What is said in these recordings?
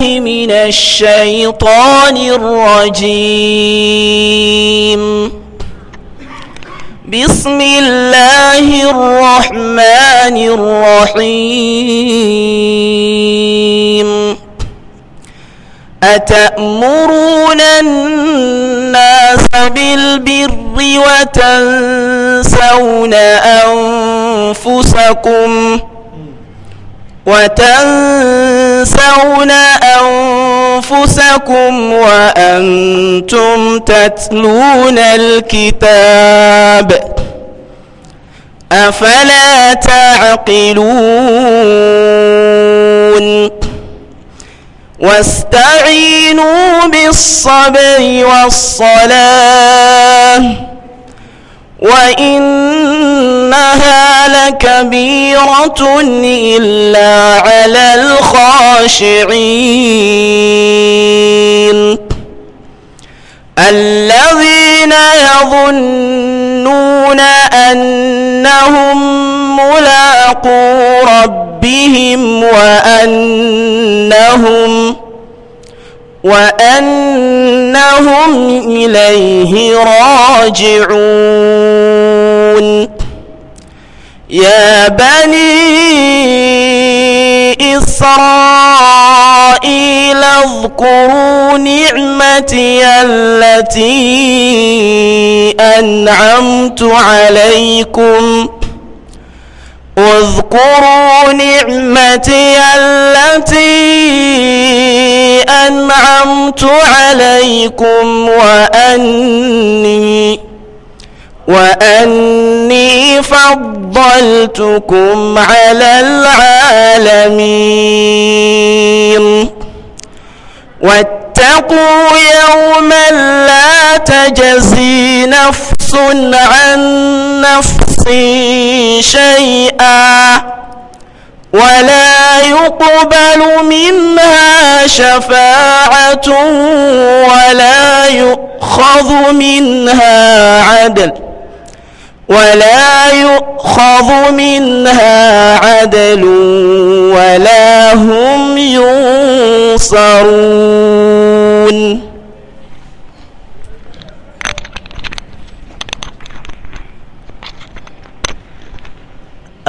من الشيطان الرجيم بسم الله الرحمن الرحيم أتأمرون الناس بالبر وتنسون أنفسكم وتنسون أنفسكم وأنتم تتلون الكتاب أفلا تعقلون واستعينوا بالصبر والصلاة وإنها لكبيرة إلا على الخاشعين الذين يظنون أنهم ملاقو ربهم وأنهم وأنهم إليه راجعون يا بني إسرائيل اذكروا نعمتي التي أنعمت عليكم اذكروا نعمتي التي أنعمت عليكم وأني وأني فضلتكم على العالمين واتقوا يوما لا تجزي نفس عن نفس نفس شيئا ولا يقبل منها شفاعة ولا يؤخذ منها عدل ولا يؤخذ منها عدل ولا هم ينصرون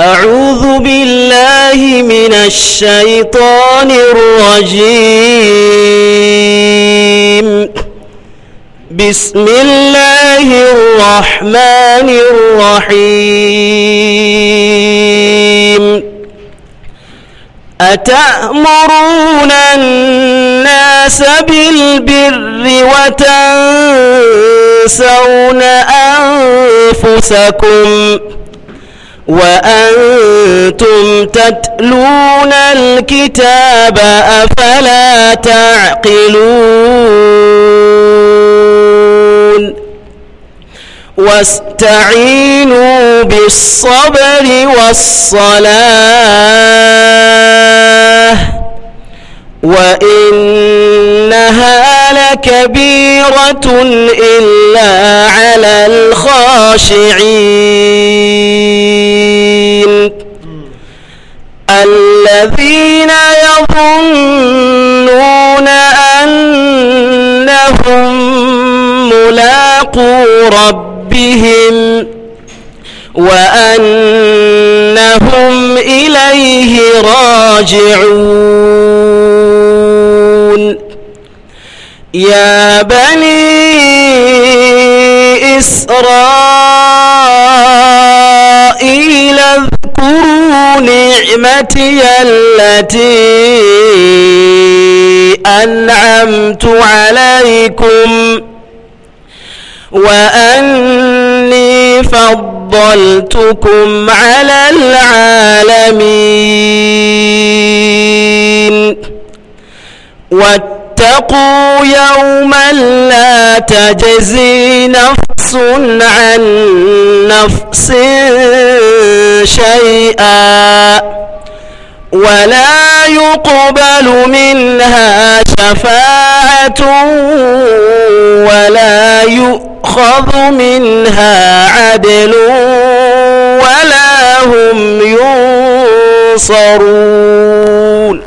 أعوذ بالله من الشيطان الرجيم بسم الله الرحمن الرحيم أتأمرون الناس بالبر وتنسون أنفسكم وأنتم تتلون الكتاب أفلا تعقلون واستعينوا بالصبر والصلاة وإنها لكبيرة إلا على الخاشعين الذين يظنون أنهم ملاقو ربهم وأنهم إليه راجعون يا بني إسرائيل اذكروا نعمتي التي أنعمت عليكم وأني فضل فضلتكم على العالمين واتقوا يوما لا تجزي نفس عن نفس شيئا ولا يقبل منها شفاعة ولا يؤخذ منها عدل ولا هم ينصرون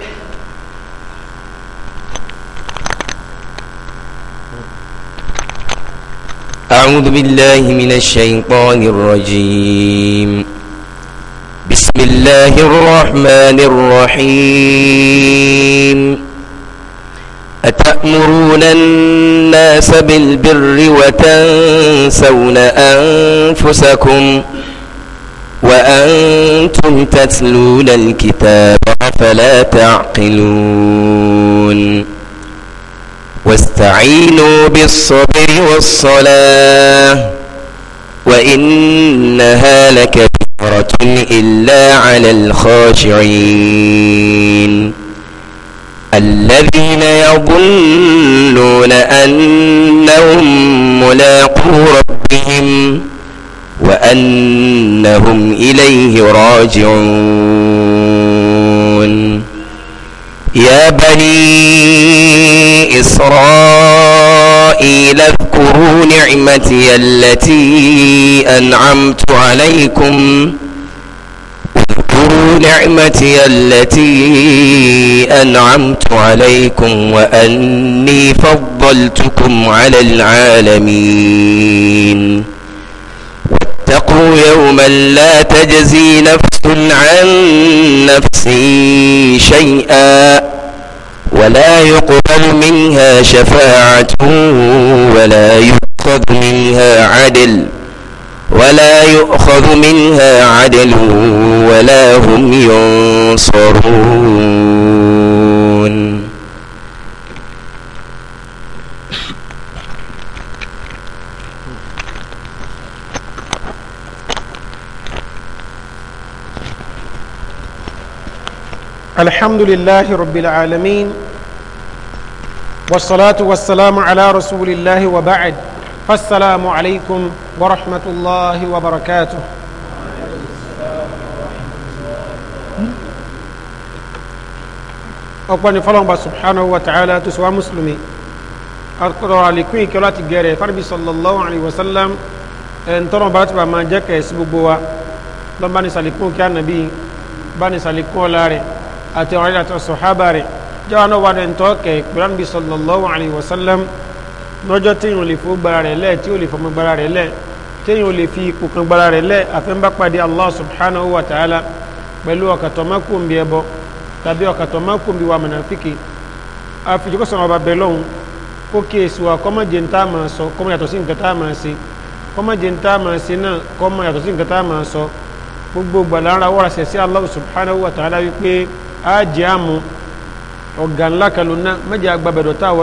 أعوذ بالله من الشيطان الرجيم بسم الله الرحمن الرحيم أتأمرون الناس بالبر وتنسون أنفسكم وأنتم تتلون الكتاب فلا تعقلون واستعينوا بالصبر والصلاة وإنها لكبيرة إلا على الخاشعين الذين يظنون أنهم ملاقو ربهم وأنهم إليه راجعون يا بني إسرائيل اذكروا نعمتي التي أنعمت عليكم واذكروا نعمتي التي أنعمت عليكم وأني فضلتكم على العالمين واتقوا يوما لا تجزي نفس عن نفس شيئا ولا يقبل منها شفاعة ولا يؤخذ منها عدل ولا يؤخذ منها عدل ولا هم ينصرون الحمد لله رب العالمين والصلاة والسلام على رسول الله وبعد فالسلام عليكم ورحمة الله وبركاته ọ̀pọ̀ni fọlọ́nba subhanahu wa ta'ala tó sọ́wọ́ mùsùlùmí àtọ̀rọ̀ àlékún ìkẹ́ láti gẹ̀rẹ̀ fárbi sallallahu alayhi wa sallam ẹ̀ń tọ́rọ̀ bá ti bá máa jẹ́ kẹ̀ sí gbogbo wa lọ́n bá ní sàlékún kí ànàbí bá ní sàlékún ọ̀la rẹ̀ àti ọ̀rẹ́ àti ọ̀sọ̀hábà rẹ̀ jẹ́wọ́n náà wà ní ẹ̀ń tọ́ kẹ̀ pẹ̀lú ànàbí sallallahu alayhi wa sallam lọ́jọ́ téèyàn ò lè fó gbára rẹ̀ lẹ̀ tí ò lè fọmọ gbára rẹ̀ lẹ̀ téèyàn ò lè fi ipò kan gbára rẹ̀ lẹ̀ àfẹ́ńbá pàdé Allah subhanahu wa ta'ala pẹ̀lú ọ̀kàtọ̀ mákòmbi ẹbọ tàbí ọ̀kàtọ̀ mákòmbi wa mọ̀nàfíkì àfijọ́kọ̀ sọ̀rọ̀ ọba bẹ̀lọ́hún kó kíyèsí wa kọ́mọ̀jẹ̀ ń tá a máa sọ kọ́mọ̀ yàtọ̀ sí nǹkan tá a máa ṣe kọ́mọ̀jẹ̀ ń tá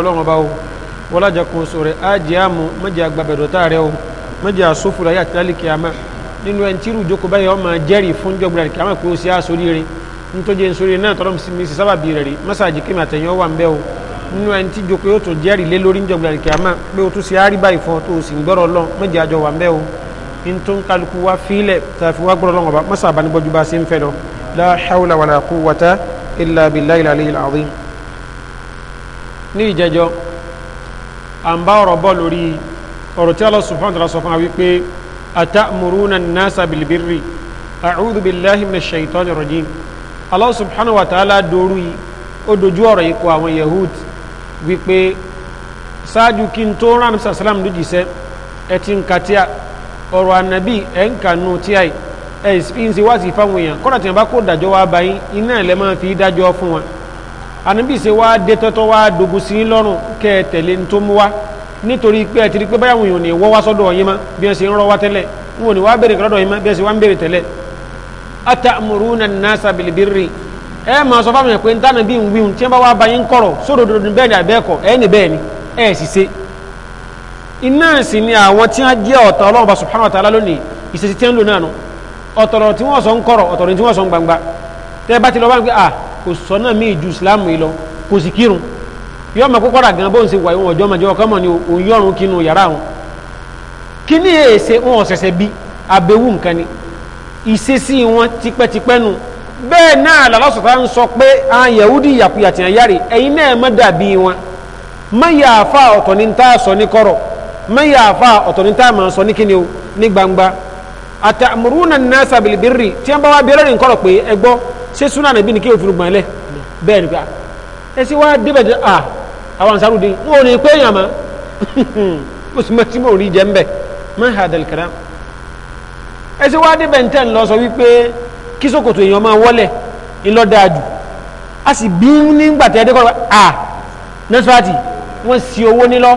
a máa wọ́lájà kò sọ̀rẹ̀ ájì àmú mẹ́jì agbábẹ̀dọ̀tà rẹ̀ o mẹ́jì àsófù láyé àti lálẹ́ kìámà nínú ẹni tí irú ìjókòó báyìí ọmọ jẹ́rìí fún jọ́gbìnrin àti kìámà pé ó sì á sórí rẹ̀ nítorí ẹni sórí náà tọ́lọ́mù sí mi sì sábàbí rẹ̀ rí mẹ́sàgì kí màtẹ̀yìn ọwà ń bẹ́ o nínú ẹni tí ìjókòó yóò tó jẹ́rìí lé lórí jọ́gbìnrin àti kìámà pé ó à ń bá ọ̀rọ̀ bọ́ lórí ọ̀rọ̀ tí Allah subhanahu wa ta'ala sọ fún wa wípé atamuruna nasa bilbirri a'udhu billahi minash shaitanir rajim Allah subhanahu wa ta'ala doru yìí ó dojú ọ̀rọ̀ yìí kọ àwọn yahud wípé ṣáájú kí n tó rán sàlám lójíṣẹ́ ẹ ti ń ka tí a ọ̀rọ̀ ànábì ẹ̀ ń kà nù tí a yìí ń sì wá sí fáwọn èèyàn kọ́nà tí wọ́n bá kó dájọ́ wá báyìí iná ẹ̀ lẹ́ máa fi dájọ́ fún wọn ànábì ṣe wá dé tọ́tọ́ wá dogun sí lọ́rùn kẹ́ ẹ tẹ̀lé ní tó mú wá nítorí pé ẹ ti rí pé báyàwó èèyàn ní wọ́ wá sọ́dọ̀ yín mọ́ bí wọ́n ṣe ń rọ́ wá tẹ́lẹ̀ ń wò ní wá béèrè nasa bilibiri ẹ máa sọ fáwọn yẹn pé ntànà bí nwíwù tí wọ́n bá wá bá yín kọ̀rọ̀ sódòdò ní bẹ́ẹ̀ ni àbẹ́ẹ̀kọ̀ ẹ̀ ní ni ẹ̀ ni àwọn tí wọ́n jẹ́ ọ̀tọ̀ Ọlọ́run bá subhanahu wa ta'ala lónìí ìṣesí tí wọ́n lò náà nù ọ̀tọ̀rọ̀ tí wọ́n sọ ń kọ̀rọ̀ ọ̀tọ̀rọ̀ tí wọ́n sọ ń gbangba tẹ́ bá ti kò sọ́nà míì ju islam yìí lọ kò sì kírun yọ ọmọ kókó rà gan bó ń ṣe wà ìwọ̀n ọjọ́ ọmọ ìjọba kọ́mọ ni òun yọrùn kínú yàrá wọn kí ni èsè wọn ọ̀sẹ̀sẹ̀ bí abẹ́wù nǹkan ni ìṣesí wọn tipẹ́tipẹ́ nu bẹ́ẹ̀ náà lọ́sọ̀tà ń sọ pé àwọn yahudi yàkuyà tìǹà yáre ẹ̀yin náà má dàbí wọn mẹ́yà àfa ọ̀tọ̀ ni tá sọ ní kọ̀rọ̀ mẹ́yà àfa ọ̀tọ̀ ni tá máa sọ ní kíni o ní gbangba àtàmúrúnà nasa bilibiri tí wọ́n bá wá bí ẹlẹ́rìí ń pé ẹ gbọ́ ṣé súnà nàbí ni kí òfin gbọ̀n lẹ̀ bẹ́ẹ̀ ni pé ẹ sì wá débẹ̀ dé à àwọn ànsáró dé wọn ò ní pé èèyàn mọ́ ó sì mọ́ tí mò rí jẹ́ ń bẹ̀ mọ́ hadal karam ẹ sì wá débẹ̀ ntẹ́ ńlọ sọ wípé kí ṣòkòtò èèyàn máa wọlẹ̀ ńlọ dáa jù a sì bí nígbà tẹ́ dé kọ́ à nọ́sífàtì wọ́n sì owó nílọ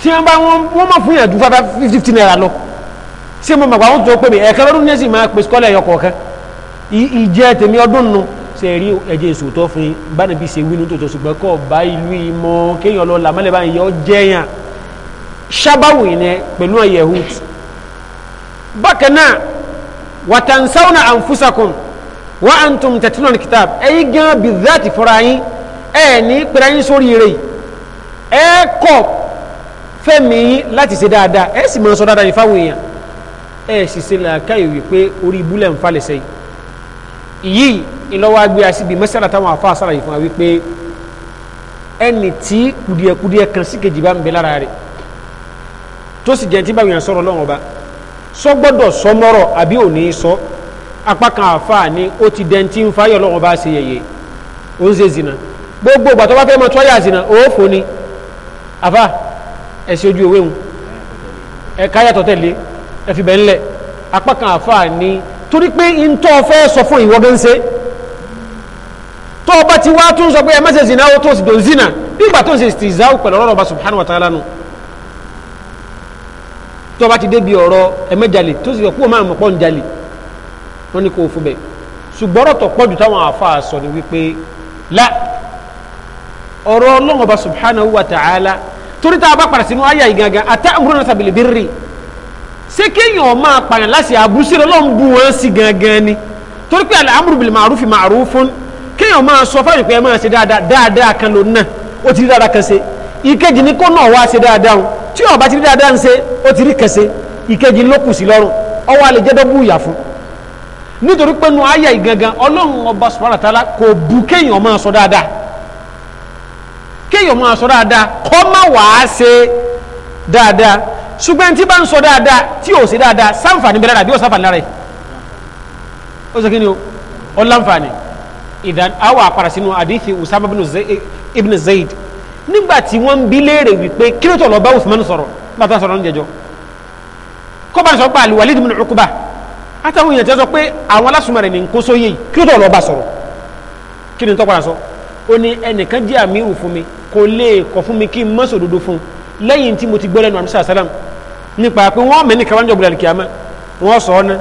tí wọ́n bá wọ́n mọ̀ fún yàn ju fifty naira lọ ṣé mo mọ̀ pé àwọn tó pè mí ẹ̀ẹ̀kan lọ́dún ní ẹ̀sìn máa pè skọ́lẹ̀ ẹ̀yọkọ̀ọ̀kan ìjẹ́ tèmi ọdún nu ṣe rí ẹ̀jẹ̀ èso tó fún yín báni bí ṣe wínú tòótọ́ ṣùgbọ́n kọ́ bá ìlú ìmọ̀ kéèyàn lọ làmọ́lẹ̀ báyìí yọ jẹ́yàn ṣábàwò yìí nẹ pẹ̀lú yehud bákan náà wàtànsáwọnà ànfúsàkùn wà á ń tún tẹ̀tún náà ní kìtàb ẹ̀yìn gan bí dáàtì fúnra yín ẹ̀ ní pẹ̀lú ayín sórí rẹ̀ ẹ̀ kọ̀ fẹ́mi yín láti ṣe dáadáa ẹ̀ sì máa sọ dáadáa yìí ẹ̀ sì ṣe làákàyè wípé orí ibú ń falẹ̀ sẹ́yìn yìí ìlọ́wọ́ agbé àsìbí mẹ́sàlá táwọn afá sára yìí fún wa wípé ẹni tí kùdìẹ̀kùdìẹ̀ kan sí kejì bá ń bẹ lára rẹ̀ tó sì jẹ́ tí báwọn yẹn sọ̀rọ̀ lọ́wọ́ bá sọ gbọ́dọ̀ sọmọ́rọ̀ àbí ò ní sọ apá kan afá ni ó ti dẹ́n tí ń fáyọ̀ lọ́wọ́ bá ṣe yẹ̀yẹ̀ ó ń ṣe zina gbogbo ìgbà bá fẹ́ mọ tó zina ó fò ni afá ẹ̀ ṣe ojú ewé wọn ẹ̀ káyà tọ́tẹ̀lé ẹ̀ fi bẹ́ẹ̀ ńlẹ̀ apá kan afá ni torí pé n tó fẹ́ sọ fún ìwọ gan ṣe tó o bá ti wá tún sọ pé ẹ má ṣe zina o tó sì dùn zina nígbà tó ń ṣe ìsìtìzáwò pẹ̀lú ọ̀rọ̀ ọba subhanahu wa ta'ala nù tó o bá ti débi ọ̀rọ̀ ẹ̀mẹ́jalè tó sì yọ kó o máa mọ̀ pọ́ ń jalè wọ́n ní kó o fún bẹ́ẹ̀ ṣùgbọ́n ọ̀rọ̀ tó pọ̀jù táwọn àáfàá sọ ni wípé la ọ̀rọ̀ ọlọ́run ọba subhanahu wa ta'ala torí tá a bá padà sínú ayé yìí gangan àtàkùn náà sàbìlì bírì ṣé kéèyàn máa pààyàn láti àbúrúṣe lọ́n bu wọn sí gangan ni torí pé al-amru bil ma'rufi ma'rufun kéèyàn máa sọ fáwọn ìpè máa ṣe dáadáa dáadáa kan lòun náà ó ti rí dáadáa kan ṣe ìkejì ni kó náà wá ṣe dáadáa o tí ó bá ti rí dáadáa ń ṣe ó ti rí kan ṣe ìkejì ló kù sí lọ́rùn ọwọ́ alẹ́ jẹ́ dọ́gbù ìyà fún nítorí pé nu ayé ìgangan ọlọ́run ọba subhanahu wa ta'ala kò bu kéèyàn máa sọ dáadáa kéèyàn máa sọ dáadáa kọ́ má wàá ṣe dáadáa ṣùgbọ́n tí bá ń sọ dáadáa tí ò sí dáadáa sáǹfààní bẹ̀rẹ̀ rà bí ó sáǹfààní lára ẹ̀ ó sọ kí ni o ó láǹfààní ìdán àwọn àpàrà sínú àdìsí usama ibn zayd nígbà tí wọ́n ń bi léèrè wípé kí ló tó lọ bá usman sọ̀rọ̀ nígbà tó sọ̀rọ̀ níjẹjọ́ kó bá ń sọ pé al-walid ibn uqba àtàwọn èèyàn ti sọ pé àwọn alásùnmọ̀ rẹ̀ ní kó sóyè kí ló tó lọ bá sọ̀rọ̀ tí mo ti gbọ́ lẹ́nu àmì sàlám nípa pé wọ́n mẹ́ni kàwọn jọ̀gbọ̀dà kìámẹ́ wọ́n sọ ọ́ ná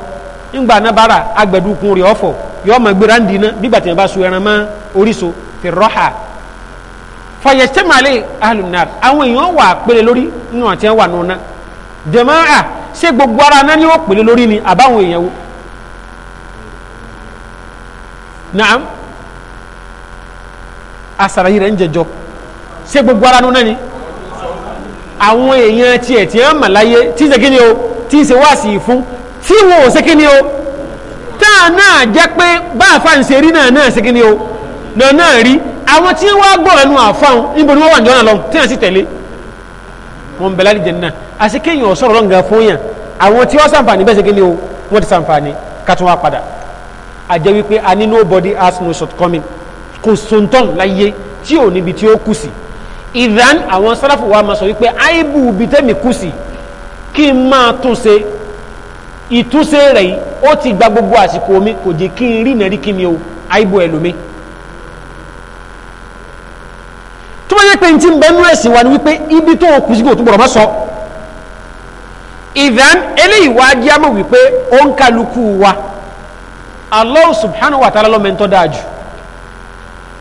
ńgbà náà bára agbẹ̀dùkún rẹ̀ ọ̀fọ̀ yọ ọmọ gbéra ń dina nígbà tí wọ́n bá so ẹran mọ́ oríso fi rọ́ha fàyẹ̀sẹ̀màlẹ̀ alunar àwọn èèyàn wà pélé lórí nínú àti ẹ̀ wà ṣé gbogbo ara náà ni ó lórí ni àbáwọn èèyàn rẹ̀ ń gbogbo ara ni. àwọn èèyàn tiẹ̀ tí wọ́n mọ̀ láyé tí ṣe kíni o tí ṣe wá sí i fún tí wọn ò ṣe kíni o táà náà jẹ́ pé bá àfáàn ṣe rí náà náà ṣe kíni o náà náà rí àwọn tí wọ́n gbọ́ ẹnu àfáàn níbo ni wọ́n wà ní ọ̀nà lọ́hùn tí wọ́n sì tẹ̀lé wọn bẹ̀rẹ̀ láti jẹ náà àti kéèyàn ọ̀sọ̀rọ̀ lọ́ngà fún yàn àwọn tí wọ́n sàǹfààní bẹ́ẹ̀ ṣe kíni o wọ́n ti sàǹfààní ká tún wá padà a jẹ́ wípé a ní nobody has no shortcoming kò sóńtọ́n láyé tí ò níbi tí ó kù sí ìdán àwọn sáràfù wa máa sọ wípé áìbù bìtẹ́mì kù sí kí n máa tún ṣe ìtúnṣe rẹ̀ yìí ó ti gba gbogbo àsìkò mi kò jẹ́ kí n rí ìnárí kí mi o áìbù ẹlòmíì. tó bá yẹ pé ntí bẹnu ẹ̀sìn wa ni wípé ibi tó kù sí kò tó gbọdọ̀ bá sọ ìdán eléyìí wá jẹ́ àmọ́ wípé ó ń kálukú wa Allah subhanahu wa ta'ala lọ́mọ ẹ̀ńtọ́ dáa jù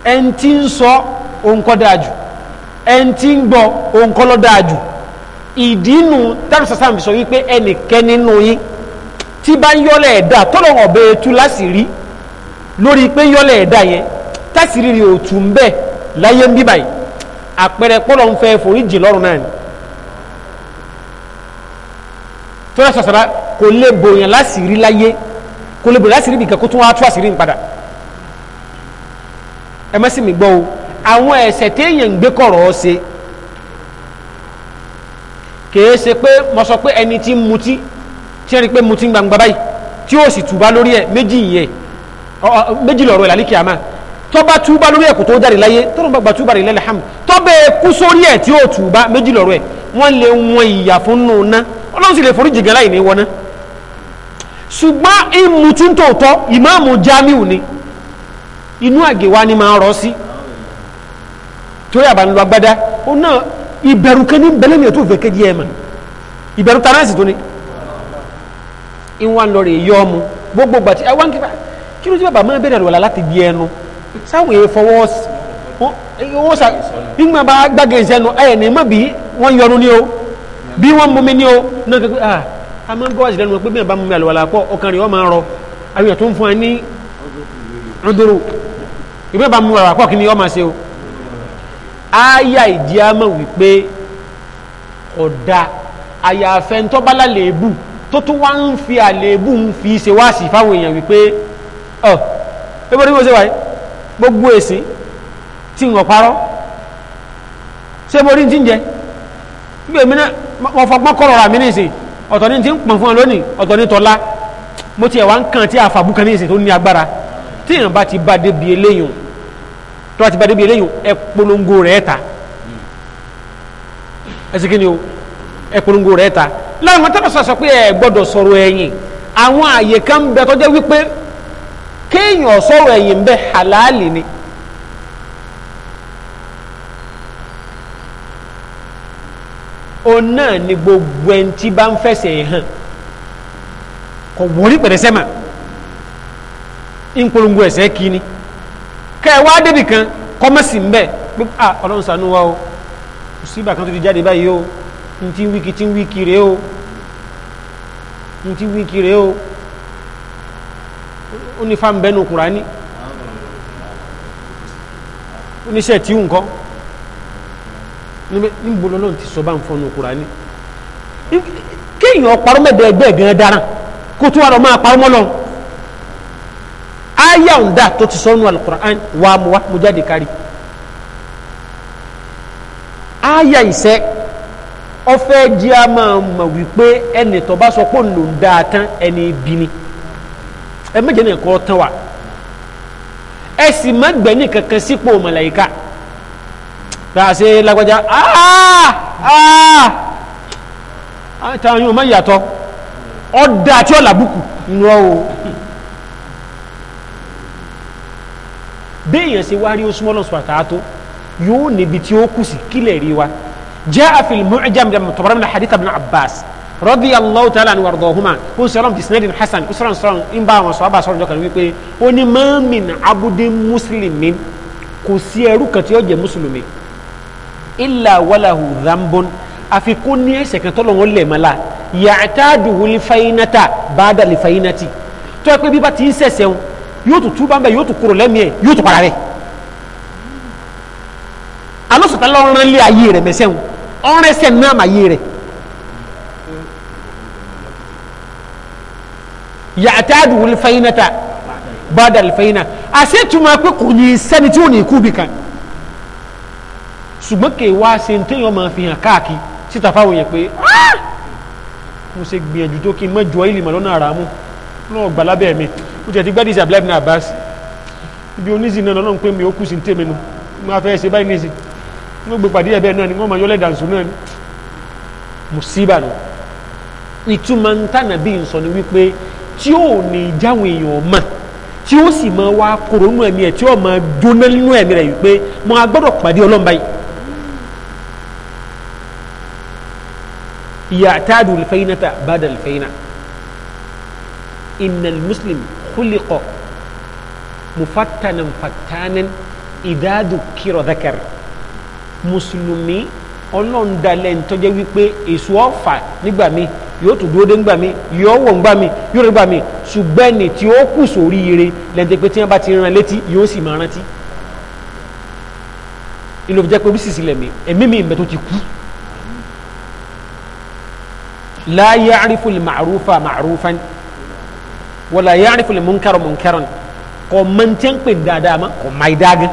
ẹ̀ńtí ń sọ ó ń kọ́ dáa jù ẹni tí ń gbọ́ òun kọ́ ló dáa jù ìdínú tẹ́lifíṣà sáàmì sọ wípé ẹnìkẹ́ni nù yín tí bá ń yọ́lẹ̀ ẹ̀dá tọ́lọ̀ ọ̀bẹ etu láṣìírí lórí pé yọ́lẹ̀ ẹ̀dá yẹn táṣìírí rẹ̀ ò tù ń bẹ̀ láyé ń bíbáyìí àpẹẹrẹ pọ́lọ̀ ń fẹ́ foríjì lọ́rùn náà ni tọ́lá sọ̀sọ̀rọ̀ kò lè bòyàn láṣìírí láyé kò lè bòyàn láṣìírí bìkan kó tún wá tú àṣírí ń padà ẹ mẹ́sìn mi gbọ́ o àwọn ẹ̀ṣẹ̀ téèyàn ń gbé kọ̀rọ̀ ọ́ ṣe kìí ṣe pé mo sọ pé ẹni tí ń mutí tí wọ́n rí pé mutí gbangba báyìí tí ó sì túbá lórí ẹ̀ méjì yẹn méjì lọ̀rọ̀ ẹ̀ lálẹ́ kìámà tọ́ba túbá lórí ẹ̀ kò tó jáde láyé tọ́ba gbàgbà túbá rẹ̀ lẹ́lẹ̀ hàm tọ́ba kú sórí ẹ̀ tí ó túbá méjì lọ̀rọ̀ ẹ̀ wọ́n lè wọn ìyà fún nù ná sì lè forí jìgàn láì ní wọn ná ṣùgbọ́n ìmùtúntòótọ́ ìmáàmù Jamiu ni inú àgèwá ni máa rọ sí. Si torí àbánilọ agbádá ó náà ìbẹ̀rù kan ní bẹ̀lẹ́ mìíràn tó fẹ́ kéde ẹ̀ mà ìbẹ̀rù ta náà sì tó ní. ìwọ̀n ń lọ rè yọ ọmú gbogbo gbàtí ẹ wá ń kíkà kí ló ti bàbá máa bẹ̀rẹ̀ àlùwàlá láti bí ẹnu sáwọn èèyàn fọwọ́ owó sa nígbà bá gbàgẹ̀ ìṣẹ́nu ẹ̀ ní má bí wọ́n yọnu ní o bí wọ́n mú mi ní o náà kékeré ah a máa ń gbọ́ àṣìlẹ́nu pé bí wọ́n bá mú mi àlùwàlá pọ̀ ọkàn rẹ̀ wọ́n máa rọ àwọn èèyàn tó ń fún ẹ aya ìdí àmọ́ wípé ọ̀dà àyàfẹ́ ntọ́bálà lèébù tó tún wá ń fi àlèébù ń fi ṣe wá sí fáwọn èèyàn wípé ọ ebo ní mo ṣe wáyé gbogbo èsì tí ń ọ̀parọ́ ṣé mo rí ti ń jẹ gbé mi náà mo fọgbọ́n kọ̀rọ̀ rà mí nísìn ọ̀tọ̀ ní ti ń pọ̀n fún ọ lónìí ọ̀tọ̀ ní tọ́lá mo tiẹ̀ wá ń kàn tí àfàbùkàn nísìn tó ní agbára tí èèyàn bá ti bá débi eléyìí tó a ti bàdé bi eléyìí ẹ polongo rẹ̀ ta ẹ sì kí ni o ẹ polongo rẹ̀ ta láwọn ọmọ tábà sọ pé ẹ gbọ́dọ̀ sọ̀rọ̀ ẹ̀yìn àwọn àyè kan bẹ tọ́jẹ́ wípé kéèyàn sọ̀rọ̀ ẹ̀yìn bẹ halali ni. òun náà ni gbogbo ẹni tí bá ń fẹsẹ̀ hàn kò wọ́n rí pẹ̀lẹ́sẹ̀ mà ń polongo ẹ̀sẹ̀ kí ni kẹ ẹ wá débì kan kọ́mẹ́sì ń bẹ̀ pé à ọlọ́run ṣàánú wa o síbà kan tó ti jáde báyìí o n ti wíkì tí ń wíkì rèé o n ti wíkì rèé o ó ní fáwọn bẹ́ẹ̀ nù kúránì oníṣẹ́ tí ó nǹkan níbo lọ́nà ti sọ bá ń fọnù Kùránì kéèyàn parọ́ mẹ́dẹ̀ ẹgbẹ́ gan dára wà lọ máa parọ́ mọ́lọ́n aya ọ̀dà tó ti sọ́nù alukur'an wà mú wa mo jáde kárí aya ìṣe ọfẹ́ jí a máa mọ̀ wípé ẹnì tó bá sọ pé òun ló ń da tán ẹni bí ni ẹ méje ní ẹ̀kọ́ tán wa ẹ sì má gbẹ̀ni kankan sípò màláyíká gbàṣẹ lágbájá aaa aaa táwọn yóò má yàtọ̀ ọ̀dà tí ó o. béèyàn ṣe wá rí ó súnmọ́ lọ́sùn àtàá tó yóò níbi tí ó kù sí kílẹ̀ rí wa jaa fil mu'jam dama tọbọrọ mi na hadith ibn abbas radiyallahu ta'ala anhu warḍahuma ó ń sọ̀rọ̀ bisinadin hasan ó sọ̀rọ̀ sọ̀rọ̀ ń bá àwọn sọ̀rọ̀ bá sọ̀rọ̀ jọkàn wípé ó ní ma min abudin muslimin kò sí ẹrú kan tí ó jẹ́ mùsùlùmí illa walahu dhanbun àfi ní ẹ̀ṣẹ̀ kan tọ́lọ̀ wọn lẹ̀ mọ́lá ya'taduhu lifayinata ba'da lifayinati tó yẹ pé bí bá ti ń ṣẹ̀ṣẹ̀ wọn yóò tún túbà ń bẹ yóò tún kúrò lẹ́mìí ẹ̀ yóò tún padà rẹ̀ alósùtà lọ́rùn lé ayé rẹ̀ mẹ́sẹ̀ ń ọ̀rẹ́ sẹ̀ náà mà yé rẹ̀ yàtàdù wùlfẹ́yìnà ta bàdà lùfẹ́yìnà àṣẹ tuma pé kò ní sẹ́ni tí ò ní kú bì kan ṣùgbọ́n kè wá ṣe ń téèyàn máa fi hàn káàkiri síta fáwọn yẹn pé ah! mo ṣe gbìyànjú tó kí n mọ́ jọ ìlìmọ̀ lọ́nà àràmú náà gbà lábẹ́ mi ó ti ẹ̀ ti gbádìí sí abdullahi abbas ibi oníṣìí náà lọ́nà ń pè mí ó kù sí tèmi nu mo afẹ́ ṣe báyìí níṣìí mo gbé pàdé ẹ̀bẹ̀ náà ni wọ́n máa yọlẹ̀ dànsó náà ni musiba nù ìtumọ̀ ntànà bí n sọ ni wípé tí ò ní jáwọn èèyàn mọ̀ tí ó sì máa wá kóró ẹ̀mí ẹ̀ tí ó máa jóná nù ẹ̀mí rẹ̀ wípé mo a gbọ́dọ̀ pàdé ọlọ́mba yìí. ìyá àtàdù lìfẹ́yìnà tà bàdà lìfẹ́yìnà ìnà mùsùlùmí khuliqa mufattanan fattanan idha dhukira dhakar mùsùlùmí ọlọ́run dalẹ̀ ń tọ́jẹ́ wípé èso ọ̀fà nígbà mi yóò tún dúró dé ńgbà mi yóò wọ̀ ńgbà mi yóò rí ńgbà mi ṣùgbọ́n ní tí ó kù sórí ire lẹ́ńtẹ́ pé tí wọ́n bá ti rán létí yóò sì máa rántí. ìlò jẹ́ pé oríṣiríṣi lẹ̀mí ẹ̀mí mi ìbẹ̀ ti kú. la ya'rifu al-ma'rufa ma'rufan ni wala ya'rifu lil munkara munkaran kò mantɛn kpɛ daadaa ma kò mai daagin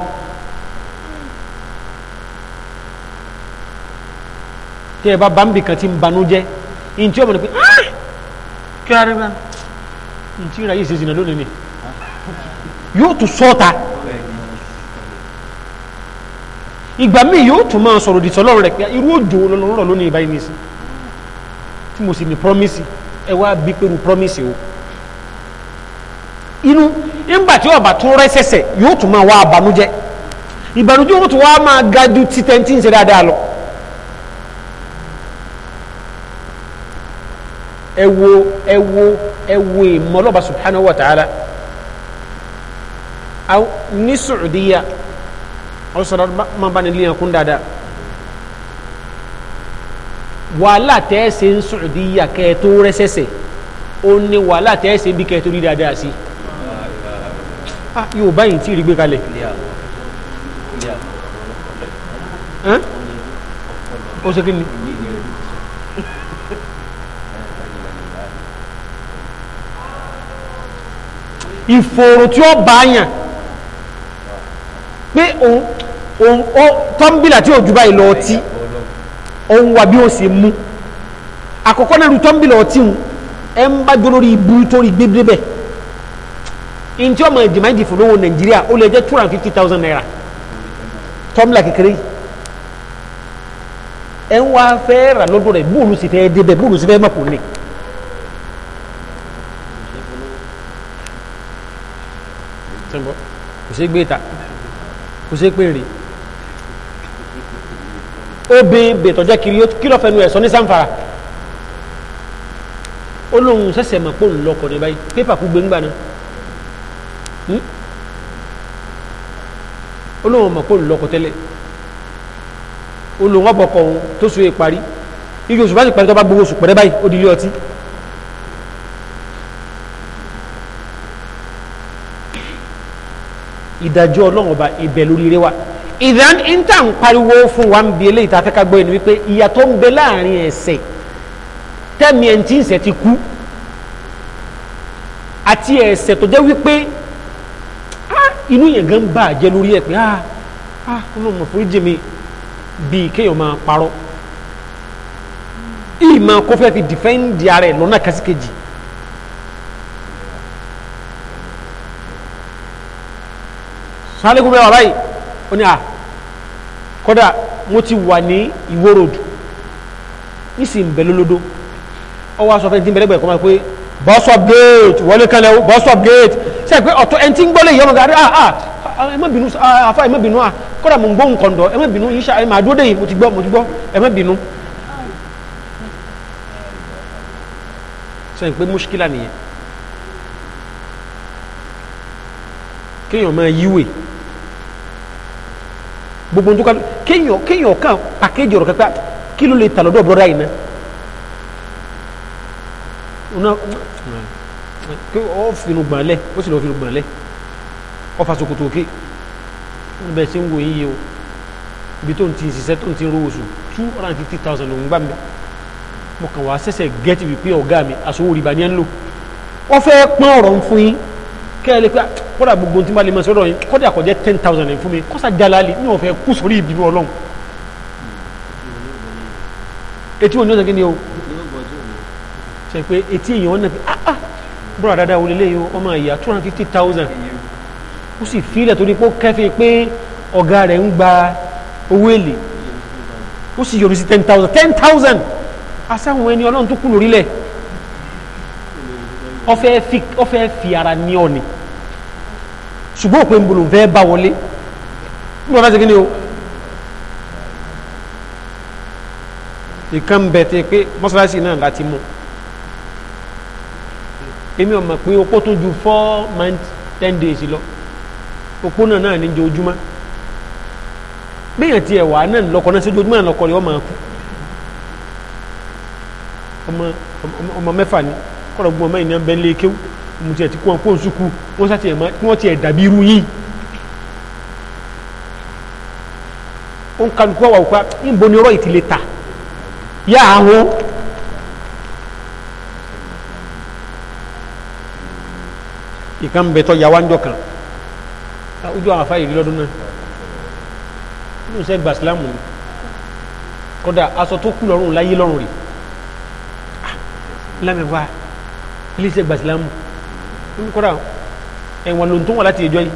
tẹ ẹ bá bá ń bì kan ti ń banújẹ́ ntí ọmọ ní pé kí ara rẹ ntí ìrà yìí ṣe zìnà lónìí ni yóò tún sọ́ọ̀ta ìgbà míì yóò tún máa sọ̀rọ̀ dìtọ̀ lọ́rọ̀ rẹ̀ pé irú òjò lọ́rọ̀ lónìí báyìí nìyí sí tí mo sì ní promise ẹ wá bí pẹ̀lú promise o inú nígbà tí ọba tó rẹ sẹsẹ yóò tún máa wá àbànújẹ́ ìbànújẹ́ yóò tún wá máa ga ju ti tẹntì ń ṣe dáadáa lọ. ẹ wo ẹ wo ẹ wo ìmọ̀ ọlọ́ba subhanahu wa ta'ala ní Saudiya ọsọdọ máa bá ní ilé yẹn kún dáadáa wàhálà tẹ́ẹ̀sẹ̀ ń Saudiya kẹ́ẹ̀ tó rẹ ó ní wàhálà tẹ́ẹ̀sẹ̀ bí kẹ́ẹ̀ tó rí dáadáa sí i. Ah, yóò báyìí tí rí gbé kalẹ̀ ó ṣe kí ni ìfòòrò tí ó báyàn pé òun tọ́ḿbìlà tí ò jù báyìí lọ ọtí òun wà bí ó sì mú àkọ́kọ́ náà rú tọ́ḿbìlà ọtí ẹ ń bá gbé lórí ibú torí gbégbé bẹ́ẹ̀ ntí ọmọ ìdìmọ̀ ìdìfò lówó nàìjíríà ó lè jẹ́ two hundred fifty thousand naira tọ́mùlà kékeré ẹ̀ ń wá fẹ́ rà lọ́dọ̀ rẹ̀ bóòlù sì fẹ́ débẹ̀ bóòlù sì fẹ́ mọ̀ kò ní. kò sí gbé ta kò sí péré ó bẹ bẹ̀tọ̀jẹ́ kiri kí lọ́ọ́ fẹnu ẹ̀ sọ ní sanfara ó lóun sẹ̀sẹ̀ mọ̀ pé òun lọkọ̀ ní báyìí pépà kú gbé ńgbà náà olóhùn hmm? mọ̀ kó lọ́kọ tẹ́lẹ̀ olóhùn ọ̀bọ̀kọ̀ òun tó so é parí ibi oṣù bá ti parí tó bá gbowó oṣù pẹ̀rẹ́ báyìí ó di ilé ọtí. ìdájọ́ ọlọ́run ọba ibẹ̀ lórí eré wa ìdán níta ń pariwo fún wa ń bi eléyìí tá a fẹ́ ká gbọ́ ẹni wípé ìyà tó ń bẹ láàrin ẹ̀ṣẹ̀ tẹ́mi ẹ̀ ń tí ń ṣẹ̀ ti kú àti ẹ̀ṣẹ̀ tó jẹ́ wípé inú yẹn gan bá jẹ lórí ẹ pé ah ah ọlọ́run mọ̀ forí jẹ mi bíi kéèyàn máa parọ́ ìyí máa kó fẹ́ fi dìfẹ́ǹdì ara ẹ̀ lọ́nà kásíkejì. sàlẹ́kùn bẹ́ẹ̀ ọ̀rá yìí ó ní à kódà mo ti wà ní ìwó road nísìnyí ń bẹ lólódó ọwọ́ aṣọ fẹ́ntì ń bẹ lẹ́gbẹ̀ẹ́ kọ́ máa pé bus stop gate wọlé kan lẹ bus stop gate ṣe pé ọ̀tọ̀ ẹni tí ń gbọ́lé yọmọ gàdí ah, ah ah ẹ má bínú afa ah, ah, ẹ má bínú ah kódà mo ń gbóhùn kọ̀ǹdọ̀ ẹ má bínú yíṣà ẹ má dúró dé yìí mo ti gbọ́ mo ti gbọ́ ẹ má bínú. ṣe pé muskila nìyẹn kéèyàn máa yíwè gbogbo nǹkan kan kéèyàn kéèyàn kan pàkéjì ọ̀rọ̀ kẹta kí ló lè tà lọ́dọ̀ bọ́dá yìí náà pé ọ finu gbọ̀nlẹ̀ ó sì lọ finu gbọ̀nlẹ̀ ọ fa ṣòkòtò òkè níbẹ̀ ṣe ń wo yíyẹ o ibi tó ń ti ṣiṣẹ́ tó ń ti ro oṣù two hundred and fifty thousand ló ń gbà mí mo kàn wá ṣẹ̀ṣẹ̀ gẹ́tì wípé ọ̀gá mi àṣọwò rìbá ni ẹ̀ ń lò wọ́n fẹ́ pọ́n ọ̀rọ̀ ń fún yín kẹ́ ẹ lè pé ah, kọ́dà gbogbo tí n bá lè mọ sọ́dọ̀ yín kọ́dà kò jẹ́ ten thousand fún mi kọ́sà jalali ní wọ́n fẹ́ kú sórí ìbínú ọlọ́run etí wọn ní ọ̀sán kí ni o ṣe pé etí èèyàn ọ̀nà búra dáadáa wọlé lẹ́yìn ọmọ ìyá two hundred fifty thousand ó sì fílẹ̀ torí pé ó kẹ́fìn pé ọ̀gá rẹ̀ ń gba owó èlé ó sì yọrí sí ten thousand ten thousand asáwọn ẹni ọlọ́run tó kú lórílẹ̀ ọfẹ́ fi ọfẹ́ fi ara ní ọ̀nì ṣùgbọ́n òpin bolo ń fẹ́ bá wọlé nígbà bá ṣe kí ni o ìkànnì bẹ̀ tẹ pé mọ́ṣáláṣí náà láti mú èmi ò mọ̀ pé opó tó ju four months ten days lọ opó náà náà ní jojúmọ́ bẹ́yàn tiẹ̀ wà náà lọ́kọ̀ náà sí jojúmọ́ náà lọ́kọ̀ rẹ̀ ọmọ akú ọmọ mẹ́fà ni kọ́rọ̀ gbọ́n mẹ́rin náà bẹ́ẹ̀ lé kéwù mo tiẹ̀ ti kó wọn kó n sùkú wọ́n sá tiẹ̀ mọ́ kí wọ́n tiẹ̀ dàbí irú yìí ó ń kanukú ọ̀wà òkú ń bo ni ọ̀rọ̀ ìtìlẹ̀ ta yá ìkan bẹ̀tọ̀ yàwánjọ kan ojú àwọn afáyè lọ́dún náà nínú iṣẹ́ gba ìsìlámù ni kódà aṣọ tó kú lọ́rùn láyé lọ́rùn rè ah, lámẹ́fà ilé iṣẹ́ gba ìsìlámù kódà ẹ̀wọ̀n lòun tó wà láti ìjọ yìí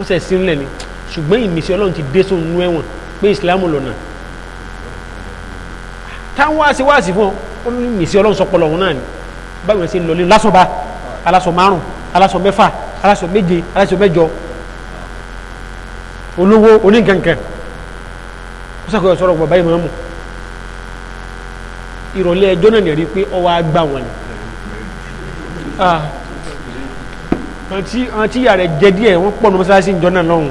ó sẹ̀ sí ńlẹ̀ ni ṣùgbọ́n ìmísí ọlọ́run ti dé sóun nú ẹ̀wọ̀n pé ìsìlámù lọ́nà táwọn wáàsí wáàsí fún ọ ó ní ìmísí ọlọ́run sọpọlọ òun náà ni báyìí ṣe lọlé lásọba alásọ márùn-ún aláṣọ mẹ́fà aláṣọ méje aláṣọ mẹ́jọ olówó oníkankan ó sàkóyọ sọ̀rọ̀ bàbá yìí máa mú ìrọ̀lẹ́ ẹjọ́ náà nìyẹn pé ọwọ́ agbá wọn ni àti àti ìyá rẹ̀ jẹ díẹ̀ wọ́n pọ̀ ní mọ́sálásí ìjọ náà lọ́hùn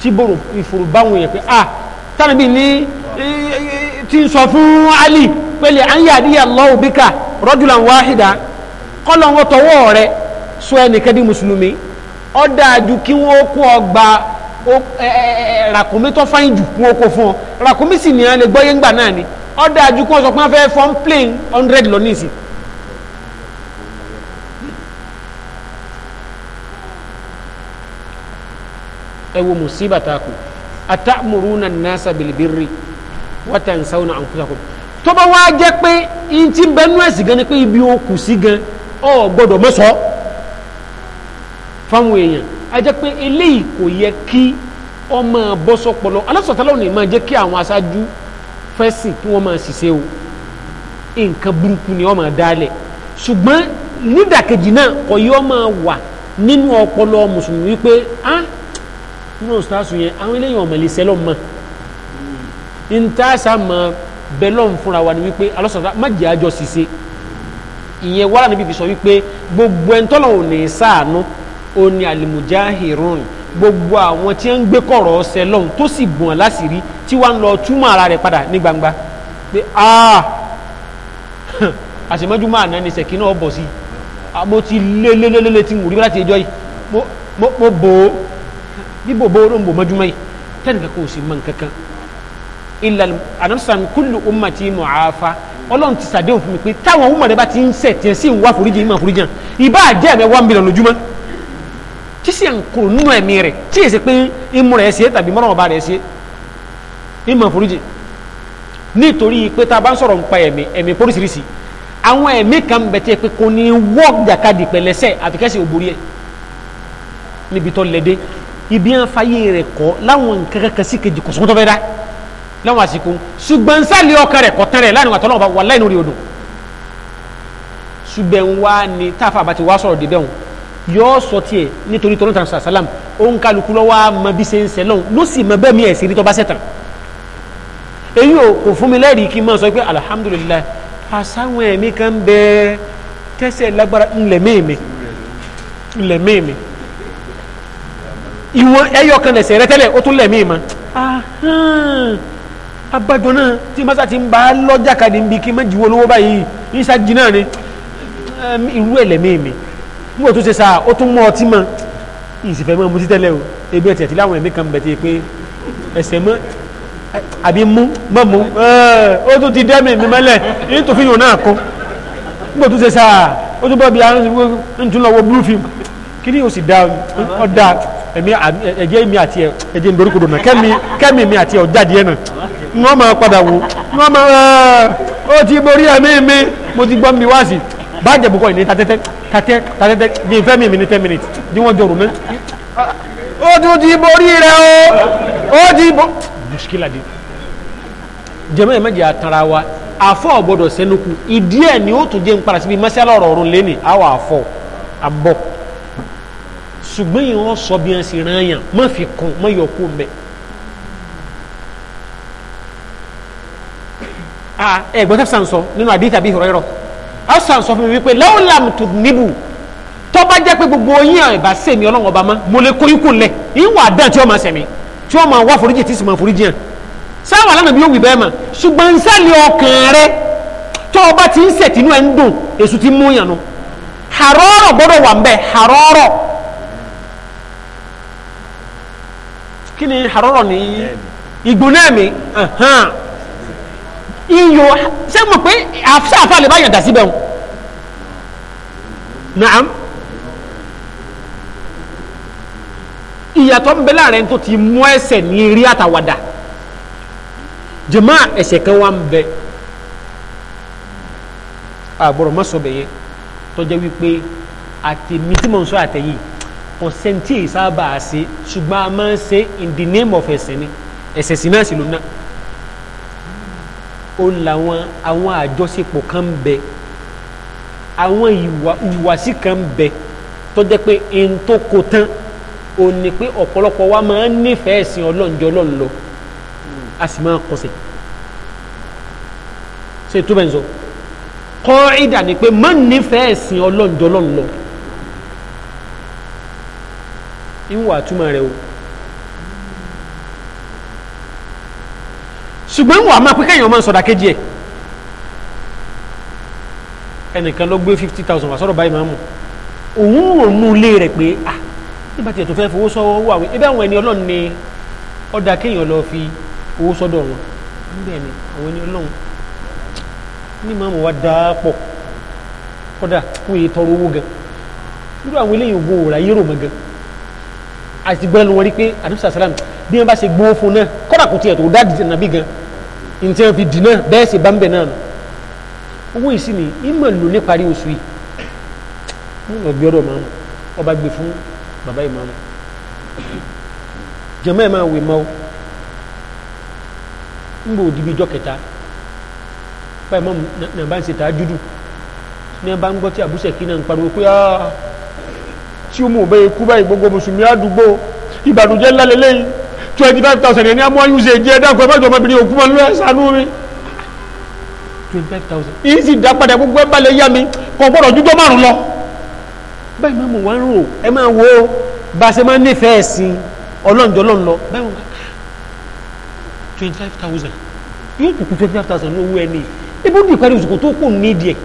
tí bòrò ìfòrò báwọn yẹn pé ah tani bi ni ti sọ fún Ali pẹ̀lẹ́ anyadiya lọ́wọ́ bíkà rọ́jùlá wáhídà kọ́lọ́wọ́ tọwọ́ rẹ̀ sọ ẹnìkan di mùsùlùmí ó dájú kí wọ́n kó ọgbà ràkúnmí tó fáyín jù kún oko fún ọ ràkúnmí sì ní alẹ́ gbọ́yé ńgbà náà ni ó dájú kí wọ́n sọ pé wọ́n fẹ́ fọ́n plane hundred lọ ní ìsìn. ẹ wo musiba ta kù atamuruna nasa bilibiri watan sauna anfusakum tó bá wá jẹ́ pé ntí bẹnu ẹsì gan ni pé ibi ó kù sí gan ọ gbọ́dọ̀ mọsọ fáwọn èèyàn a jẹ́ pé eléyìí kò yẹ kí ọmọ bọ́sọ̀pọ̀lọ́ alásọ̀tálọ́ ni máa jẹ́ kí àwọn aṣáájú fẹ́sìn kí wọ́n máa ṣiṣẹ́ o nǹkan burúkú ni wọ́n máa dálẹ̀ ṣùgbọ́n nídàkejì náà kò yẹ ọmọ wà nínú ọpọlọ mùsùlùmí wípé á nínú ọ̀sítàṣù yẹn àwọn eléyìí ọmọ lè sẹ́lọ̀ mọ́ n tá a sá mọ lọ́n fúnra wa ni wípé alásọ̀tá má jẹ́ àjọ ṣiṣẹ́ ìyẹn wàrà níbi fi wípé gbogbo ẹ̀ńtọ́lọ̀ ò ní sáànú oni ní alimujahirun gbogbo àwọn tí ń gbé kọ̀rọ̀ ọsẹ lọ́hùn tó sì bùn láṣìírí tí wàá ń lọ túmọ̀ ara rẹ̀ padà ní gbangba pé aa ah! àṣemájú máa ná ni ṣèkí náà bọ̀ sí i ah, mo ti lé lé lé lé tí mo rí láti ẹjọ́ yìí mo bò ó bíbò bò ó ló ń bò mọ́júmọ́ yìí tẹ́nìkan kò sí mọ́ nǹkan kan ilal anamsan kullu ummati mu'afa ọlọ́run ti sàdéhùn fún mi pé táwọn ọmọ rẹ bá ti ń sẹ̀ tiẹ̀ sí ìwà foríjì ìmọ̀ foríjì hàn ìbá àjẹ́ mi wá ń bìlọ̀ lójúmọ́ tí sì ń kúrò nínú ẹ̀mí rẹ̀ tí èsì pé imú rẹ̀ ṣe é tàbí mọ́ràn ọba rẹ̀ ṣe é ìmọ̀ foríjì nítorí pé tá a bá ń sọ̀rọ̀ nípa ẹ̀mí ẹ̀mí póríṣiríṣi àwọn ẹ̀mí kan bẹ̀ tí pé kò ní wọ́ jàkadì pẹ̀lẹ́sẹ̀ àfikẹ́sẹ̀ òbórí ẹ̀ níbi tó lẹ́dẹ́ ibi à ń fàyè rẹ̀ kọ́ láwọn nǹkan kankan sí kejì kò sókòtò fẹ́ dá láwọn àsìkò ṣùgbọ́n sálẹ̀ ọkàn rẹ̀ kọ́ tán rẹ̀ láàrin wàtọ́ wà láì lórí odò ṣùgbọ́n wa ni táfà bá ti wá sọ̀rọ̀ débẹ̀ wọn yóò sọ tiẹ̀ nítorí tọ́lọ́ tàn sàlám òun kálukú lọ́wọ́ àmọ́ bí ṣe ń sẹ́ lọ́hùn ló sì mọ bẹ́ẹ̀ mi ẹ̀ sì rí tọ́ bá sẹ́tàn èyí ò kò fún mi lẹ́rìí kí n máa sọ pé alihamudulilayi àsáwọn ẹ̀mí kan bẹ́ẹ̀ tẹ́sẹ̀ lágbára ńlẹ̀ mẹ́ẹ̀mẹ́ ńlẹ̀ ẹyọ kan lẹ̀sẹ̀ rẹ tẹ́lẹ̀ ó tún lẹ̀ mẹ́ẹ̀mẹ́ abájọ náà tí masa ti ń bá lọ́jà kadì bi kí n má jíwọ́ lówó báyìí ní sáà jí ni irú ẹ̀ lẹ̀ mẹ́ẹ̀mẹ́ nígbà tó ṣe sáà ó tún mọ́ ọtí mọ́ ìsìfẹ́ mọ́ mutí tẹ́lẹ̀ o ebi ẹ̀tì àti láwọn ẹ̀mí kan bẹ̀tẹ̀ pé ẹ̀sẹ̀ mọ́ àbí mú mọ́ mú ó tún ti dẹ́mi mi mẹ́lẹ̀ yìí tó fi yòó náà kọ́ nígbà tó ṣe sáà ó tún bọ́ bí i tún lọ wo blue film kí ni o sì da ọ da ẹ̀mí ẹ̀jẹ̀ mi àti ẹ̀jẹ̀ ìdóríkodò náà kẹ́mi kẹ́mi mi àti ọ̀já díẹ̀ náà ni wọ́n máa padà wò ni wọ́n máa ó ti borí ẹ̀mí mi mo ti gbọ́ mi wá sí i bájẹ̀ bukọ̀ ìní tatẹ́tẹ́ tatẹ́ tatẹ́tẹ́ bí n fẹ́ mi ní ten minutes bí wọ́n jọrò mẹ́rin. ó tún ti borí rẹ o ó ti bo. muskila di. jẹ́mọ́ ẹ̀ mẹ́jẹ̀ àtàrà wa àfọ́ ọ̀gbọ́dọ̀ sẹ́nukú ìdí ẹ̀ ni ó tún jẹ́ ń para síbi mọ́sálà ọ̀rọ̀ ọ̀run lẹ́nì àwọ̀ àfọ́ àbọ̀ ṣùgbọ́n yìí wọ́n sọ bí wọ́n sì rán yàn má fi kún má yọ kú mbẹ́. ẹ gbọ́dọ̀ sàn sọ nínú àdìtàbí ìrọ̀ hasan sọ fún mi wípé lọ́wọ́làm tó níbù tó bá jẹ́ pé gbogbo yín àwọn ìbá sèmi ọlọ́wọ́n ọba mọ́ mo lè kó ikú lẹ̀ ìwà dán tí ó máa sẹ̀mí tí ó máa wá foríjì tí sì máa foríjì hàn sáwọn alánà bí ó wì bẹ́ẹ̀ mà ṣùgbọ́n nsàlẹ̀ ọkàn rẹ tó o bá ti ń sẹ̀tínú ẹ̀ ń dùn èso ti mú yàn nù harọ́rọ̀ gbọ́dọ̀ wà ń bẹ̀ harọ́rọ̀ kí ni harọ́rọ̀ ní igbó náà mi iyò ṣé mo pé àfáàfà lè bá yàn dà síbẹ̀ o naam ìyàtọ̀ ń bẹ láàrin tó ti mú ẹsẹ̀ ní eré àtàwàdà jẹ̀mọ́ ẹsẹ̀ kan wà ń bẹ àgbọ̀rọ̀ mọ́sọ̀bẹ̀ yẹn tọ́jẹ́ wípé àtẹ̀mí tí mò ń sọ àtẹ̀yìn kọ̀sẹ̀ntì sábà ṣe ṣùgbọ́n a máa ń ṣe in the name of ẹ̀sìn ni ẹ̀sẹ̀ sí náà sì ó làwọn àwọn àjọṣepọ̀ kan ń bẹ àwọn ìwàsí kan ń bẹ tó jẹ́ pé n tó kó tán ò ní pé ọ̀pọ̀lọpọ̀ wa máa ń nífẹ̀ẹ́ sìn ọlọ́njọ́ ọlọ́run lọ a sì máa kọsẹ̀ ṣe tó bẹ́ẹ̀ sọ kọ́ ìdà ni pé má nífẹ̀ẹ́ sìn ọlọ́njọ́ ọlọ́run lọ ìwà àtúmọ̀ rẹ o. ṣùgbọ́n wà máa pé kéèyàn máa ń sọ̀dà kejì ẹ̀ ẹnìkan ló gbé fifty thousand wá sọ̀rọ̀ báyìí máa mú òun ò nú ilé rẹ̀ pé ah nígbà tí ètò fẹ́ fowó sọ́wọ́ wà wí ebe àwọn ẹni ọlọ́run ni ọ̀dà kéèyàn lọ fi owó sọ́dọ̀ wọn níbẹ̀ ni àwọn ẹni ọlọ́run ní máa mú wa dáa pọ̀ kọ́dà kó yẹ tọrọ owó gan irú àwọn eléyìí ògbó òòrà yérò mọ́ gan àti gbọ́dọ̀ wọn rí pé àdúgbò sàlám bí wọ́n bá ṣe gbówó fún náà kọ́dà kò tiẹ̀ tó dá dìde nàbí gan ntẹ́ fi dì náà bẹ́ẹ̀ sì bá ń bẹ̀ náà nù owó ìsìn ni ìmọ̀ lò ní parí oṣù yìí wọ́n lọ gbé ọ̀dọ̀ máa ọba gbé fún bàbá yìí máa jẹ̀mọ́ ẹ̀ máa wè máa ń bò dìbí ijọ́ kẹta báyìí mọ́ ní bá ń ṣe tàá dúdú ní bá ń gbọ́ tí àbúṣẹ̀ kí náà ń pariwo pé tí ó mú bẹ́ẹ̀ kú báyìí gbogbo mùsùlùmí àdúgbò ìbànújẹ́ ńlá lélẹ́yìn twenty five thousand ẹni àmọ́ ayúnṣe díẹ̀ dákun ẹ bá jọ ọmọbìnrin òkú wọn lọ ẹ sànú mi twenty five thousand yìí sì dá padà gbogbo ẹ balẹ̀ yá mi kò gbọ́dọ̀ jújọ́ márùn lọ. báyìí máa mọ̀ wá ń rò ẹ máa wo bá a ṣe máa ń nífẹ̀ẹ́ sí ọlọ́njọ́ lọ́n lọ báyìí wọ́n twenty five thousand yóò kùkù twenty five thousand ní owó ẹni ibú di ìparí òsùkò tó kù ní ìdíẹ̀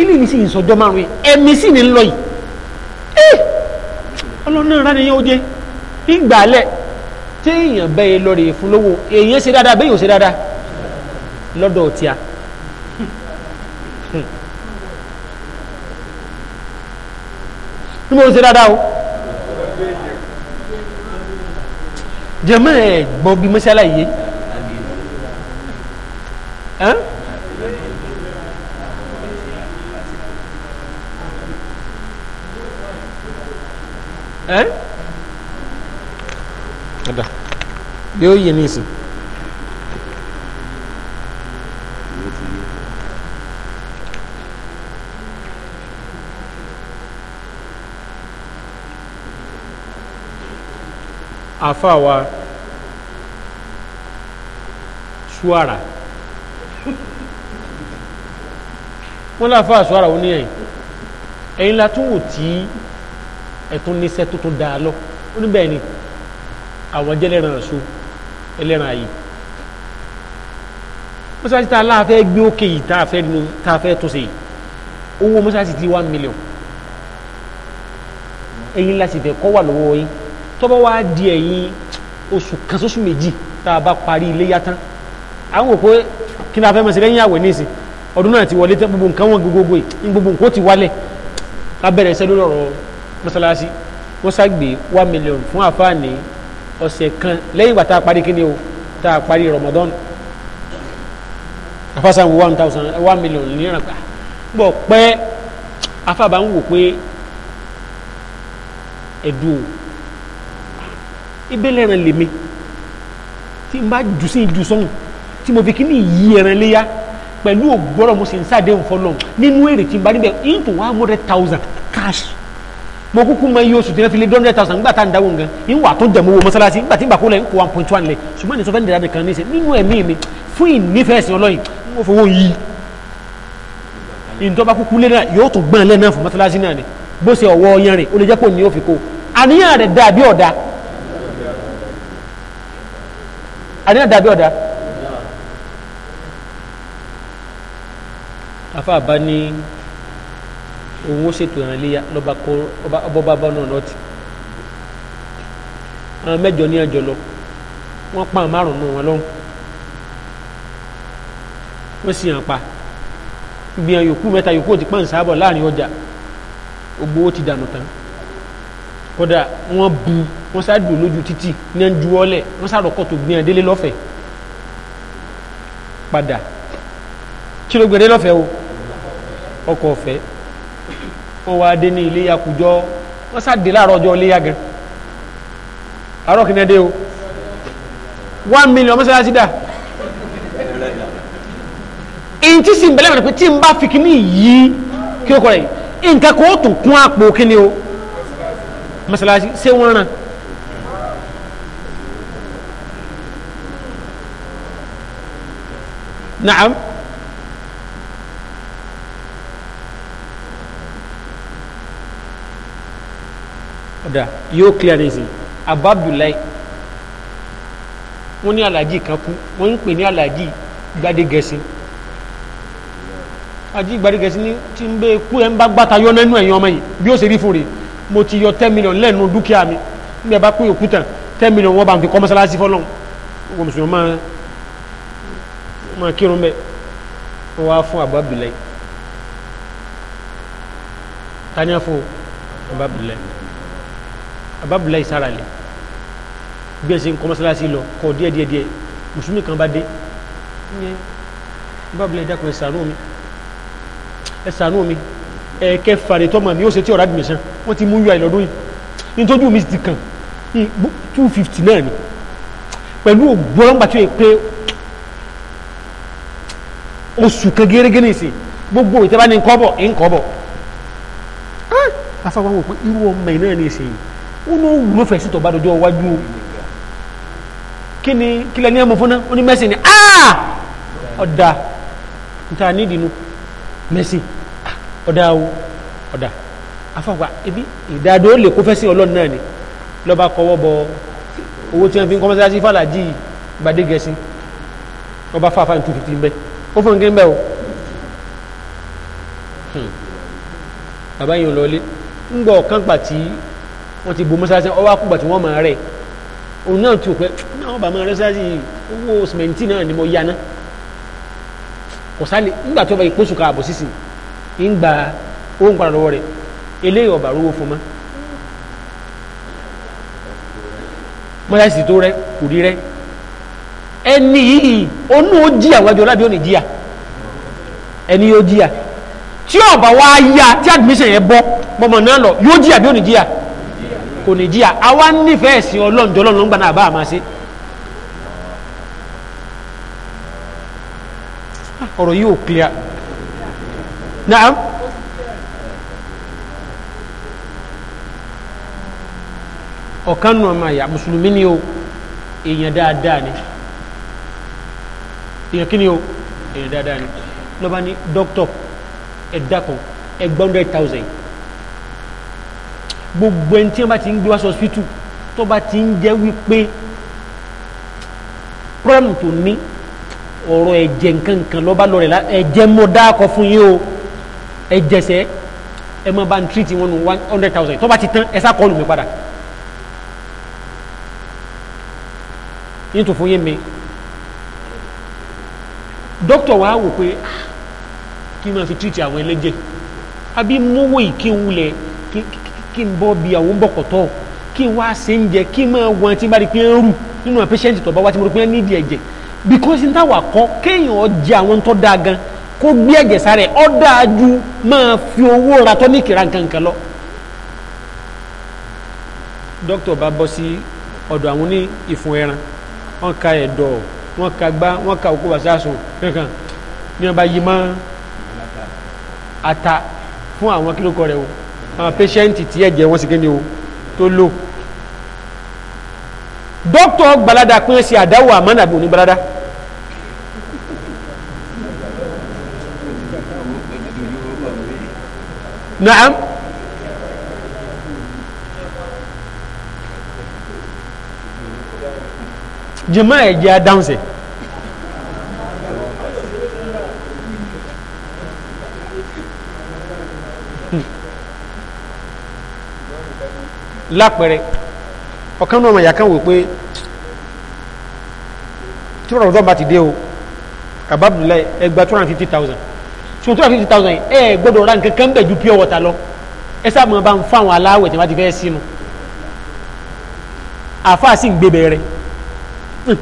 ilé mi sì ń sọjọ́ márùn-ún ẹ̀mí sì ní ń lọ yìí ọlọ́run náà rárá ni yẹn ó ìgbàlẹ̀ tí èèyàn bẹ́ẹ̀ lọ́rẹ̀ fún lówó èèyàn ṣe dáadáa bẹ́ẹ̀ yóò ṣe dáadáa lọ́dọ̀ ọ̀tí a ní mo ṣe dáadáa o jẹ́mọ́ ẹ̀ gbọ́ bí mọ́ṣálá yìí ẹ́ ọ̀dà yóò yẹ ní ìsìn. afawa suara wọn láfa suara wọn ní ẹ̀yìn ẹ̀yìn la tún wò tí ẹtún níṣẹ́ tó tún dáa lọ ó ní bẹ́ẹ̀ ni àwọn jẹ́ lẹ́ran àṣọ ẹlẹ́ran ayé mọ́sáàsì tá a láàfẹ́ gbé òkè yìí tá a fẹ́ nínú tá a fẹ́ tó ṣe owó mọ́sáàsì ti one million ẹ̀yin láti fẹ́ kọ́ wà lọ́wọ́ yín tọ́bọ̀ wá di ẹ̀yin oṣù kan sóṣù méjì tá a bá parí ilé yá tán àwọn òpó kí ni a fẹ́ mọ̀ sí lẹ́yìn àwẹ̀ ní ìsìn ọdún náà ti wọlé tán gbogbo nǹkan wọn gbogbo yìí gbogbo nǹkan ó ti wálẹ̀ lábẹ́rẹ̀ iṣẹ́ lórí ọ̀rọ̀ mọ́sálásí wọ́n ságbé one million fún àfáàní ọ̀sẹ̀ kan lẹ́yìn ìgbà tá a parí kíni o tá a parí Ramadan afasa wo one thousand one million náírà pa bọ̀ pẹ́ afaba ń wò pé ẹ̀dùn o ibẹ̀ lẹ́ran lèmi tí n bá jù sí jù sọ́hùn tí mo fi kí ní yí ẹran léyà pẹ̀lú ògbọ́rọ̀ mo sì ń sáde ń fọlọ́ nínú èrè tí n bá níbẹ̀ into one hundred thousand cash mo kúkú mọ iye oṣù tí wọ́n fi lé hundred thousand nígbà tá à ń dáwọ́ nǹkan ìwà tó jẹ̀mú owó mọ́sálásí nígbà tí ìgbà kó lẹ̀ ń kó one point one lẹ̀ ṣùgbọ́n ní sọfẹ́ nìyàrá nìkan ní í ṣe nínú ẹ̀mí mi fún ìnífẹ̀ẹ́sìn ọlọ́yin mo fowó yí ìtọ́ba kúkú lé náà yóò tún gbọ́n lẹ́nà fún mọ́sálásí náà ni bó ṣe ọ̀wọ́ ọyàn rẹ̀ ó lè jẹ́ pò ní òfin kó àníyàn rẹ̀ dàbí ọ̀dà àníyàn dàbí òun ó ṣètò ìrànlẹ́yà lọ́ba kó ọba bá náà lọ́tì àwọn mẹ́jọ ní àjọ lọ wọ́n pa márùn-ún wọn lọ́hùn wọ́n sì hàn pa gbìyàn yòókù mẹ́ta yòókù ti pàǹ sábọ̀ láàrin ọjà gbogbo ó ti dànù tán kódà wọ́n bu wọ́n sáàdù lójú títì ní à ń ju ọlẹ̀ wọ́n sàrọ̀kọ̀ tó gbìyàn délé lọ́fẹ̀ẹ́ padà kí ló gbèrè lọ́fẹ̀ẹ́ o ọkọ̀ ọ̀fẹ́ wọ́n wá dé ní iléyà kùjọ wọ́n sáde láàárọ̀ ọjọ́ iléyà gan àárọ̀ kìnnà dé o one million mọ́sálásí dà ntí sì ń bẹ̀lẹ̀ mọ̀ pé tí n bá fi kíní yìí kí o kọ̀ rẹ̀ nǹkan kò tún kún àpò kíní o mọ́sálásí ṣé wọ́n rán. Naam. ọ̀dà yóò clear reason Abba Abdullahi wọ́n ní aláàjì kan kú wọ́n ń pè ní aláàjì gbadegẹ̀sí aláàjì gbadegẹ̀sí ní tí ń bẹ́ kú ẹ̀ ń bá gbáta yọ nínú ẹ̀yìn ọmọ yìí bí ó ṣe rí fún rẹ̀ mo ti yọ ten million lẹ́nu dúkìá mi ní ẹ bá pín òkú tán ten million wọ́n bá ń fi kọ́ mọ́sálásí fọ́lọ́n wọ́n mùsùlùmí máa máa kírun bẹ́ẹ̀ wọ́n wá fún Abba tani á fún abábùlá ìsára lẹ̀ bí ẹ̀sìn kọ́ mọ́sálásí lọ kọ́ díẹ̀ díẹ̀ díẹ̀ mùsùlùmí kan bá dé ní abábùlá ìdákọ̀ ẹ̀sànú mi ẹ̀sànú mi ẹ̀ẹ̀kẹ́ fàrẹ̀ tọ́mọ̀ mi ó ṣe tí ọ̀rá dùn ìṣàn wọ́n ti mú yọ àìlọ́dún yìí nítorí mi ti kàn ní two fifty náà ni pẹ̀lú ògbó ọlọ́mgbà tó yẹ pé oṣù kan gẹ́gẹ́ ní ìsìn gbogbo ìtẹ́bá ní nkọ́bọ̀ nkọ́bọ̀ ah afáwọn wò pé irú ọmọ ìnáà ní ìsìn yìí wọn ò wúlò fẹsí tó bá dọjọ́ iwájú o kí ni kí lẹni ẹmu fúnná ó ní mẹsì ni aa ah! ọ̀dà níta nídìí nu mẹsì ah, ọ̀dà o ọ̀dà afọwọ́ ebi ìdádó lè kó fẹsí ọlọ́run náà ni lọ́ba kọ́wọ́ bọ owó tí wọ́n fi ń kọ́ mọ́sálásí fàlàjì gbadé gẹ̀ẹ́sì ọba fàáfà ní two fifty bẹ́ẹ̀ ó fún un gé ń bẹ́ẹ̀ o hmm. bàbá yìí ò lọ ilé ń gbọ́ kánpà tí wọ́n ti bu mọ́sálásí ọwọ́ akúgbà tí wọ́n máa rẹ̀ òun náà ti ò pẹ́ náà wọ́n bá máa rẹ́ sáàsì owó sìmẹ́ntì náà ni mo ya kò sálẹ̀ nígbà tó bá yẹ kóṣù ká sísì ń padà lọ́wọ́ rẹ̀ eléyìí ọ̀bà rówó fún mọ́ tó kò rí ẹni yìí onú ẹni yóò jìyà tí ọ̀bà ya tí admission yẹn bọ́ náà lọ yóò jìyà bí jìyà. kò ní jíyà àwa nífẹ̀ẹ́ sí ọlọ́run jọlọ́run ló ń gbà náà bá a máa ṣe. Ah, ọ̀rọ̀ yìí ò clear naam ọ̀kan nù ọmọ àyà mùsùlùmí ni o èèyàn dáadáa ni èèyàn kí ni o èèyàn dáadáa ni lọ́ba ní dókítọ̀ ẹ̀dá kan ẹgbẹ́ hundred thousand gbogbo ẹni tí wọ́n bá ti ń gbé wá sọ́sítù tó bá ti ń jẹ́ wípé pírọ́mù tó ní ọ̀rọ̀ ẹ̀jẹ̀ nkankan lọ́ba lọ́rẹ̀ la ẹ̀jẹ̀ mọ́ dáàkọ fún yín o ẹ̀jẹ̀ ẹ máa bá ń tírìtì wọn nù one hundred thousand tó bá ti tán ẹ sá kọlù mi padà yín tó fún yín mi dókítà wa wò pé ah, kí n máa fi tírìtì àwọn ẹlẹ́jẹ̀ àbí mówó ìkéwulẹ̀ kí n bọ́ bí àwọn bọ̀kọ̀tọ̀ kí n wá ṣe ń jẹ kí n máa wọn tí n bá rí pé ń rù nínú patient tó bá wá tí mo rí pé ń nídìí ẹ̀jẹ̀ because n táwa kọ́ kéèyàn jẹ àwọn tó dáa gan kó gbé ẹ̀jẹ̀ sára ẹ̀ ọ́ dáa ju máa fi owó ra tọ́níkì ra nǹkan lọ. dókítà bá bọ́ sí ọ̀dọ̀ àwọn ní ìfun ẹran wọ́n ka ẹ̀dọ̀ wọ́n ka gbá wọ́n ka òkú wàsásùn kankan ní wọ́n bá yí ata fún àwọn kílókọ rẹ̀ o àwọn pẹ́ṣẹ́ǹtì tí ẹ̀jẹ̀ wọn sì kéde o tó lò dókítà gbalada pín sí àdáwò àmọ́nàbí òní gbalada. naam jìmọ́ ẹ̀jẹ̀ adáhùnsẹ̀. lápẹẹrẹ ọ̀kan náà ìyá kan wò pé tí wọ́n rọ̀dọ́ bá ti dé o àbábùlá ẹgbà 250,000 so 250,000 ẹ gbọ́dọ̀ ra nǹkan kan bẹ̀ ju pure water lọ ẹ sáà mọ̀ bá ń fáwọn aláwẹ̀ tí wọ́n ti fẹ́ sínú àfáà sì ń gbé bẹ̀rẹ̀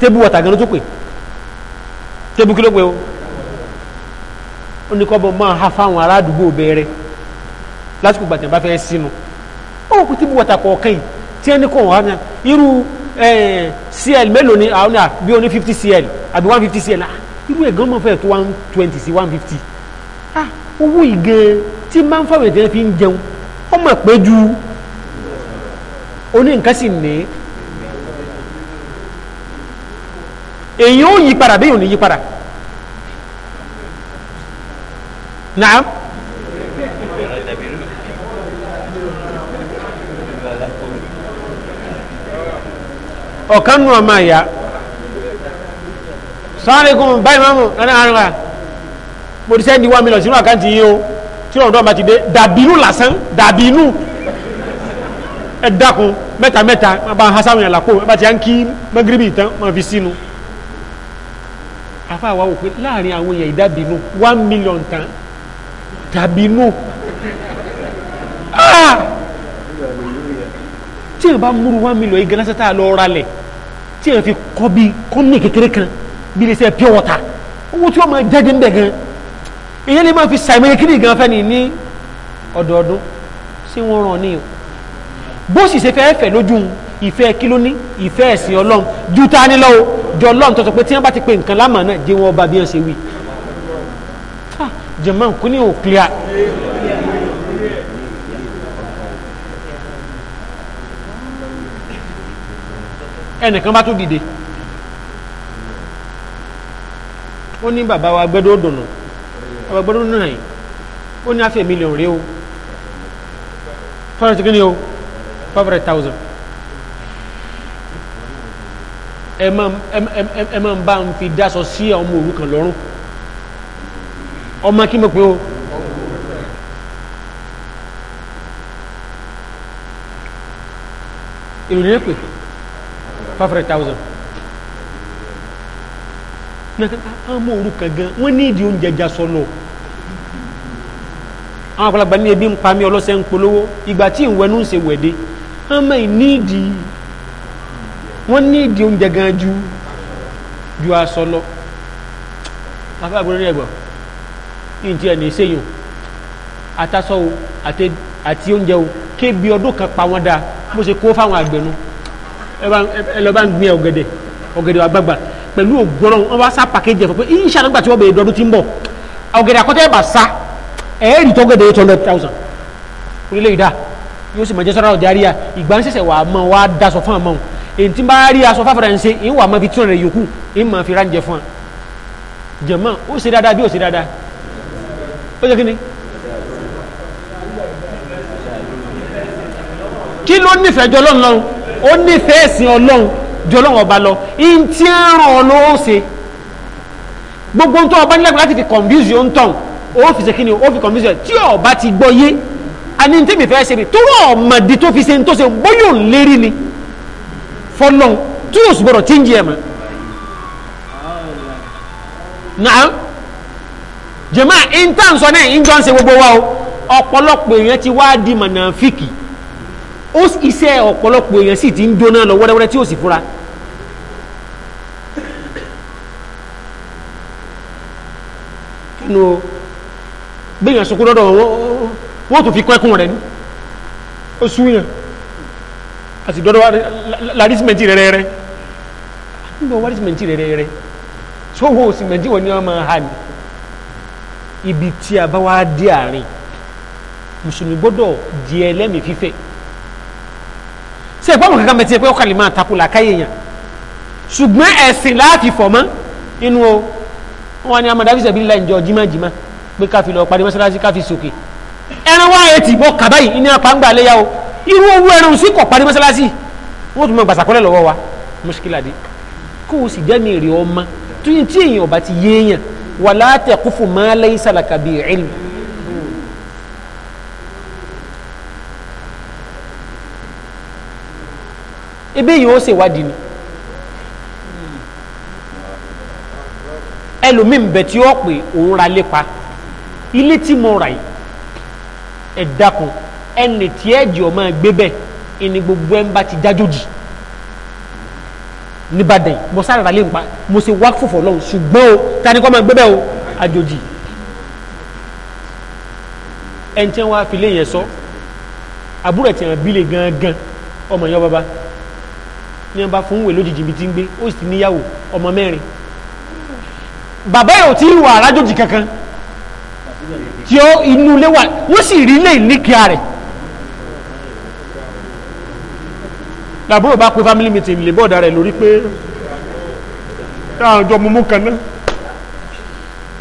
tébù water gan ló tó pè tébù kí ló pè o ó ní kọ́ bọ́ máa ha fáwọn ará àdúgbò bẹ̀rẹ̀ lásìkò gbàtẹ̀ bá fẹ́ sínú ó kù tí bu wọ̀tà kọ̀ọ̀kan yìí tí ẹni kọ̀ wá náà irú cl mélòó ni àwọn náà bí oní fifty cl àbí one fifty cl irú ẹ̀ gan mọ̀ fẹ́ tó one twenty sí one fifty ah owó yìí gan tí máa ń fáwọn èdè fi ń jẹun ó mà pé ju oní nǹkan sì ní èyí ó yí padà bí òní yí padà naam. ọ̀kan nù ọmọ ìyá sàlẹ̀kùn báyìí máa mú lọ́nà àárín wa mo ti sẹ́ndì wá mílíọ̀nù sínú àkáǹtì yìí o tí ọ̀dọ́ ọba ti dé dàbínú lásán dàbínú ẹ dákun mẹ́ta mẹ́ta má bá ń ha sáwọn ìyàlá kó ẹ bá ti à ń kí mẹ́gíríbì tán má fi sínú afa wa wò pé láàrin àwọn èèyàn ìdábínú one million tán dàbínú tí yẹn bá múru one million igi lásán tá a lọ ra lẹ̀ tí yẹn fi kọ́ bí kọ́mìnì kékeré kan bí lè sẹ́ pure water owó tí wọ́n máa jáde ń bẹ̀ gan ìyẹn lè máa fi sàmì kiri gan fẹ́ ni ní ọ̀dọọdún sí wọn ràn ní o bó sì ṣe fẹ́ fẹ́ lójú ìfẹ́ kíló ní ìfẹ́ ẹ̀sìn ọlọ́run ju ta ni lọ́wọ́ jọ ọlọ́run tó sọ pé tí wọ́n bá ti pe nǹkan lámà náà jẹ́ wọn ọba bí wọ́n ṣe wí jẹ̀mọ́ nkú ò clear ẹnìkan bá tún dìde ó ní bàbá wa gbẹ́dọ̀ dùnú bàbá gbẹ́dọ̀ dùnú náà ó ní àfẹ́ mílíọ̀n rí o five hundred kìíní o five hundred thousand ẹ máa ń bá ń fi dáṣọ sí ọmọ òrukàn lọ́rùn ọmọ kí mo pè o. ìròyìn ẹ pè é five hundred thousand nǹkan àmọ́ òrukàn gan wọ́n ní ìdí oúnjẹ jà sọnù àwọn àgbàlagbà ní ebi ń pa mí ọlọ́sẹ̀ ń polówó ìgbà tí ìwẹ́nu ń ṣe wẹ̀dẹ́ àmọ́ ìníìdì wọ́n ní ìdí oúnjẹ gan ju ju aṣọ lọ afẹ́ àgbọ̀nrín rẹ̀ gbọ́ ní ti ẹ̀ ní sẹ́yìn àtàṣọ o àti oúnjẹ o kébi ọdún kan pa wọ́n dáa bó ṣe kó fáwọn àgbẹ̀nu. No ẹ lọ bá ń gbin ọ̀gẹ̀dẹ̀ ọ̀gẹ̀dẹ̀ àgbààgbà pẹ̀lú ògbọ́nà wọn bá sá pàkéjì ẹ̀fọ́ pé ìṣà nígbà tí wọ́n bẹ̀rẹ̀ dọdún tí ń bọ̀ ọ̀gẹ̀dẹ̀ àkọ́tẹ́ bà sá ẹ̀ẹ́rì tó gẹ̀dẹ̀ eight hundred thousand orílẹ̀ ìdá yóò sì mọ̀ jẹ́ sọ́ra ọ̀dẹ̀ àríyá ìgbà ń ṣẹ̀ṣẹ̀ wàá mọ̀ wá daṣọ fún àmọ́ èyí tí bá rí aṣọ fáfara ń ṣe ń wà mọ́ fi tí rẹ̀ yòókù ń mọ̀ fi ránjẹ fún wa jẹ̀mọ́ o ṣe dáadáa bí ó ṣe dáadáa ó ṣe kí ni kí ló nífẹ̀ẹ́ jọ lọ́nà lọ́run ó nífẹ̀ẹ́ ẹ̀sìn ọlọ́run ju ọlọ́run ọba lọ in tí ń ràn ọ́ lọ́wọ́ ṣe gbogbo ń tọ́ ọba nílẹ̀ láti fi confuse yóò ń tàn ó fi ṣe kí ni ó fi confuse yóò tí ọba ti gbọ́ yé ani tí mi fẹ́ ṣe mi tó wọ́n ọ̀mọ̀dé tó fi ṣe ń tó ṣe bóyá òun lérí ni fọlọ́n tí yóò sùgbọ́dọ̀ tí ń jẹ ẹ̀mọ́ náà jẹ̀mọ́ ìntànsọ náà ìjọ ń ṣe gbogbo wa o ọ̀pọ̀lọpọ̀ èèyàn ti wá di mọ̀nàfíkì ó iṣẹ́ ọ̀pọ̀lọpọ̀ èèyàn sì ti ń dóná lọ wẹ́rẹ́wẹ́rẹ́ tí ó sì fura. kánú o gbẹ̀yàn sunkún lọ́dọ̀ wọ́n tó fi kọ́ ẹkún rẹ̀ ní ó sún yàn àti dọ́dọ̀ larísìmẹ̀ntì rẹ̀ rẹ̀ nígbà larísìmẹ̀ntì rẹ̀ rẹ̀ sọ́wọ́ òsìmẹ̀ntì wọn ni wọ́n máa hà ibi tí a bá wá dé àárín mùsùlùmí gbọ́dọ̀ di ẹlẹ́mìí fífẹ́ ṣe ìpamọ́ kankan bẹ̀tẹ̀ pé ọkàlì máa takò làkàyè yẹn ṣùgbọ́n ẹ̀sìn láti fọ̀ mọ́ inú o wọn ni amadu abisa bilila njọ jimajima pé káfi lọ parí mọ́sálásí káfi sókè ẹran wá etí bọ́ kàbáyì ní apangba léyà o irú owó ẹran sí kọ̀ parí mọ́sálásí wọ́n tún mọ gbàsàkọ́lẹ̀ lọ́wọ́ wa mọ́ṣíkìládé kó o sì jẹ́ mi rí ọmọ tó yín tí èèyàn ọba ti yéèyàn wàlá taqfu ma laysa laka bi ilm ebe yìí ó ṣèwádìí ni ẹlòmíín bẹ tí ó pè òun ra lépa ilé tí mo rà yìí ẹ dákun ẹnì tí ẹ jẹ ọmọ ẹgbẹ bẹ ẹni gbogbo ẹ ń bá ti dájòjì nìbàdàn mo sáré ra lépa mo ṣe wá fòfò lọ́hùn ṣùgbọ́n o ta ni kọ́ máa gbé bẹ́ẹ̀ o àjòjì ẹni tí wọ́n á fi lé yẹn sọ àbúrò ẹ̀ tí wọ́n bí lè gangan ọmọ yẹn bàbá ní wọn bá fún ìwé lójijì ibi tí ń gbé ó sì níyàwó ọmọ mẹ́rin bàbá ẹ̀ ò tí ì wà arájòjì kankan tí ó inú ilé wà wọ́n sì rí ilé ìníkìá rẹ̀ làbúrò bá pe family meeting lè bọ́ọ̀dà rẹ̀ lórí pé táwọn ọjọ́ mú mú kan náà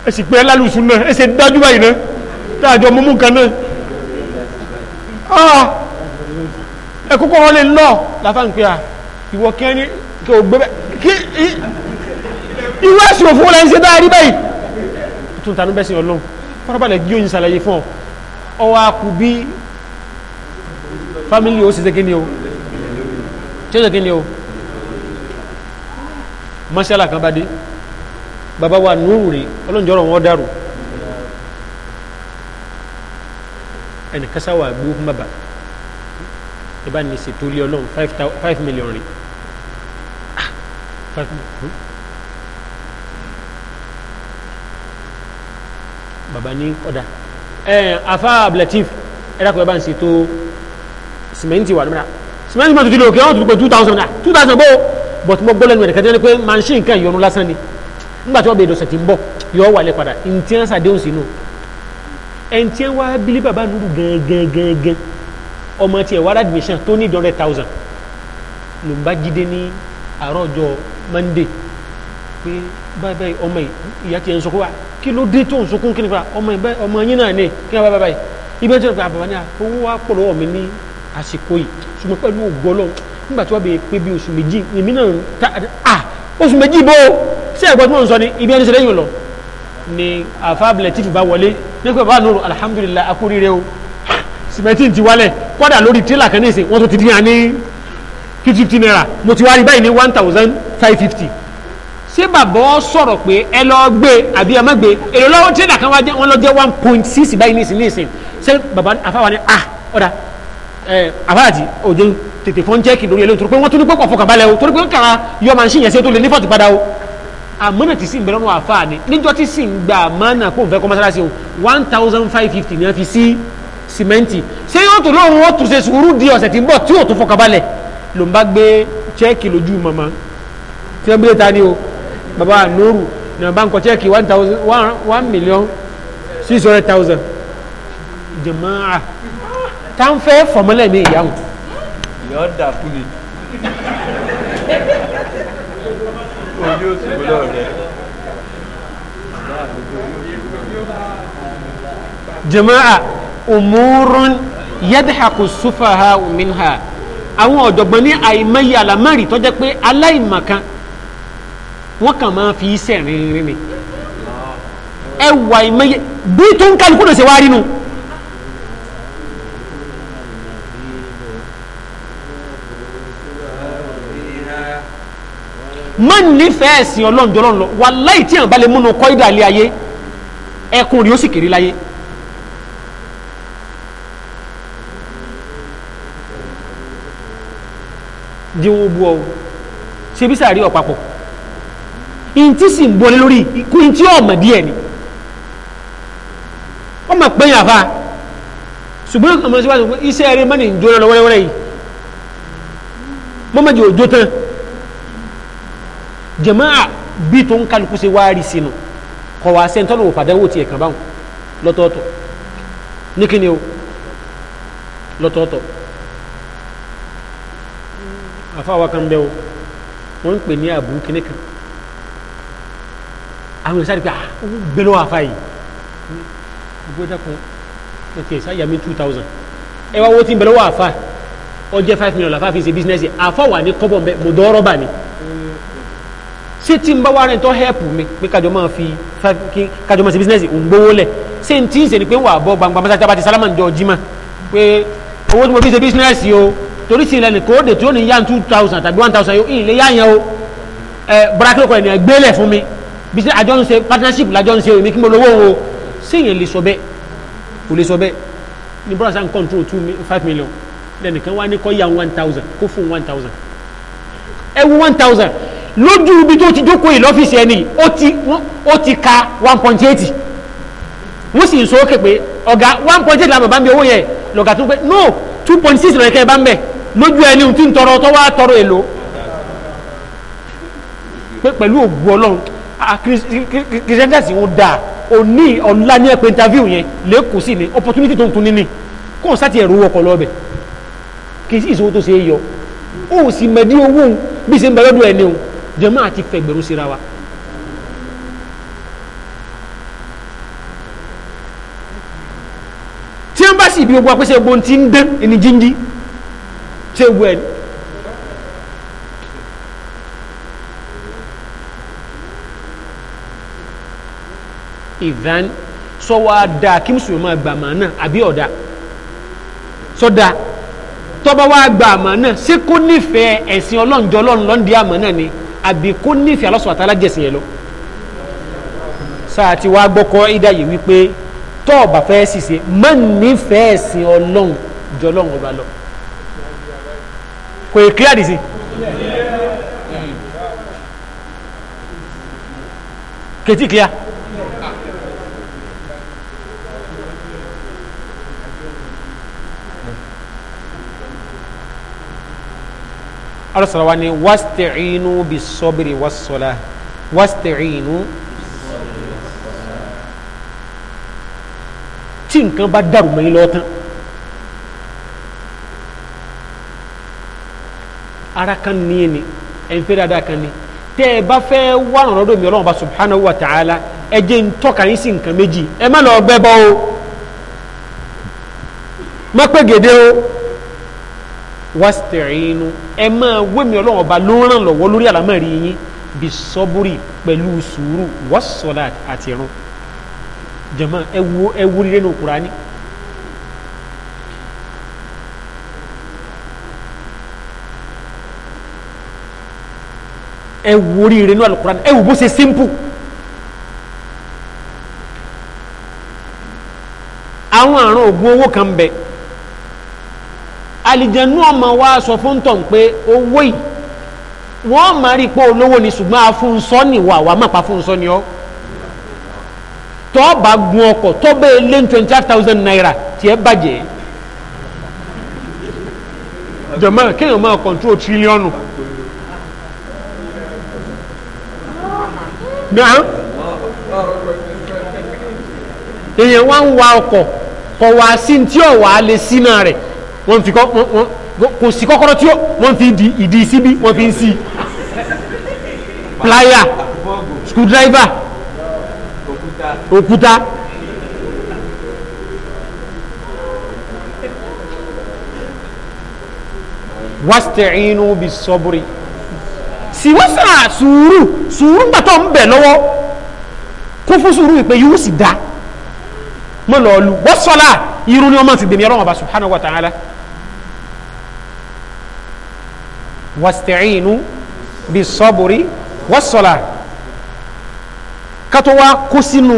ẹ sì pé lálùsùn náà ẹ sì dájú báyìí náà táwọn ọjọ́ mú mú kan náà ah, ẹ kúkọ́ wọn lè lọ láfáàǹpẹ́ à ah, ìwọ kí ẹni kí o gbé bẹ kí irú ẹ̀sìn òfin wọlé ń ṣe dáa rí báyìí tún tanú bẹ́sìn ọlọ́run farabalẹ̀ jí oyin ṣàlàyé fún ọ ọwọ́ akú bí fámílì ó sì ṣe kíni o tí ó ṣe kíni o mọ́ṣálà kan bá dé bàbá wa nùúrù rè ọlọ́njọ́rọ̀ wọn dàrú ẹnì kásáwà gbó fún bàbá ìbánisẹ̀ tó lé ọlọ́run five million rè. Babani, ní ọ̀dà ẹ̀ẹ́n afá ablatif ẹ̀dàkùn ẹ̀bá ń ṣe tó sìmẹ́ntì wà lọ́mọdà sìmẹ́ntì mọ́tò ti lò kí wọ́n tún pé two thousand na. two thousand bo. bọ̀tí mo gbọ́ lẹ́nu ẹ̀dẹ̀kẹ́ tí wọ́n ní pé machine kan yọnu lásán ni nígbà tí wọ́n bèèrè ọ̀sẹ̀ tí ń bọ̀ yọ wà lẹ́ padà ntí ń sàdéhùn sínú ẹn tí wọ́n á bílí bàbá nuru gẹ́gẹ́gẹ́gẹ́ ọmọ tiẹ̀ wàrà admission tó ní thousand ló ń bá mande, pé báyìí báyìí ọmọ yìí ìyá tiẹ̀ ń sọ kó wa kí ló dé tó ń sunkún kí ni fa ọmọ yìí báyìí ọmọ yín náà ni kí ni báyìí báyìí ibẹ̀ tí wọ́n fi àbàbà ní owó wa pọ̀ lọ́wọ́ mi ní àsìkò yìí ṣùgbọ́n pẹ̀lú ògbọ́ lọ nígbà tí wọ́n bèè pé bí oṣù méjì èmi náà ta à ah, oṣù méjì bó ṣé ẹ̀gbọ́n tí wọ́n ń sọ ni ibi ẹni ṣe lẹ́yìn lọ ni àfáàbìlẹ̀ tí fìbá wọlé nípa bá nùrù alhamdulillah akóríire o sìmẹ́tì ti wálẹ̀ kọ́dà lórí tílà kan ní ìsìn wọ́n tó fifty naira mo ti wá báyìí ní one thousand five fifty ṣé bàbá ọ sọ̀rọ̀ pé ẹ lọ gbé àbí ẹ má gbé èrè lọ́wọ́ tí ìdàkan wọn lọ jẹ́ one point six báyìí nísìn nísìn ṣé bàbá àfáwà ni ah ọ̀dà ẹ àfáàtì òde tètè fọ́n jẹ́kì lórí ẹlẹ́yìn torí pé wọ́n tún ní pé pọ̀fọ̀ kàbálẹ̀ o torí pé kàrà yọ màá ṣìyẹn sí tó lè nífọ̀tì padà o àmọ́nà tí sì ń bẹ̀rẹ̀ wọn àfáà ni níjọ́ tí sì ń gba àmọ́nà kó fẹ́ kọ́ mọ́sálásí o one thousand five fifty ni wọ́n fi sí sìmẹ́ǹtì ṣé yóò tó lóhùn ó tún ṣe sùúrù di ọ̀sẹ̀ tí ń bọ̀ tí yóò tún fọkàbálẹ̀ ló ń bá gbé chẹ́ẹ̀kì lójú mọ̀mọ́ tí wọ́n gbé ta ni o bàbá ànóòrù ní wọ́n bá ń kọ chẹ́ẹ̀kì one thousand one million six hundred thousand jẹ̀mọ́à tá ń fẹ́ fọ̀mọ́lẹ̀ ní ìyá wọn. ìyá ọ̀dà kú ni ojú òsìkò lọ́rẹ̀ jẹ̀mọ́à umurun yadhaku sufaha minha àwọn ọ̀jọ̀gbọ́n ní àìmọye àlámọ́rì tó jẹ́ pé aláìmọ̀kan wọ́n kàn máa fi iṣẹ́ rìnrìn ni ẹ wà àìmọye bí tó ń kálukú lè ṣe wá rí nu. má nífẹ̀ẹ́ ẹ̀sìn ọlọ́njọ́lọ́nlọ́ wà láì tí àwọn balẹ̀ múnú kọ́ ìdàlẹ́ ayé ẹkùn rí ó sì kéré láyé. di owó bu ọ ṣe bí sàárì ọ̀pápọ̀ ntí sì ń bọ́lé lórí ikú ntí ọmọ díẹ̀ ni wọ́n máa pẹ́yìn àfa ṣùgbọ́n ọmọ sí wa sọ pé iṣẹ́ eré mọ́nì ń jóná lọ wẹ́rẹ́wẹ́rẹ́ yìí mọ́mọ́jì òjò tán jàmáà bí tó ń kálukú ṣe wáá rí sínú kọ̀ wá sẹ́ńtọ́nù òpàdánwò tiẹ̀ kàn báwọn lọ́tọ̀ọ̀tọ̀ ní kíni o lọ́tọ̀ọ̀tọ̀ àfáwà kan bẹ́ẹ̀ o wọ́n ń pè ní àbú kíní kan àwọn ìsáàdì pé ah, ó gbé lọ́wọ́ àfá yìí gbogbo dákun ẹ ti ẹ̀sá yàmí two thousand ẹ wá owó tí ń bẹ lọ́wọ́ àfá ó jẹ́ five million àfá fi ṣe bísínẹ́sì àfá wà ní kọ́bọ̀ mbẹ mo dọ́rọ́ bà ní. ṣé tí ń bá wá rẹ̀ tó hẹ́pù mi pé kájọ máa fi five kí kájọ máa ṣe bísínẹ́sì ò ń gbowó lẹ̀ ṣé n tí ń ṣe ni pé wà á bọ́ gbangba mọ́sájà bá ti sálámà ń jọ jimá pé owó tí mo fi ṣe bísínẹ́sì o torí sí ìlẹ́nì kóòdè tí ó ní yá two thousand tàbí one thousand yóò ìlẹ̀ yá yẹn o ẹ bọ́dákìlì kọ́ ènìyàn gbélé fún mi bí sẹ́ àjọ ń ṣe partnership làjọ ń ṣe èmi kí mo lówó o sí ìyẹn lè sọ bẹ́ẹ̀ kò lè sọ bẹ́ẹ̀ ní brother sam control two five million lẹ́nìkan wá ní kọ́ yá one thousand kó fún one thousand ẹ wú one thousand lójú ibi tó ti jókòó yìí lọ́fíìsì ẹni ó ti ka one point eight wọ́n sì ń sọ ó ké pé ọ̀gá one point eight làbàbá mi owó yẹn lọ́gà tó pé no two point six lọ́yẹ̀kẹ́ bá ń bẹ̀ lójú ẹni tí ń tọrọ tó wá tọrọ èlò pẹ̀lú ògùn ọlọ́run kìrìsìtẹ́sì wọn dà òní ọ̀la ní ẹ̀pẹ̀ interview yẹn lẹ́kọ̀ọ́ sí ni opportunity tó ń tún ní ni kó n sáti ẹ̀rọ ọkọ̀ lọ́bẹ̀ kì í sí ìṣòwò tó ṣe é yọ ó sì mẹ̀dí owó bí ṣe ń bẹ lọ́dọ̀ ẹni o jẹ́mọ́ àti fẹ̀gbẹ̀rún síra wa. tí wọ́n bá sì ibi ogun apẹ́sẹ̀ ogun ti ń dán ẹni jíjí ṣé ewu Ivan ni. ìdán sọwọ́ adá kí mùsùlùmí máa gbà màá náà àbí ọ̀dà sọ́dà tọ́ba wa gbà àmà náà ṣé kó nífẹ̀ẹ́ ẹ̀sìn ọlọ́njọ́ ọlọ́run lọ́ndí àmà náà ni àbí kó nífẹ̀ẹ́ Allah subhanahu wa ta'ala jẹ̀sìn yẹn lọ. sáà tí wàá gbọ́kọ́ ìdá yìí wípé tọ́ọ̀bà fẹ́ ṣiṣẹ́ má nífẹ̀ẹ́ ẹ̀sìn ọlọ́run jọlọ́run kò yẹ clear disi kètì clear. alasarawa ni wasta'inu bis-sabri was-salah wasta'inu tí nǹkan bá dàrú mọ́ yín ara kan ní ẹni ẹnfẹ́ dáadáa kan ní do ẹ bá fẹ́ wà mi ọlọ́run bá wa ta'ala ẹ jẹ́ ń tọ́ka yín sí nǹkan méjì ẹ má lọ gbẹ́ bọ́ o má pé gèdè o wasta'inu ẹ máa wé mi ọlọ́run ọba ló ràn lọ́wọ́ lórí àlámọ̀rí yín bí sọ́búrì pẹ̀lú sùúrù was salat àti ìrun jàmáà ẹ ẹ wo oríire ní alukuran ẹ wò bó ṣe simple àwọn àrùn ògùn owó kan bẹ alìjẹnú ọmọ wa sọ fún tọ̀ pé owó yìí wọ́n máa rí pé olówó ni ṣùgbọ́n afúnṣọ́ ni wà wà má pa afúnṣọ́ ni ọ́ tọ́ bá gun ọkọ̀ tọ́ bẹ́ẹ̀ e lé twenty five thousand naira tiẹ̀ bàjẹ́ jọ̀mọ́ kéèyàn máa control tírílíọ̀nù náà èèyàn wá ń wa ọkọ̀ kọ̀ wá sí tí ò wá lè sínà rẹ̀ wọ́n fi kò sí kọ́kọ́rọ́ tí wọ́n fi ìdí síbi wọ́n fi ń sí plier screwdriver òkúta wasta'inu bis sabri sì wọ́n sà sùúrù sùúrù gbàtọ̀ ń bẹ̀ lọ́wọ́ kún fún sùúrù ìpè yóò sì dá mọ́ lọ́ọ́ lu wọ́n sọ́la irun ni wọ́n máa ti dèmí ọlọ́wọ́n bá subhanahu wa ta'ala wàstẹ̀ẹ́nu bí sọ́bùrí wọ́n sọ́la kátó wá kó sínú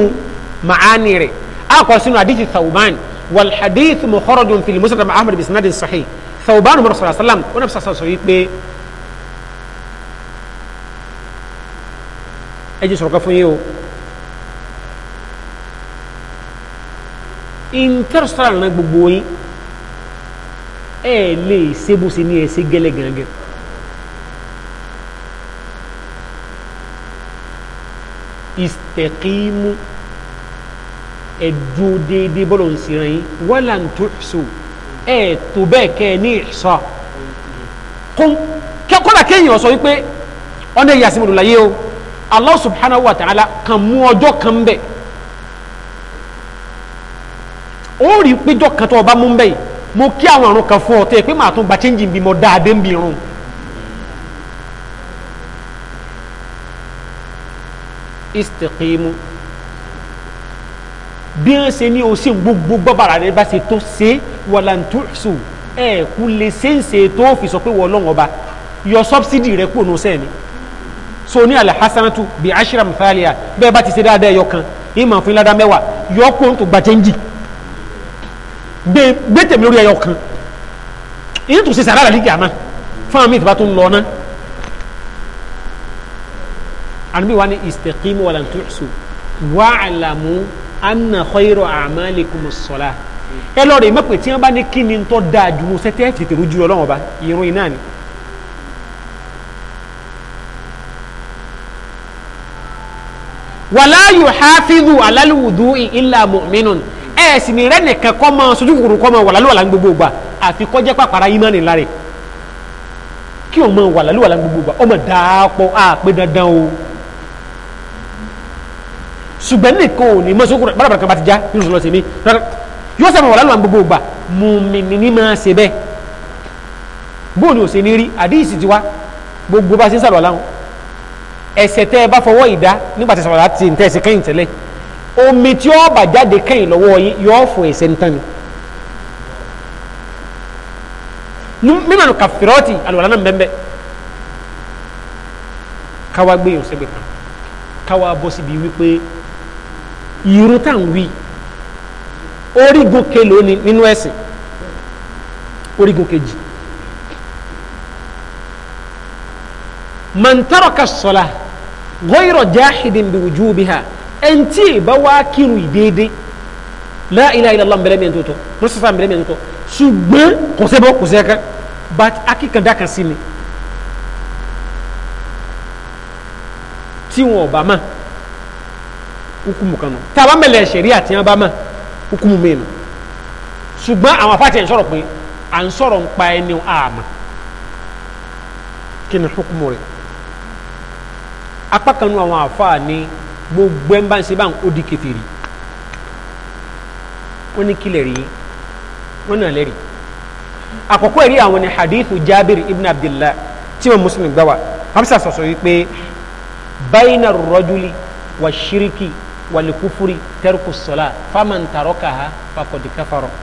màánì rẹ̀ á kọ́ sínú àdìsí Thawban wal hadith mukhrajun fil musnad Ahmad bi sanadin sahih Thawban mọ̀rọ̀ sọ̀rọ̀ sálàm ó náà sọ̀rọ̀ sọ̀rọ̀ yìí pé ẹ jẹ́ sọ̀rọ̀ kan fún yín o interstellar náà gbogbo yín ẹ lè ṣe bó ṣe ní ẹ ṣe gẹ́lẹ́ gangan. istaqimu ẹ̀dùn déédéé bọ́lọ̀ ń sìnrìn yín wala tuhsu ẹ̀ tó bẹ́ẹ̀ kẹ́ ní ihsa kún kọ́lá kéèyàn sọ wípé ọ̀nà ìyàsímọ̀lù láyé o allah subhanahu wa ta'ala kan mú ọjọ́ kan bẹ̀ ó rí péjọ kan tó ọba mú bẹ́ẹ̀ mo kí àwọn àrùn kan fún ọ tẹ́ pé màá tún gba chẹ́ńjì bí mo dáadé ń bí irun. istiqimu bí wọ́n ṣe ní o gbogbo gbọ́bàrà rẹ bá ṣe tó ṣe wàlàntúṣù ẹ̀ẹ́kú lè ṣe ń ṣe tó fi sọ pé wọ́n lọ́wọ́ ọba yọ sọ́bsidì rẹ kúrò ní sẹ́ẹ̀ so ní alhasanatu bi ashra mithaliha bẹ́ẹ̀ bá ti ṣe dáadáa ẹyọ kan ìmọ̀ fún ládàá mẹ́wàá yọ kó tó gbàjẹ́ ń jì gbé tèmi lórí ẹyọ kan ìyẹn tó ṣe sàrà àlàlí kìámà fún àmì ìtìbá tó ń lọ náà ànúbí wa ní istaqimu wa lan tuhsu wa'lamu anna khayra a'malikum as-salah ẹ lọ́ọ̀rẹ́ mẹ́pẹ̀ tí wọ́n bá ní kí ni tó dáa ju mo sẹ́tẹ́ fìtìrú ju ba ìrún iná wàlá yuhafidhu alal wudu'i illa mu'minun ẹ̀ sì ní rẹ́ nìkan kọ́ máa sojú kòkòrò kọ́ máa wàlálù àlá gbogbo gbà àfi kọjá pàpàrà ìmánì láre kí o máa wàlálù àlá gbogbo gbà ọmọ dàápọ̀ àpé dandan o ṣùgbọ́n nìkan ò ní mọ́ sókòrò bàbàrà kan bá ti já nínú sọlọ tèmi yóò sábà wàlálù àlá gbogbo gbà mùmìnì ní máa ṣe bẹ́ẹ̀ bóòlù ò ṣe ní rí àdíyìsì ti wá gbogbo bá ṣe ń sàlọ̀ láwọn ẹsẹ̀ tẹ́ ẹ bá fọwọ́ ìdá nígbà tí sàmàlà ti ń tẹ́ ẹsẹ̀ kẹ́yìn tẹ́lẹ̀ omi tí ó bà jáde kẹ́yìn lọ́wọ́ yín yóò fọ ẹsẹ̀ ntán ni mímọ̀ kàfírọ́ọ̀tì àlùwàlá náà bẹ́ẹ̀ káwa gbéyàn sẹ́gbẹ̀ kan káwa bọ́ síbi wípé irun tá à ń wí orígun kelòó ni nínú ẹ̀sìn orígun kejì man taraka as ghayra jahidin bi wujubiha ẹntì bá wá kírun ìdéédé la ilaha illallah mbẹlẹ miẹn tótó mùsùlùmí mbẹlẹ miẹn tótó ṣùgbọ́n kò sẹ́bọ̀ kò sẹ́ka but akíkanda kan sí ni tí wọn ọba mọ hukumu kan nù tàbá mẹlẹ ṣẹ̀rí àti ọba mọ hukumu mẹ́nu ṣùgbọ́n àwọn afáàtì ẹ̀ ń sọ̀rọ̀ pé à ń sọ̀rọ̀ ń pa ẹni àmà kí ni hukumu rẹ̀ apá kan nu àwọn àfáà ní gbogbo ẹ̀ ń bá ń ṣe bá ń ó di kèfèrí wọ́n ní kílẹ̀ rí wọ́n náà lẹ́rìí àkọ́kọ́ ẹ̀rí àwọn ni hadithu jabir ibn abdullah tí wọn muslim gbà wá hamsa sọ̀sọ̀ wípé bayna rọ́júlì wà ṣíríkì wà lẹ́kúfúri tẹ́rùkù sọ́lá fáman tàrọ́kà ha fakọ̀dì kẹfàrọ̀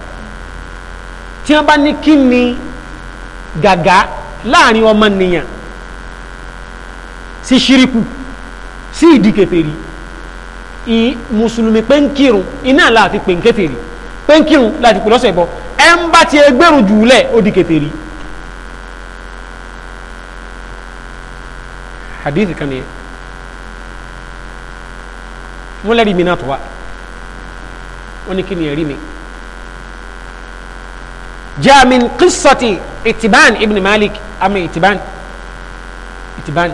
tí wọn bá ní kí ni gàgà láàrin ọmọ nìyàn sí ṣíríkù sí ìdí kèfèrí mùsùlùmí pé ń kírun iná láti pè ń kèfèrí pé ń kírun láti pè lọ́sẹ̀ bọ́ ẹ ń bá ti ẹgbẹ́rún jùlẹ̀ ó di kèfèrí. hadithi kan nìyẹn wọ́n lẹ́rìí mi náà tó wá wọ́n ní kí ni ẹ̀rí mi. jaa min itiban ibn malik ama itiban itiban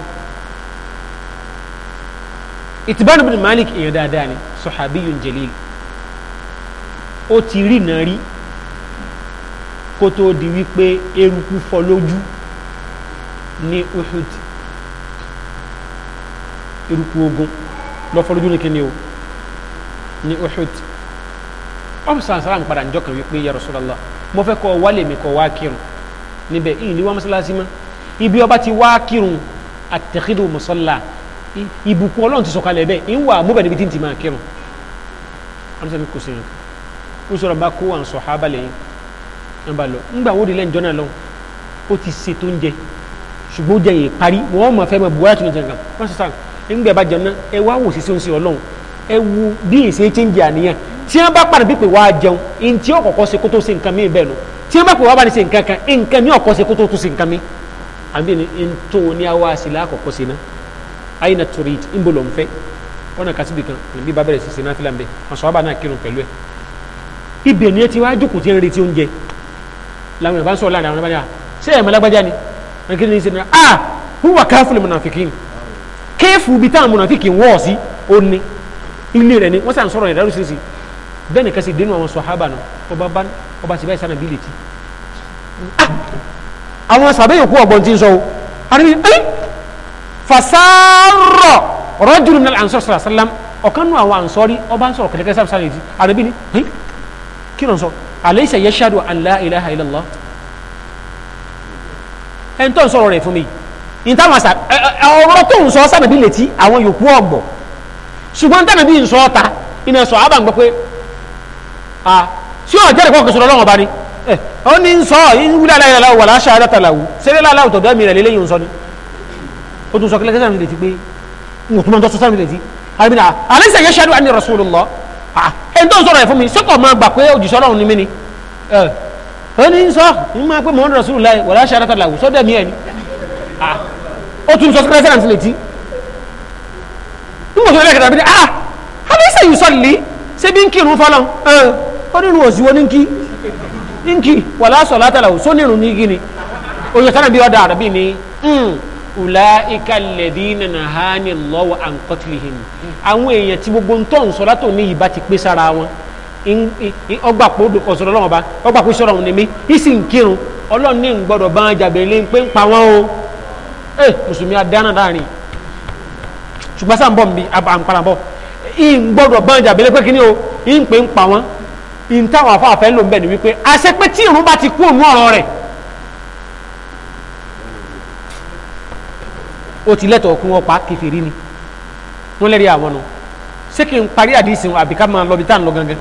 ìtìbánu bin malik èèyàn dáadáa ni sahabiyun jalil ó ti rí náà rí kó tó di wípé eruku fọ́ lójú ní uhud eruku ogun lọ́fọ́ lójú ní kíni o ní uhud ọmọ sàǹsàrà ń padà njọ́ kan wípé ya Rasulullah mo fẹ́ kọ́ wálé mi kọ́ wá kírun níbẹ̀ ìyìn ni wọ́n mọ́sálásí mọ́ ibi ọba ti wá kírun àtẹ̀kídò mọ́sálà ìbùkún ọlọ́run ti sọ̀kalẹ̀ bẹ́ẹ̀ ń wà mọ́bẹ̀ níbi tí ń ti máa kírun amúsàmí kò sí yẹn ó sọ̀rọ̀ bá kó àwọn sọ̀hábà lẹ́yìn ẹ̀ bá lọ ńgbà wo nílẹ̀ ìjọ́nà lọ ó ti ṣe tó ń jẹ ṣùgbọ́n ó jẹ yẹn parí wọ́n mọ̀ fẹ́ mọ̀ buwara tún jẹ nǹkan wọ́n sọ sáà ńgbà bá jẹun náà ẹ wá wò sí sí ọlọ́run ẹ wo bí èsì ẹ̀ ń jẹ àníyàn tí wọ́n bá padà pípé wá jẹun ẹni tí ó kó tó ṣe nǹkan mí bẹ́ẹ̀ lọ tí wọ́n bá pè wá bá ní ṣe nǹkan kan nǹkan mí ó kọ́kọ́ kó tó tó ṣe nǹkan mí àbí ní ntòun ní àwa àṣìlá àkọ́kọ́ ṣe náà aina turid nbọ lọ nfẹ ọ̀nà kasi bi kan níbi bá bẹ̀rẹ̀ sisi náfìlà nbẹ masọ̀wábà náà kírun pẹ̀lú ẹ̀ ibẹ̀ ni ẹ ti wá jókòó tí ń retí oúnjẹ làwọn ìbá ń sọ̀rọ̀ láàrin àwọn ìbáyà ṣé ẹ̀mọ́ lágbájá ni wọn kí ni ṣe nira ah huwa káfílì mùnàfíkì kéèfù bi táwọn mùnàfíkì wọ̀ sí ó ní ilé rẹ̀ ni wọ́n sàn sọ̀rọ̀ ìdárò sísì bẹ́ẹ̀ ni kasi dénú àwọn sọ̀hábà náà ọba bá ọba sì báyìí sànà bíi lè ti ah àwọn sàbẹ̀yòkú ọ̀gbọ̀n ti ń sọ o àdébí ẹ́ fasaarọ rọjùlù minal ansọr sàlá sàlám ọ̀kan nù àwọn ansọrí ọba ń sọ̀rọ̀ kẹ̀kẹ́ sábà sàlẹ arabi ni hìn kí ló ń sọ alaysa yashadu an ilaha illallah ẹ̀ ń tọ́ ń sọ̀rọ̀ rẹ̀ fún mi yìí ìtàn àṣà ọ̀rọ̀ tó ń sọ sábàbí létí àwọn yòókù ọ̀gbọ̀ ṣùgbọ́n tàbí bí ń sọ ọ́ta iná sọ àbá ń gbọ́ pé a tí eh, ó jẹ́rìí kọ́kọ́ sọ̀rọ̀ lọ́wọ́ bá ní ẹ̀ ọ́ ní ń sọ ìwúlẹ̀ aláìláwọ̀ wà láṣà àdàtàlàwù sẹ́rẹ́ láàláwù tọ̀dọ̀ mi rẹ̀ lélẹ́yìn ń sọ ó tún sọ kí lẹ́sẹ̀ mi létí pé n ò tún máa ń tọ́ sọ́sẹ́ mi létí àbínà àlẹ́sẹ̀ yẹn ṣáájú àní Rasulullah ẹni tó ń sọ̀rọ̀ ẹ̀ fún mi sọ́kọ̀ máa gbà pé òjì sọ́rọ̀ ni mí ni ó ní sọ ní máa pé Muhammad Rasulullah wala sharata lahu sọ́dẹ̀ mi ẹ̀ ni ó tún sọ kí lẹ́sẹ̀ mi létí nígbà tó lẹ́kẹ̀ẹ́ tàbí ni ah àlẹ́sẹ̀ yìí sọ̀lì ṣé bí ń kírun fọlọ́ ó nínú òsìwọ́ ní ń kí ń kí wala salata lahu sónírun ní gíní òyìnbó tánàbí ọ̀dà àràbí ni ulaika alladhina nahani Allahu an qatlihim àwọn èèyàn tí gbogbo ń tọ́ ń sọ látò ní ìbá ti pé sara wọn ọgbà pé ọ̀sọ̀rọ̀ ọlọ́wọ́n ba ọgbà sọ̀rọ̀ ni ìsì ń kírun ọlọ́run ń gbọ́dọ̀ bá lé ń ń pa wọ́n o ẹ mùsùlùmí adáná láàrin ṣùgbọ́n sáà ń bọ̀ mi àǹparà ń o ń pa wọ́n táwọn lò ń bẹ̀ ni wípé tí ìrún bá ti kú òun ọ̀rọ̀ ó ti lẹ́tọ̀ọ́ kí wọ́n pa kèfèrí ni wọ́n lẹ́rìí àwọn nù ṣé kí n parí àdìsí wọn àbí ká máa lọ bí tá à ń lọ gangan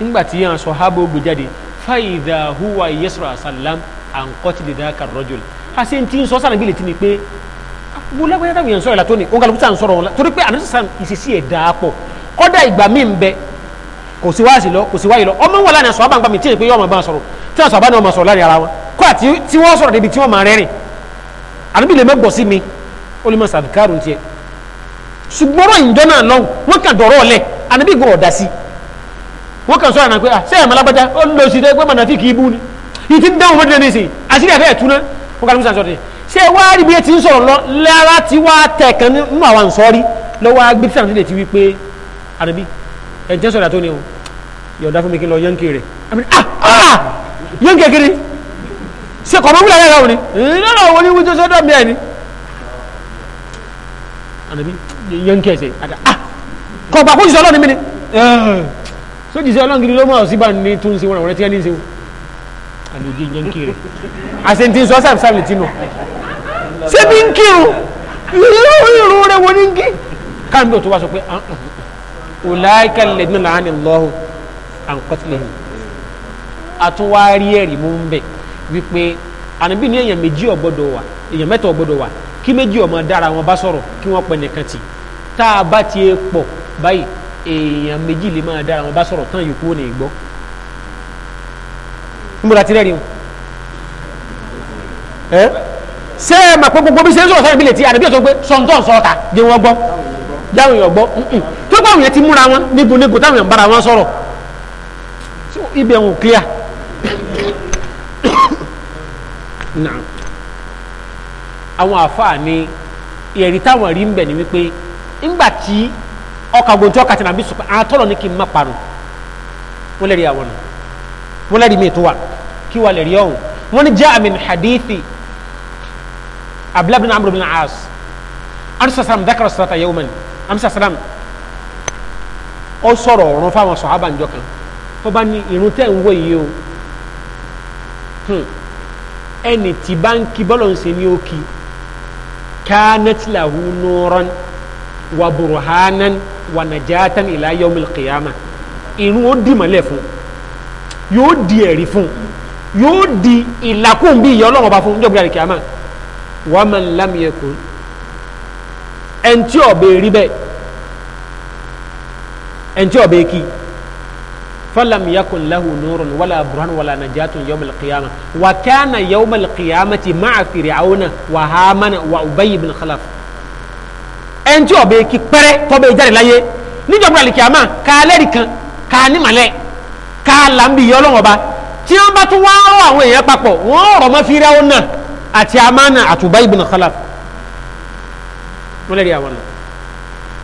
nígbà tí yàn sọ hábò gbèjáde fàyìdà huwa yẹsùrọ àsàlám à ń kọ́ ti dìda a ṣe ń tí ń sọ sànà gbélé tí ni pé bùlá wẹ́yà táwọn yẹn sọ̀rọ̀ ìlà tó òǹkàlùkù tá à ń sọ̀rọ̀ wọn la torí pé àná sísan ìṣesí ẹ̀ dáa pọ̀ kọ́dà ìgbà míì ń bẹ kò sí wáàsí lọ kò sí wáyé lọ ọmọ wọn lánàá sọ abàǹgbà mi tí yẹn pé yọọ ọmọ bá sọ̀rọ̀ tí wọn sọ abàǹgbà ọmọ sọ̀rọ̀ láàrin ara wọn kó àti tí wọn sọ̀rọ̀ débi tí wọn máa rẹ́rìn àdúgbò lè mẹgbọ sí mi ó lè má sàdùkárù tiẹ ṣùgbọ́n ọ̀rọ̀ ìjọ náà lọ́wọ́ wọn kàn dọ̀rọ̀ ọ̀lẹ̀ àdúgbò gbọ́ ọ̀dà sí wọn kàn sọ̀rọ̀ àná pé ṣé ẹ̀ malabaja ó lọ sí pé mọ̀nàfí kì í bú ni yìí ti ń dáhùn mọ́tò nísìnyí àṣírí àfẹ́ ẹ̀túná wọn kàn sọ̀rọ̀ ní ṣé wàá rí bí ẹ ti ń sọ̀rọ̀ lọ lára tí wàá tẹ̀ kan nínú àwọn àǹsọ́rí lọ́wọ́ agbẹ́tí ẹ̀jẹ̀ sọ̀rọ̀ àtó ni o yọ̀ọ̀dá fún mi kí n lọ yẹ́ǹkì ah, ah, ah! rẹ̀ yẹ́ǹkì kiri ṣe kọ̀mọ́ wúlò ayára òní ìrìnlọ́rọ̀ wọn ni wíjọ́ sọ́dọ̀ mi ẹ̀ ni ànàbí yẹ́ǹkì ẹ̀sẹ̀ àdá kọ̀ọ̀pá kó jìṣẹ́ ọlọ́run mi ni so eh. jìṣẹ́ ọlọ́run gidi ló mọ̀ sí bá ní tún sí wọn àwọn ẹ̀tí ẹ̀ ní sí wọn àlòjì yẹ́ǹkì rẹ̀ àṣẹ ti sọ sáàmì sáàmì tì nù ṣé bí ń kírun ìrú rẹ̀ wọ́n ní ń kí káàmì ò tó wá sọ pé ulaika alladhina la'ana Allahu an qatlihim àtúwárí ẹ̀rí mú ń bẹ̀ wípé ànábì ní èèyàn méjì ò gbọ́dọ̀ wà èèyàn mẹ́ta ò gbọ́dọ̀ wà kí méjì ọmọ dára wọn bá sọ̀rọ̀ kí wọ́n pẹ̀ nìkan tì tá a bá ti pọ̀ báyìí èèyàn méjì lè máa dára wọn bá sọ̀rọ̀ tán yòókù ò ní gbọ́ múra ti rẹ́rìn ṣé ẹ mà pé gbogbo bí ṣe ń sọ̀rọ̀ sọ́yìn jáwọn èèyàn gbọ́ tó kọ́ àwọn yẹn ti múra wọn níbo níbo táwọn èèyàn bára wọn sọ̀rọ̀ ibẹ̀ wọn ò clear na àwọn àfáà ni ẹ̀rí táwọn rí ń bẹ̀ ni wípé ńgbà tí ọkà gbòǹtì ọkà tí nàbí sùpà àtọ́lọ̀ ní kí n má parun wọ́n lè rí àwọn nù wọ́n lè rí mi tó wà kí wà lè rí ọ̀hún wọ́n ní jẹ́ àmì hadithi abdullahi bin amr bin as ansa sam dakar sata yawman amsa salam ọ sọ̀rọ̀ ọ̀run fáwọn sọ̀hábà ńjọ kan tó bá ní irun tẹ́ ń wọ yìí o hmm. ẹni tí bá ń kí bọ́lọ̀ ń ṣe ní òkì kánátìláhù nùrán wà burhanan wà nàjátán ila yawmil qiyamah irun ó dì mọ́lẹ̀ fún yóò di ẹ̀rí fún yóò di ìlàkùn bí ìyá ọlọ́run bá fún níjọ́ gbéra kìyàmà wa man lam yakun ẹni tí ó rí bẹ́ẹ̀ ẹnjẹ ọbẹ kí falam yakun lahu nurun wala burhan wala najatun yawm alqiyama wa kana yawm alqiyamati ma'a fir'auna wa hamana wa ubay ibn khalaf ẹnjẹ ọbẹ kí pẹrẹ tọbẹ jáde láyé níjọba alikiyama kaalẹri kan kaani malẹ kaalambi yọlọwọba tí wọn bá tún wá rọ àwọn èèyàn papọ̀ wọn rọ mọ́ fir'auna àti amana àti ubay ibn khalaf múlẹ̀rí àwọn náà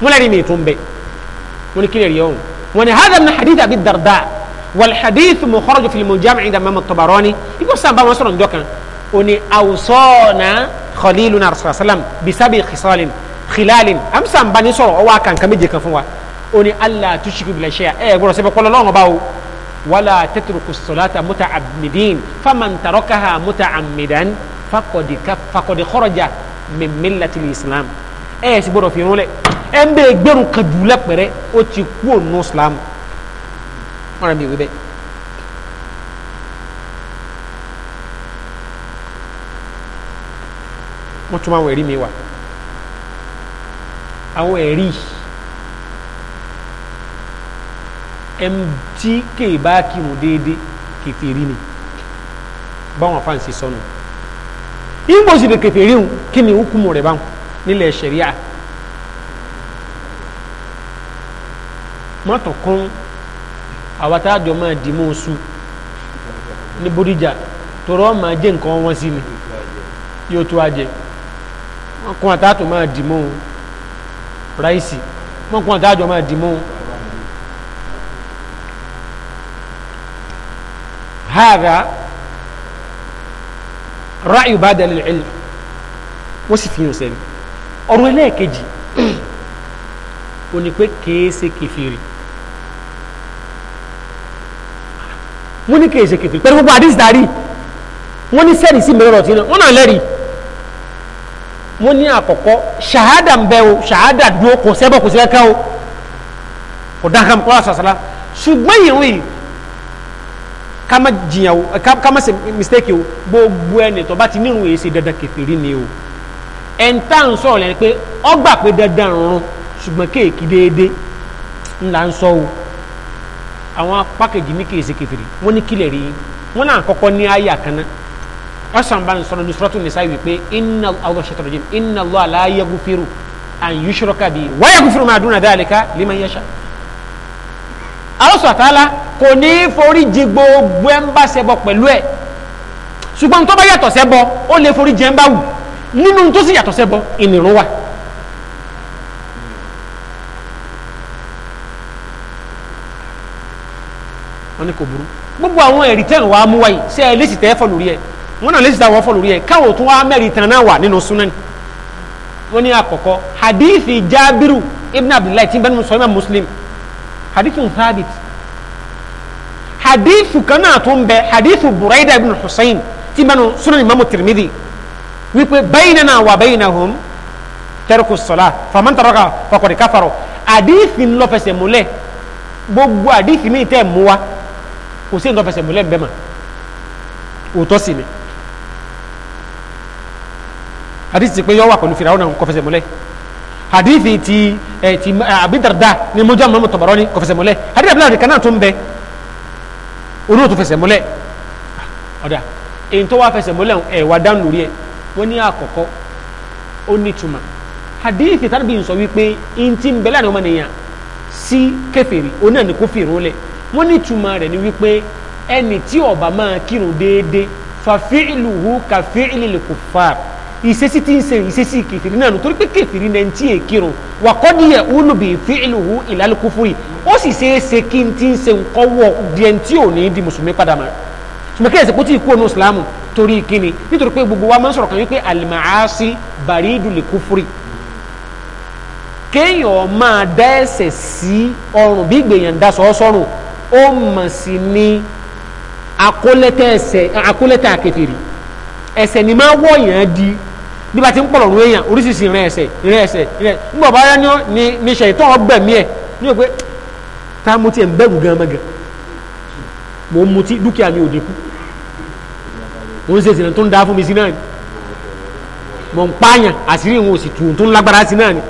múlẹ̀rí mi tún bẹ́ẹ̀ wọ́n ní kílẹ̀ rí ọ̀hún wọ́n ní hadha min hadith abi darda wal hadith mukhraj fi mujam' inda imam tabarani ibi wọ́n sábà wọn sọ̀rọ̀ njọ́ kan ó ní awsana khaliluna rasulullah sallam bisabi khisalin khilalin amsa n bani sọ̀rọ̀ ọwọ́ akankan méje kan fún wa ó ní allah tushriku billahi shay'a ẹ gbọ́dọ̀ sẹ́fẹ̀ kọ́lọ́ lọ́wọ́ bá o wala tatruku as-salata muta'ammidin faman tarakaha muta'ammidan faqad faqad kharaja min millati al-islam ẹ sì gbọ́dọ̀ fi irun ẹ ń bẹ gbẹrun kan jù lẹpẹrẹ ó ti kú ònú islam wọn rẹ mi wí bẹ. wọ́n tún àwọn ẹ̀rí mi wà àwọn ẹ̀rí mt kéèbá kírun déédéé kèfèrí ni báwọn afáǹsì sọnù ìgbòsì lè kèfèrí hùn kí ni hukumu rẹ̀ báwọn nílẹ̀ ṣẹ̀ríà mọ́tò kún àwọn táàjọ máa dì mọ́ oṣù ní bódìjà tọrọ máa jẹ́ nǹkan wọn sí ni yóò tó ajẹ wọn kún àtàtò máa dì mọ́ ráìsì wọn kún àtàjọ máa dì mọ́ ráyù bá dalil ilm wọ́n sì fi hàn sẹ́ni ọ̀rọ̀ ẹlẹ́ẹ̀kejì ó ní pé wọ́n ní kèèṣe kèfèrí pẹ̀lú gbogbo àdìsí darí wọ́n ní sẹ́rì sí mẹ́rọ̀ tí wọ́n náà lẹ́rìí wọ́n ní àkọ́kọ́ ṣàhádà ń bẹ o ṣàhádà dúró kò sẹ́bọ̀ kò sẹ́kẹ́ o kò dá kan kó wá sàṣàlá ṣùgbọ́n ìrún yìí ká má jiyàn o ká má ṣe mistake o gbogbo ẹni tó bá ti nírun yìí ṣe dandan kèfèrí ni o ẹ̀ńtà ń sọ̀rọ̀ lẹ́ni pé ọgbà pé dandan rún ṣùgbọ́n kéèkì déédéé ńlá àwọn pákẹ́jì ní kìí ṣe kẹfìrí wọ́n ní kílẹ̀ rí wọ́n náà kọ́kọ́ ní ayé àkànná ọ̀sán bá ń sọ̀rọ̀ ní sọ́rọ́tún ní sáyé wípé inna Allah ṣètọ́rọ̀ jẹ́ inna Allah la yaghfiru an yushraka bihi wa yaghfiru ma duna dhalika liman yasha. alọ́sọ̀ àtàlà kò ní forí jì gbogbo ẹ̀ ń bá ṣẹbọ pẹ̀lú ẹ̀ ṣùgbọ́n tó bá yàtọ̀ ṣẹbọ ó lè forí jì ń bá wù nínú tó sì yàtọ̀ ṣẹbọ ìnìrún wà. wọn ni kò burú gbogbo àwọn ẹ̀rí tẹ́lẹ̀ wàá mú wáyé ṣé ẹ lè sì tẹ́ fọ́ lórí ẹ wọn náà lè sì dáwọ́ fọ́ lórí ẹ káwọn tó wàá mẹ́rin tán náà wà nínú súnani wọn ni àkọ́kọ́ hadithi jabiru ibn abdullahi tí bẹ́ẹ̀ ni sọ́yìn muslim hadithi thabit hadithu kan náà tó bẹ hadithu buraida ibn hussein tí bẹ́ẹ̀ ni súnani mamu tirmidhi wípé baynana wa baynahum tẹ́rẹ́kù sọ́lá fàmọ́ntàrọ́kà fàkọ̀dé káfàrọ̀ hadithi ńlọ́fẹsẹ̀ múlẹ̀ gbogbo hadithi mi tẹ́ mú wa kò sí ìdọ́fẹsẹ̀ múlẹ̀ ń bẹ́ mà òótọ́ sí ni àdìsí ti pé yọ wà pẹ̀lú fìràwọ́n náà kọfẹsẹ̀ múlẹ̀ àdìsí ti ẹ̀ eh, ti àbídàrdà eh, ni mọ́jú àmọ́ mọ́ tọ̀bọ̀rọ́ ni kọfẹsẹ̀ múlẹ̀ àdìsí àbílà nìkan náà tó ń bẹ orí òtún fẹsẹ̀ múlẹ̀ ọ̀dà èyí tó wá fẹsẹ̀ múlẹ̀ ẹ̀ wá dáhùn lórí ẹ̀ wọ́n ní àkọ́kọ́ ó nítumọ̀ àdìsí tàbí sọ wípé ntí ń bẹ láàrin ọmọ nìyàn sí kèfèrí onáà ní kó fèrè ó wọ́n ní ìtumọ̀ rẹ̀ ni wípé ẹni tí ọba máa kírun déédé fàfíìlùhù kàfíìlì kò fà ìṣesí tí ń ṣe ìṣesí kẹfìrí náà nítorí pé kẹfìrí náà ti è kírun wà kọ́díyẹ olùbí fíìlùhù ìlàlùkúfúrì ó sì ṣe é ṣe kí n ti ń ṣe nǹkan wọ díẹ̀ tí ò ní di mùsùlùmí padà mọ́ ṣùgbọ́n kí ẹ̀sìn kó ọ̀nà ìsìlámù torí kíni nítorí pé gbogbo wa máa ń sọ̀rọ̀ kan wípé àlìmáàsì bàrídùlì kúfúrì kéèyàn máa dá ẹ̀ṣẹ̀ sí ọrùn bí ìgbèyàn dá sọ́ọ́sọ́rùn ó mọ̀ sí ní akólẹ́tẹ̀ ẹsẹ̀ akólẹ́tẹ̀ àkẹfìrì ẹsẹ̀ ni máa wọ̀ yàn di bí ba ti ń pọ̀lọ̀ lóyún yàn oríṣiríṣi ìrìn ẹsẹ̀ ìrìn ẹsẹ̀ ìrìn ẹsẹ̀ nígbà bá yá ni ni ṣe ìtọ́ ọgbẹ̀mí ẹ̀ ní òpé tá a mú tiẹ̀ ń bẹ̀rù gan mẹ́gàn mò ń mutí dúkìá mi ò dínkù mò ń ṣe ìsìnà tó ń da fún mi sí náà ni mò ń pààyàn àṣírí ìwọn òsì tù tó ń lágbára sí náà ni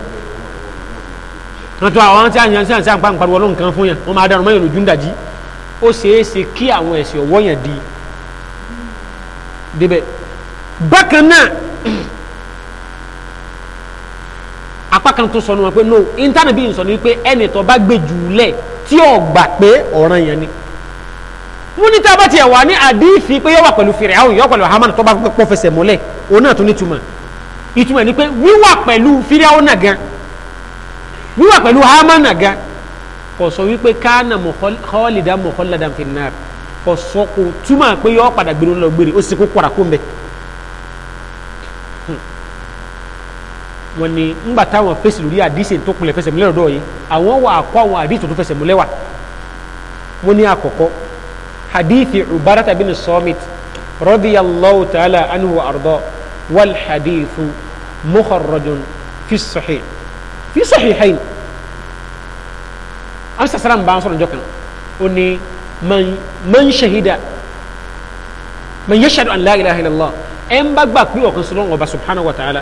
wọn tó àwọn tí a yàn sí àti àpá ìpariwo ọlọ́run kan fún yàn wọn máa dànù mọ́yàn lójú ń dàjí ó ṣeé ṣe kí àwọn ẹ̀sìn ọ̀wọ́ yẹn di débẹ̀ bákan náà apá kan tó sọnù wọn pé no intanet bí n sọ ni pé ẹnì tó bá gbé jù lẹ̀ tí ò gbà pé ọ̀ràn yẹn ni wọ́n ní tá a bá tiẹ̀ wà ní àdìsí pé yọ wà pẹ̀lú fèrè àwọn yọ pẹ̀lú hamani tó bá pọ̀ fẹsẹ̀ mọ́lẹ̀ òun náà tún ní ìtumọ̀ ìtumọ̀ ni pé wíwà pẹ̀lú fèrè àwọn náà gan-an wíwà pẹ̀lú hamana gan kò sọ wípé kánà kọ́ọ̀lìdá mọ̀kọ́ládà fi náà kò sọ kò túmọ̀ pé yọ padà gbèrú lọ gbèrè ó sì kó kọ̀ra kó mbẹ. Hmm. wọ́n ní ńgbà táwọn fèsì lórí àdìsí tó kunlẹ̀ fẹsẹ̀ múlẹ̀ lọ́dọ̀ yìí àwọn wà kó àwọn àdìsí tó fẹsẹ̀ múlẹ̀ wà. wọ́n ní àkọ́kọ́ hadithi ubarata bin somit radiyallahu ta'ala anhu wa ardo wal hadithu mukharrajun fi sahih fi sahihayn an sasara n b'an sọ̀rọ̀ njọ kan ó ní man man shahida man yashhadu an la ilaha illallah ẹn bá gbà pé ọ̀kan sọlọ ọba subhanahu wa ta'ala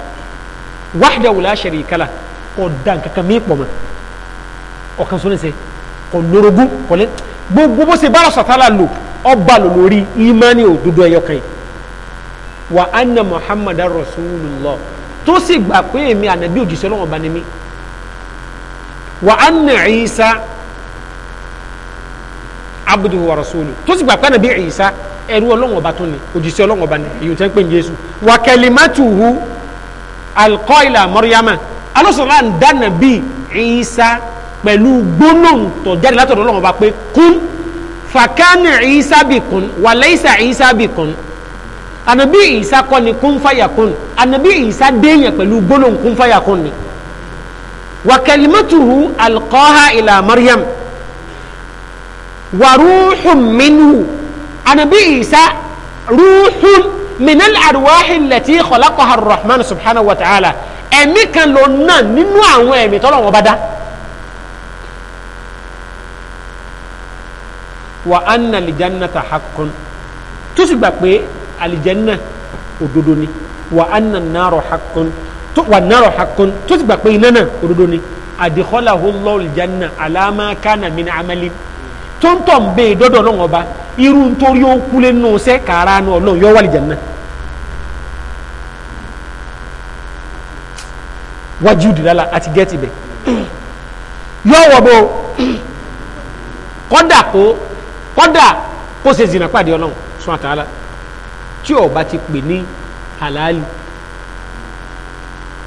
wahdahu la sharika lah kò dan kankan mi pọ̀ mọ́ ọ̀kan sọlọ ṣe kò lorogun kò lẹ gbogbo bó ṣe bára sọtala lò ọba lò lórí imani òdodo ẹyọ kan wa anna muhammadar rasulullah tó sì gbà pé èmi ànàbí òjíṣẹ́ Ọlọ́run ọba ni mi wa anna Isa abduhu wa rasuluhu tó sì gbà pé nàbí Isa ẹrú ọlọ́wọ́n ọba tó ni òjìṣẹ́ ọlọ́wọ́n ọba ni èyí tẹ́ ń pè ní Jésù wa kalimatuhu alqaila Maryama alọ́sọ̀rọ̀ ń dá nàbí Isa pẹ̀lú gbólóhùn tó jáde látọ̀dọ̀ ọlọ́wọ́n ọba pé kún fakana Isa bi kun wa laysa Isa bi kun anabi Isa kọ́ ni kún fàyà kún anabi Isa déèyàn pẹ̀lú gbólóhùn kún fàyà kún ni wa kalimatuhu alqaha ila maryam wa ruhun minhu anabi isa ruhun minal arwahi lati khalaqaha arrahman subhanahu wa ta'ala ẹ̀mí kan ló náà nínú àwọn ẹ̀mí tọ́lọ́run bá dá. wa anna alijannata haqqun tó sì gbà pé alijanna òdodo ni wa anna an-naru haqqun tó wà náró hakun tó ti gbà pé iná náà òdodo ni àdìkọ́láhu lọ́ọ̀lù janna àlámà kánà mi ní amẹ́lí tó ń tọ̀ ń bẹ́ẹ̀ dọ́dọ̀ náà ọba irú nítorí ó kúlé nù sẹ́ kàrà nù ọlọ́run yọ wàlì janna. wájú dìlálà àti gẹ́tì bẹ̀ yọ wọ̀ bó kọ́dà kó kọ́dà kó ṣe zìnnà pàdé ọlọ́run sùn àtàlà tí ọba ti pè ní halali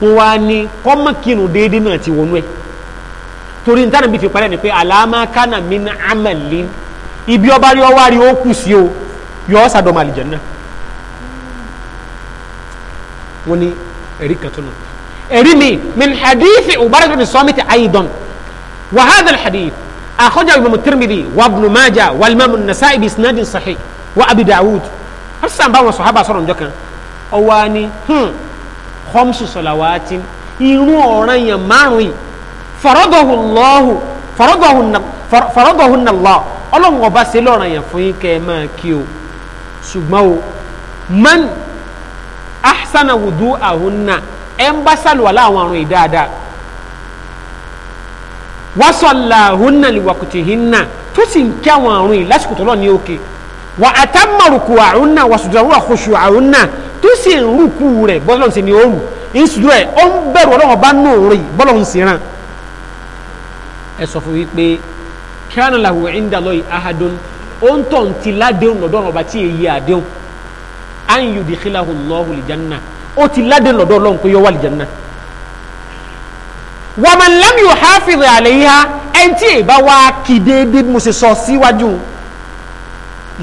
wọn wá ní kọ́mọ̀kínú déédéé náà ti wọnú ẹ̀ torí ní tánà bí fi parẹ́ ni pé àlàámá kánà mi ní amẹ̀lẹ́ ibi ọba rí ọwá rí ó kù sí o yọ ọ́ sàdọ̀mọ̀ àlìjẹ̀nnà wọn ni ẹ̀rí kan tó nù ẹ̀rí mi min hadithi ubarak bin sọ́mìtì aydan wa hadha alhadith akhoja imam tirmidhi wa ibn majah wal imam an-nasa'i bi isnadin sahih wa abi dawud hasan khamsu salawatin irun ọ̀ràn yẹn márùn yìí faradahullahu faradahunna faradahunna Allah ọlọ́run ọba ṣe lọ́ràn yẹn fún yín kẹ́ ẹ máa kí o ṣùgbọ́n o man ahsana wudu'ahunna ẹ ń bá sàlùwàlá àwọn àrùn yìí dáadáa wa sallahunna liwaqtihinna tó sì ń kí àwọn àrùn yìí lásìkò tó lọ́ọ̀ ní wa atamma ruku'ahunna wa sujuduhunna khushu'ahunna tó sì ń rúkú rẹ̀ bọ́lọ́n sì ni ó rù ìṣùdú ẹ̀ ó ń bẹ̀rù ọlọ́run bá nù rìn bọ́lọ́n sì ràn ẹ sọ fún wípé kíánà làwọn ẹ̀ńdà lọ́yìn ahadun ó ń tọ̀ ń ládéhùn lọ́dọ̀ ọ̀rọ̀ bá tí èyí àdéhùn an yudikhilahu Allahu lijanna ó ti ládéhùn lọ́dọ̀ ọlọ́run pé yọ wà lijanna wàmàn lẹ́mi ò hafiz àlẹ́yìá ẹni tí èyí bá wá kì déédéé mo ṣe sọ síwájú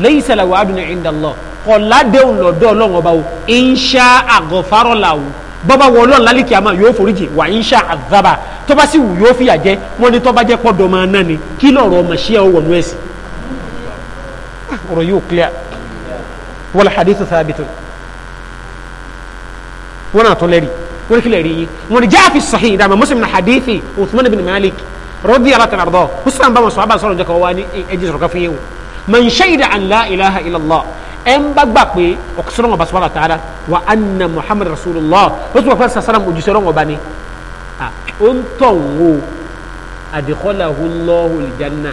laysa lahu ahadun ẹ̀ńdà lọ́ọ̀ kọ̀ládéhùn lọ́dọ̀ ọlọ́run ọba o insha àgọ̀fárọ̀ làwù bọ́bá wọ ọlọ́run lálìkí àmọ́ yóò foríjì wà insha àzábà tó bá sì wù yóò fìyà jẹ wọ́n ní tó bá jẹ́ pọ́dọ̀ máa ná ni kí lọ́rọ̀ ọmọ ṣíà ó wọnú ẹ̀sìn. ọ̀rọ̀ yóò clear wal hadithu thabitun wọ́n náà tó lẹ́rìí wọ́n kí lẹ́rìí yìí wọ́n ní jaafi sahih ìdààmú muslim na hadithi uthman bin malik radiyallahu ta'ala anhu bá wọn sọ ẹ ń bá gbà pé ọ̀kasọ́rọ̀ ọba sọ́wọ́n àtàrà wa anna muhammad rasulullah ó tún wà fún sasara ojúṣọ́rọ̀ ọba ni ó ń tọ̀ wò adkhalahu Allahu aljanna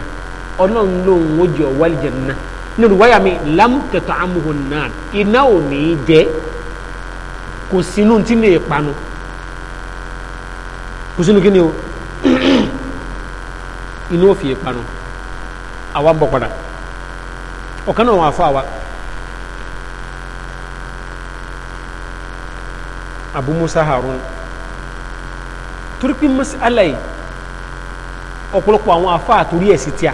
ọlọ́run ló ń wò jẹ́ ọ̀wá aljanna nínú wáyà mi lam tat'amuhu an-nar iná ò ní í jẹ kò sínú tí lè panu kò sínú kí o iná ò fi panu àwa bọ̀ padà ọ̀kan náà wọn àfọ àwa. abu musa harun torí pé masala yìí ọ̀pọ̀lọpọ̀ àwọn afa àtòrí ẹ̀ sí tíya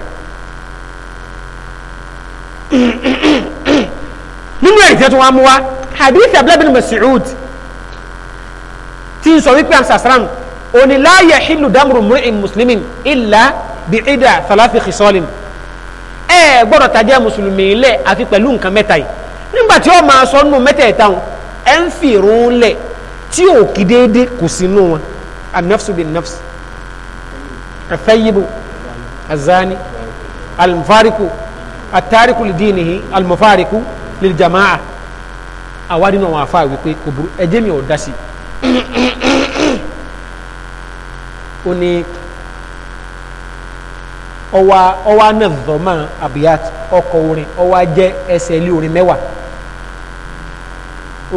nínú ẹ̀ tẹ́tù wọn mú wa hadith abdullahi bin mas'ud tí ń sọ wípé amsasalam òní láàyè hilu damru mùrìn muslimin illa bi ida thalathi khisalin ẹ gbọ́dọ̀ tajẹ́ mùsùlùmí lẹ̀ àfi pẹ̀lú nǹkan mẹ́ta yìí nígbà tí ó máa sọ nù mẹ́tẹ̀ẹ̀ta ẹ̀ ń fi irun tí ò kí déédé kò sínú wọn anafsu bin nafs afẹ́yìbò azani almufariku atariku lidinihi almufariku liljamaa awadi náà wọn afa wípé kò burú ẹjẹ mi ò da sí ní ọwa ọwa anadọma abiyat ọkọ orin ọwa jẹ ẹsẹ ilé orin mẹ́wàá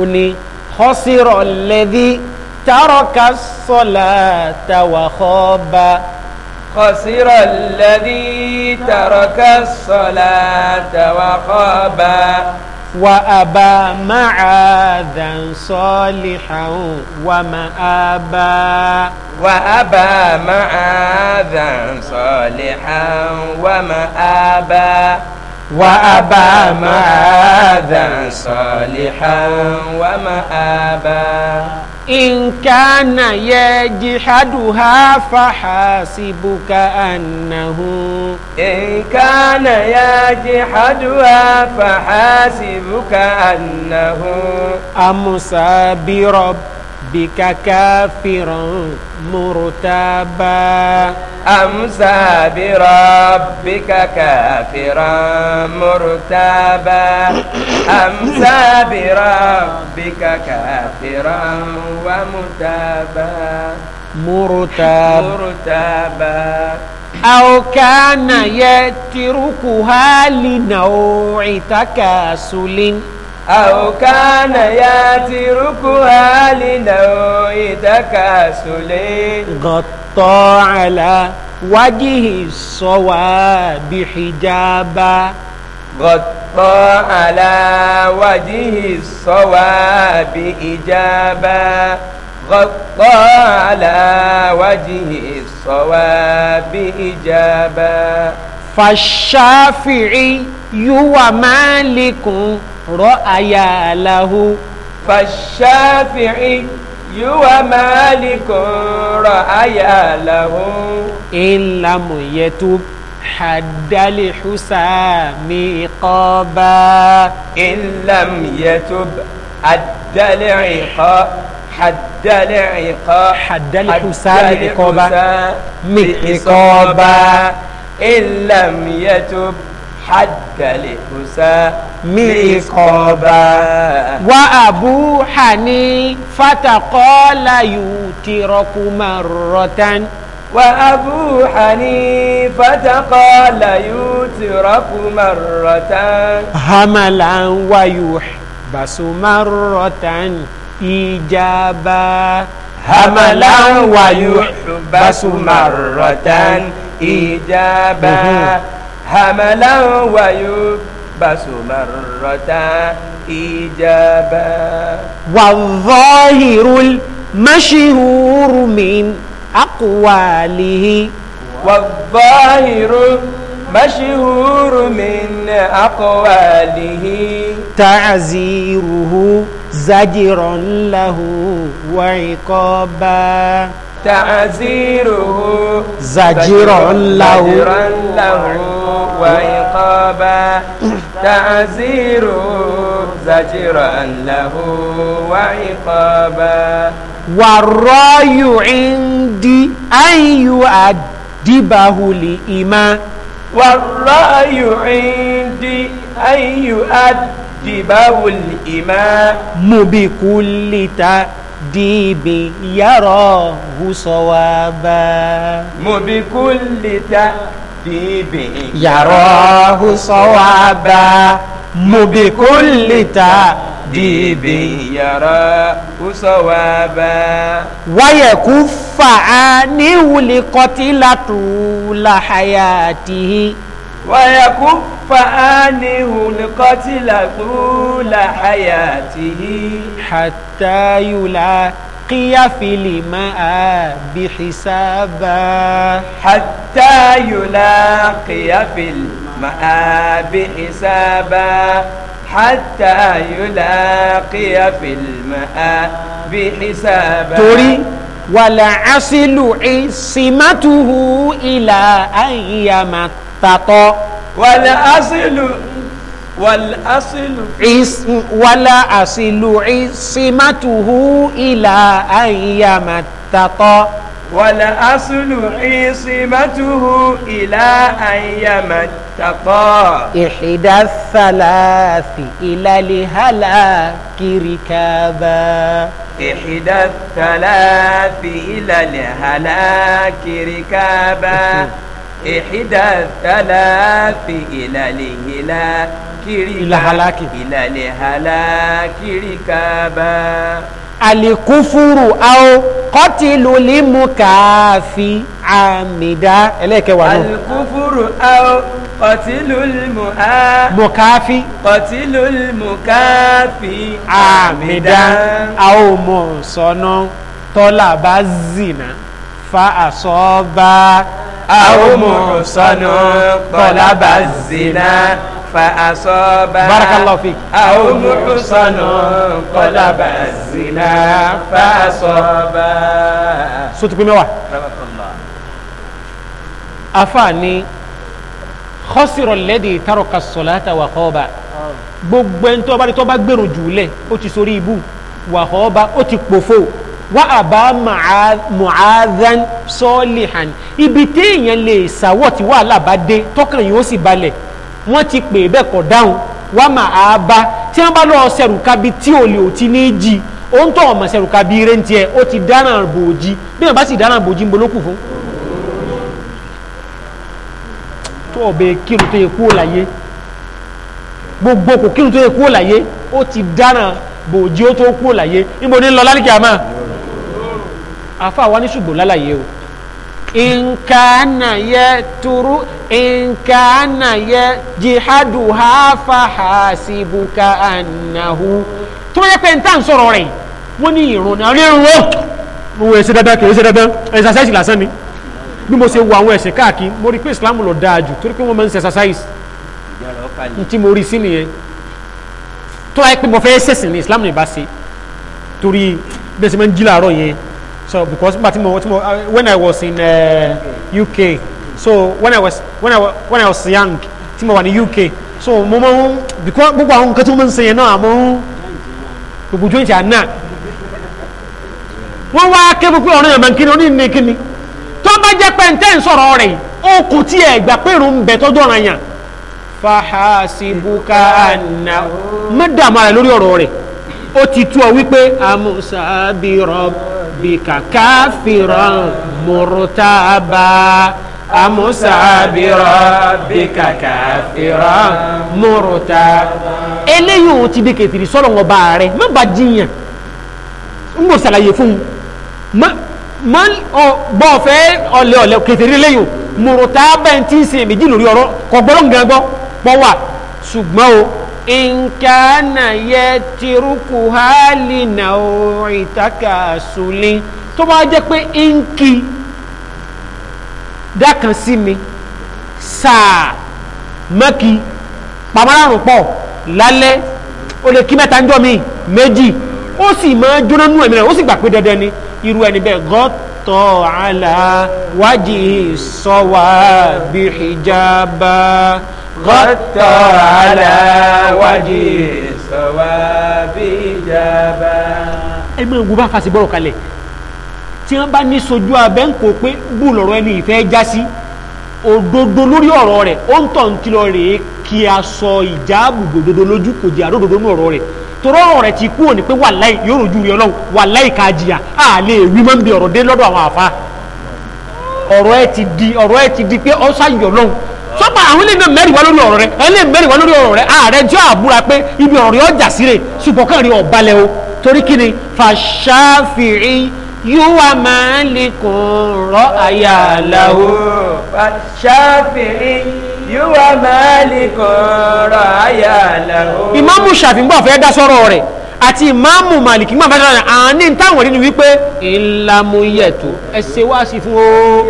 ó ní. خسر الذي ترك الصلاة وخاب خسر الذي ترك الصلاة وخاب وأبى معاذا صالحا ومآبا وأبى معاذا صالحا ومآبا وأبى معاذا صالحا ومآبا إن كان يجحدها فحاسبك أنه إن كان يجحدها فحاسبك أنه أمسى برب ربك كافرا مرتابا أمسى بربك كافرا مرتابا أمسى بربك كافرا ومتابا مرتاب مرتابا أو كان يتركها لنوع تكاسل أو كان يترك لنوء تكاسل غطى على وجه الصواب حجابا غطى على وجه الصواب إجابا غطى على وجه الصواب إجابا فالشافعي ومالك رأيا له فالشافعي مالك رأيا له إن لم يتب حد لحسام عقابا إن لم يتب حد لعقاب حد لعقاب حد لحسام عقابا إن لم يتب haddali kusa miikoba. wa abu hani fatakola yutirakuma rotan. wa abu hani fatakola yutirakuma rotan. hamalan wayu basuma rotan ijaba. hamalan wayu basuma rotan ijaba. Mhm hamalan wayo basumarota ijaba. wàzọ́hìrú mashihuru min akwalihi. wàzọ́hìrú. مشهور من أقواله تعزيره زجر له وعقابا تعزيره زجر له وعقابا تعزيره زجر له وعقابا والراي عندي أن يؤدبه لإيمان والرأي عندي أن يؤدبه الإمام بكل تأديب يراه صوابا بكل تأديب yàrá sọ́wọ́ba mubikulita dìbì yàrá sọ́wọ́ba. wáyẹ̀ kú fà á ní wuli kọtí látù làhàyàtì. wáyẹ̀ kú fà á ní wuli kọtí látù làhàyàtì. hàtàyùlá. بقي في الماء بحسابا حتى يلاقي في الماء بحسابا حتى يلاقي في الماء بحسابا تري ولا عسل عصمته إلى أن يمتط ولا والأصل اسم ولا أصل عصمته إلى أن يمتط أصل عصمته إلى أن يمتطا إحدى الثلاث إلى لهلاك ركابا إحدى الثلاث إلى لهلاك ركابا إحدى الثلاث إلى لهلاك kiri ka ila halaki ila le halakiri kaba. alikufuru aw kọtilu limu kaafi amida ẹlẹ́kẹ̀wá náà. alikufuru aw kọtilu limu a. mukaafi. kọtilu limu amida. aw mọ̀ sọ́nà tọ́lá zina fa àsọ́ba àwọn mùsọ̀nù kọlábà zina fa asọ́ba. barakallahu fik. àwọn mùsọ̀nù kọlábà zina fa asọ́ba. sotukun mẹ́wàá. afaani khasira alladhi taraka as-salata wa khaba gbogbo ẹni tó bá rí tó bá gbèrò jù ti sori ibu wa khaba ó ti pòfo wá àbá mọ̀ádán sọ́ọ̀lì hàn ibi téèyàn lè sàwọ̀ tí wàhálà bá dé tọkàn yìí ó sì balẹ̀ wọ́n ti pè bẹ́ẹ̀ kọ̀ dáhùn wá mà á bá tí wọ́n bá lọ́ọ́ sẹ̀rùkabi tí olè ò ti ní jí ó ń tọ̀ ọ̀mọ̀ sẹ̀rùkabi rẹ́ntì ẹ̀ ó ti dáràn bòójì bí wọ́n bá sì dáràn bòójì ń bolókù fún. tó ọbẹ̀ kírun tó yẹ kú ò láyé gbogbo kò kírun tó yẹ kú ò láyé ó ti dáràn bòójì ó tó kú ò láyé níbo ní lọ lálẹ́ kí a máa àfa wa ní ṣùgbọ́n lálàyé o nkaana yẹ turu nkaana yẹ jihadu hafa hasibuka anahu tó yẹ pé n tà ń sọ̀rọ̀ rẹ̀ wọ́n ní ìrún náà ní ìrún o mo wọ ẹsẹ dandan kì í ṣe dandan ẹsẹsáìsì lásán ni bí mo ṣe wo àwọn ẹsẹ káàkiri mo rí pé Islam lọ dáa jù torí pé wọ́n máa ń ṣe ẹsẹsáìsì ntí mo rí sí nìyẹn tó yẹ pé mo fẹ́ ṣẹ̀sìn ní Islam ní ìbá ṣe torí bí máa ń jí làárọ̀ yẹn so because but more uh, when I was in uh, UK so when I was when I was when I was young Timo mo wà UK so mo mọ because gbogbo àwọn nǹkan tí mo ń sèyàn náà mo gbogbo joint àná wọ́n wá ké gbogbo ọ̀rọ̀ yàrá kíni oní ní kíni tó bá jẹ́ pé ntẹ́ ń rẹ̀ o kò tí ẹ̀ gbà pé irun bẹ̀ tọ́jú ọ̀rọ̀ yàn fahasibuka anna mẹ́dàmọ́ rẹ̀ lórí ọ̀rọ̀ rẹ̀ o ti tú ọ wípé amusa bi rabbika kafiran murtaba amusa bi rabbika kafiran murtaba. eléyìí ò ti di kẹtìrì sọ́dọ̀ wọn bá rẹ̀ má bàa jiyàn n bò sàlàyé fún un mọ bọ́ fẹ́ ọ̀lẹ́ ọ̀lẹ́ kẹtìrì lẹ́yìn murtaba ẹ̀ ti ń sìn méjì lórí ọ̀rọ̀ ń gan gbọ́ pọ̀ wà ṣùgbọ́n o nkana yẹ tiruku hali na orin taka sulin tó bá jẹ́ pé nki dákan sí mi sáà mọ́kì pàmòràrùn pọ̀ lálẹ́ o lè kí mẹ́ta ń jọ mi méjì ó sì máa jóná nú ẹ̀mí rẹ̀ ó sì gbà pé dandan ni irú ẹni bẹ́ẹ̀ gọ́tọ̀ àlà wájì sọ́wà bíi hijaba. غطى على وجه سوابي جابا ẹ máa wo bá fa sí bọ́rọ̀ kalẹ̀ tí wọ́n bá ní sojú abẹ́ ń kó pé bù lọ́rọ̀ ẹni lórí ọ̀rọ̀ rẹ̀ ó ń tọ̀ ń kìlọ̀ rèé kí a sọ ìjáàbù gbòdodo lójú kò jẹ́ àdódodo ní ọ̀rọ̀ rẹ̀ torọ́ ọ̀rọ̀ rẹ̀ ti kú òní pé wàláì yóò rojú rí ọlọ́run wàláì ká jìyà á lè wí mọ́ ń bi ọ̀rọ̀ dé lọ́dọ̀ àwọn àfa ọ̀rọ̀ ẹ ti di ọ̀rọ̀ ẹ ti di pé ọ̀sán yọ̀ lọ́hùn sọ́pà àwọn ilé náà mẹ́rin wá lórí ọ̀rọ̀ rẹ ẹni mẹ́rin wá lórí ọ̀rọ̀ rẹ ààrẹ jẹ́ àbúra pé ibi ọ̀rọ̀ yóò jà síre ṣùgbọ́n kàn rí ọ̀balẹ̀ o torí kí ni fàṣàfìrí yóò wá máa lè kó rọ àyà àlàó. fàṣàfìrí yóò wá máa lè kó rọ àyà àlàó. ìmáàmù ṣàfihàn fẹ́ dá sọ́rọ̀ rẹ̀ àti ìmáàmù màlìkì mọ̀ bàtà náà àní táwọn nínú wípé ìlàmúyẹ̀tò ẹsẹ̀ wá sí fún ooo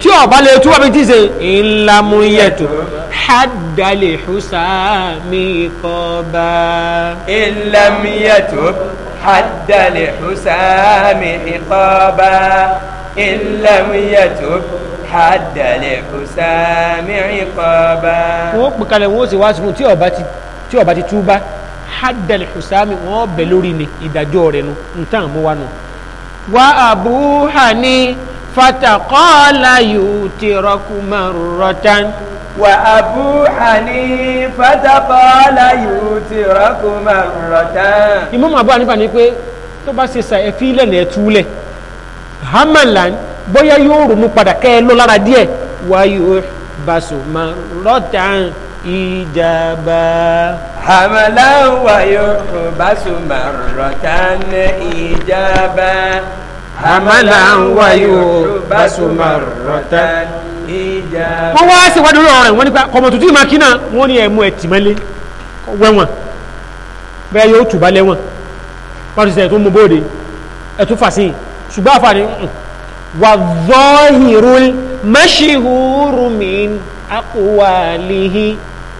tí ọba lè túwọ́ bí ti ṣe ìlàmúyẹ̀tò hadalè húsàmì kọba. ìlàmúyẹ̀tò hadalè húsàmì kọba ìlàmúyẹ̀tò hadalè húsàmì kọba. wọ́n pè kalẹ̀ wọ́n sì wá sí fún tí ọba ti túbá haddal husami wọn bẹ lórí ni ìdájọ́ rẹ̀ nu ntan mú wa nu. wa abu hani fatakọ́la yóò ti rọ́kùmá rọ́tán. wa abu hani fatakọ́la yóò ti rọ́kùmá rọ́tán. imam abu hanifa ni pé tó bá ṣe sa ẹfí lẹ́nà ẹtúlẹ̀ hamalan bóyá yóò ronú padà kẹ́ ẹ lọ díẹ̀ wáyé baso ma rọ́tán. إجابة حملا ويحبس مرة إجابة حملا ويحبس مرة إجابة wọ́n wá síwájú lọ́rọ̀ rẹ̀ wọ́n nípa kọmọ tuntun máa kí wọ́n ní ẹ̀mú ẹ̀ tì wẹ́wọ̀n bẹ́ẹ̀ yóò tù bá lẹ́wọ̀n wọ́n ti sẹ́yìn tó mú bóde ẹ̀ tó ṣùgbọ́n àfààní hmm. wà zọ́ọ̀hìn rúl mẹ́ṣíhùrù min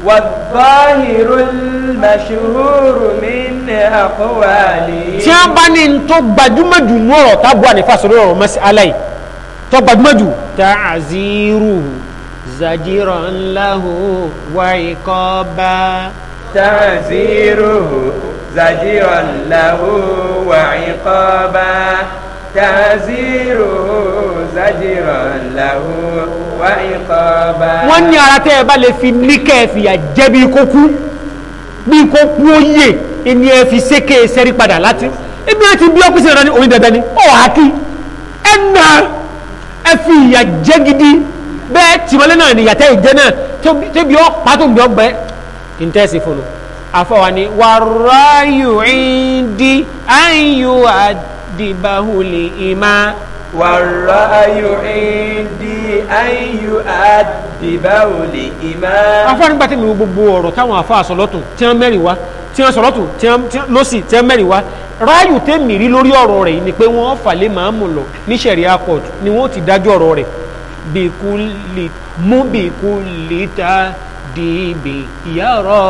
tí a bá ní tó gbajúmọ̀ jù ní ọ̀rọ̀ tábù ànífàsọ̀rọ̀ ọ̀rọ̀ mọ́sí aláì tó gbajúmọ̀ jù ta'ziru zajiran lahu wa iqaba ta'ziru zajiran lahu wa iqaba ta'ziru wọ́n ní ara tẹ́ ẹ bá lè fi ní kẹ́ẹ̀fìyà jẹ́ bí kó kú bí kó kú ó yè ẹni ẹ fi sékè sẹ́rí padà láti ibi ẹ ti bí ọ́fíìsì rẹ̀ ní orí dandan ni ó wà á kí ẹ nà ẹ fi ìyà jẹ́ gidi bẹ́ẹ̀ tìmọ́lẹ́ náà ni ìyàtẹ́ ìjẹ́ náà tóbi ọ́ pàtó bí ọ́ gbẹ́ kí fún un àfọwàní wàráyù ìdí àyù àdìbàhùlì ìmá wàràyò ẹ̀ndì ayò àdìbáwò lè ìmá. afárí gbà tẹ̀mí gbogbo ọ̀rọ̀ táwọn afá sọlọ́tún tí wọ́n mẹ́rin wá tí wọ́n sọlọ́tún tí wọ́n lọ́sì tí wọ́n mẹ́rin wá ráàyò tẹ̀mí rí lórí ọ̀rọ̀ rẹ̀ ni pé wọ́n fàlẹ́ máa mú lọ ní sẹ̀ríà court ni wọ́n ti dájọ́ ọ̀rọ̀ rẹ̀ mú bìkúlì ta dìbì yàrá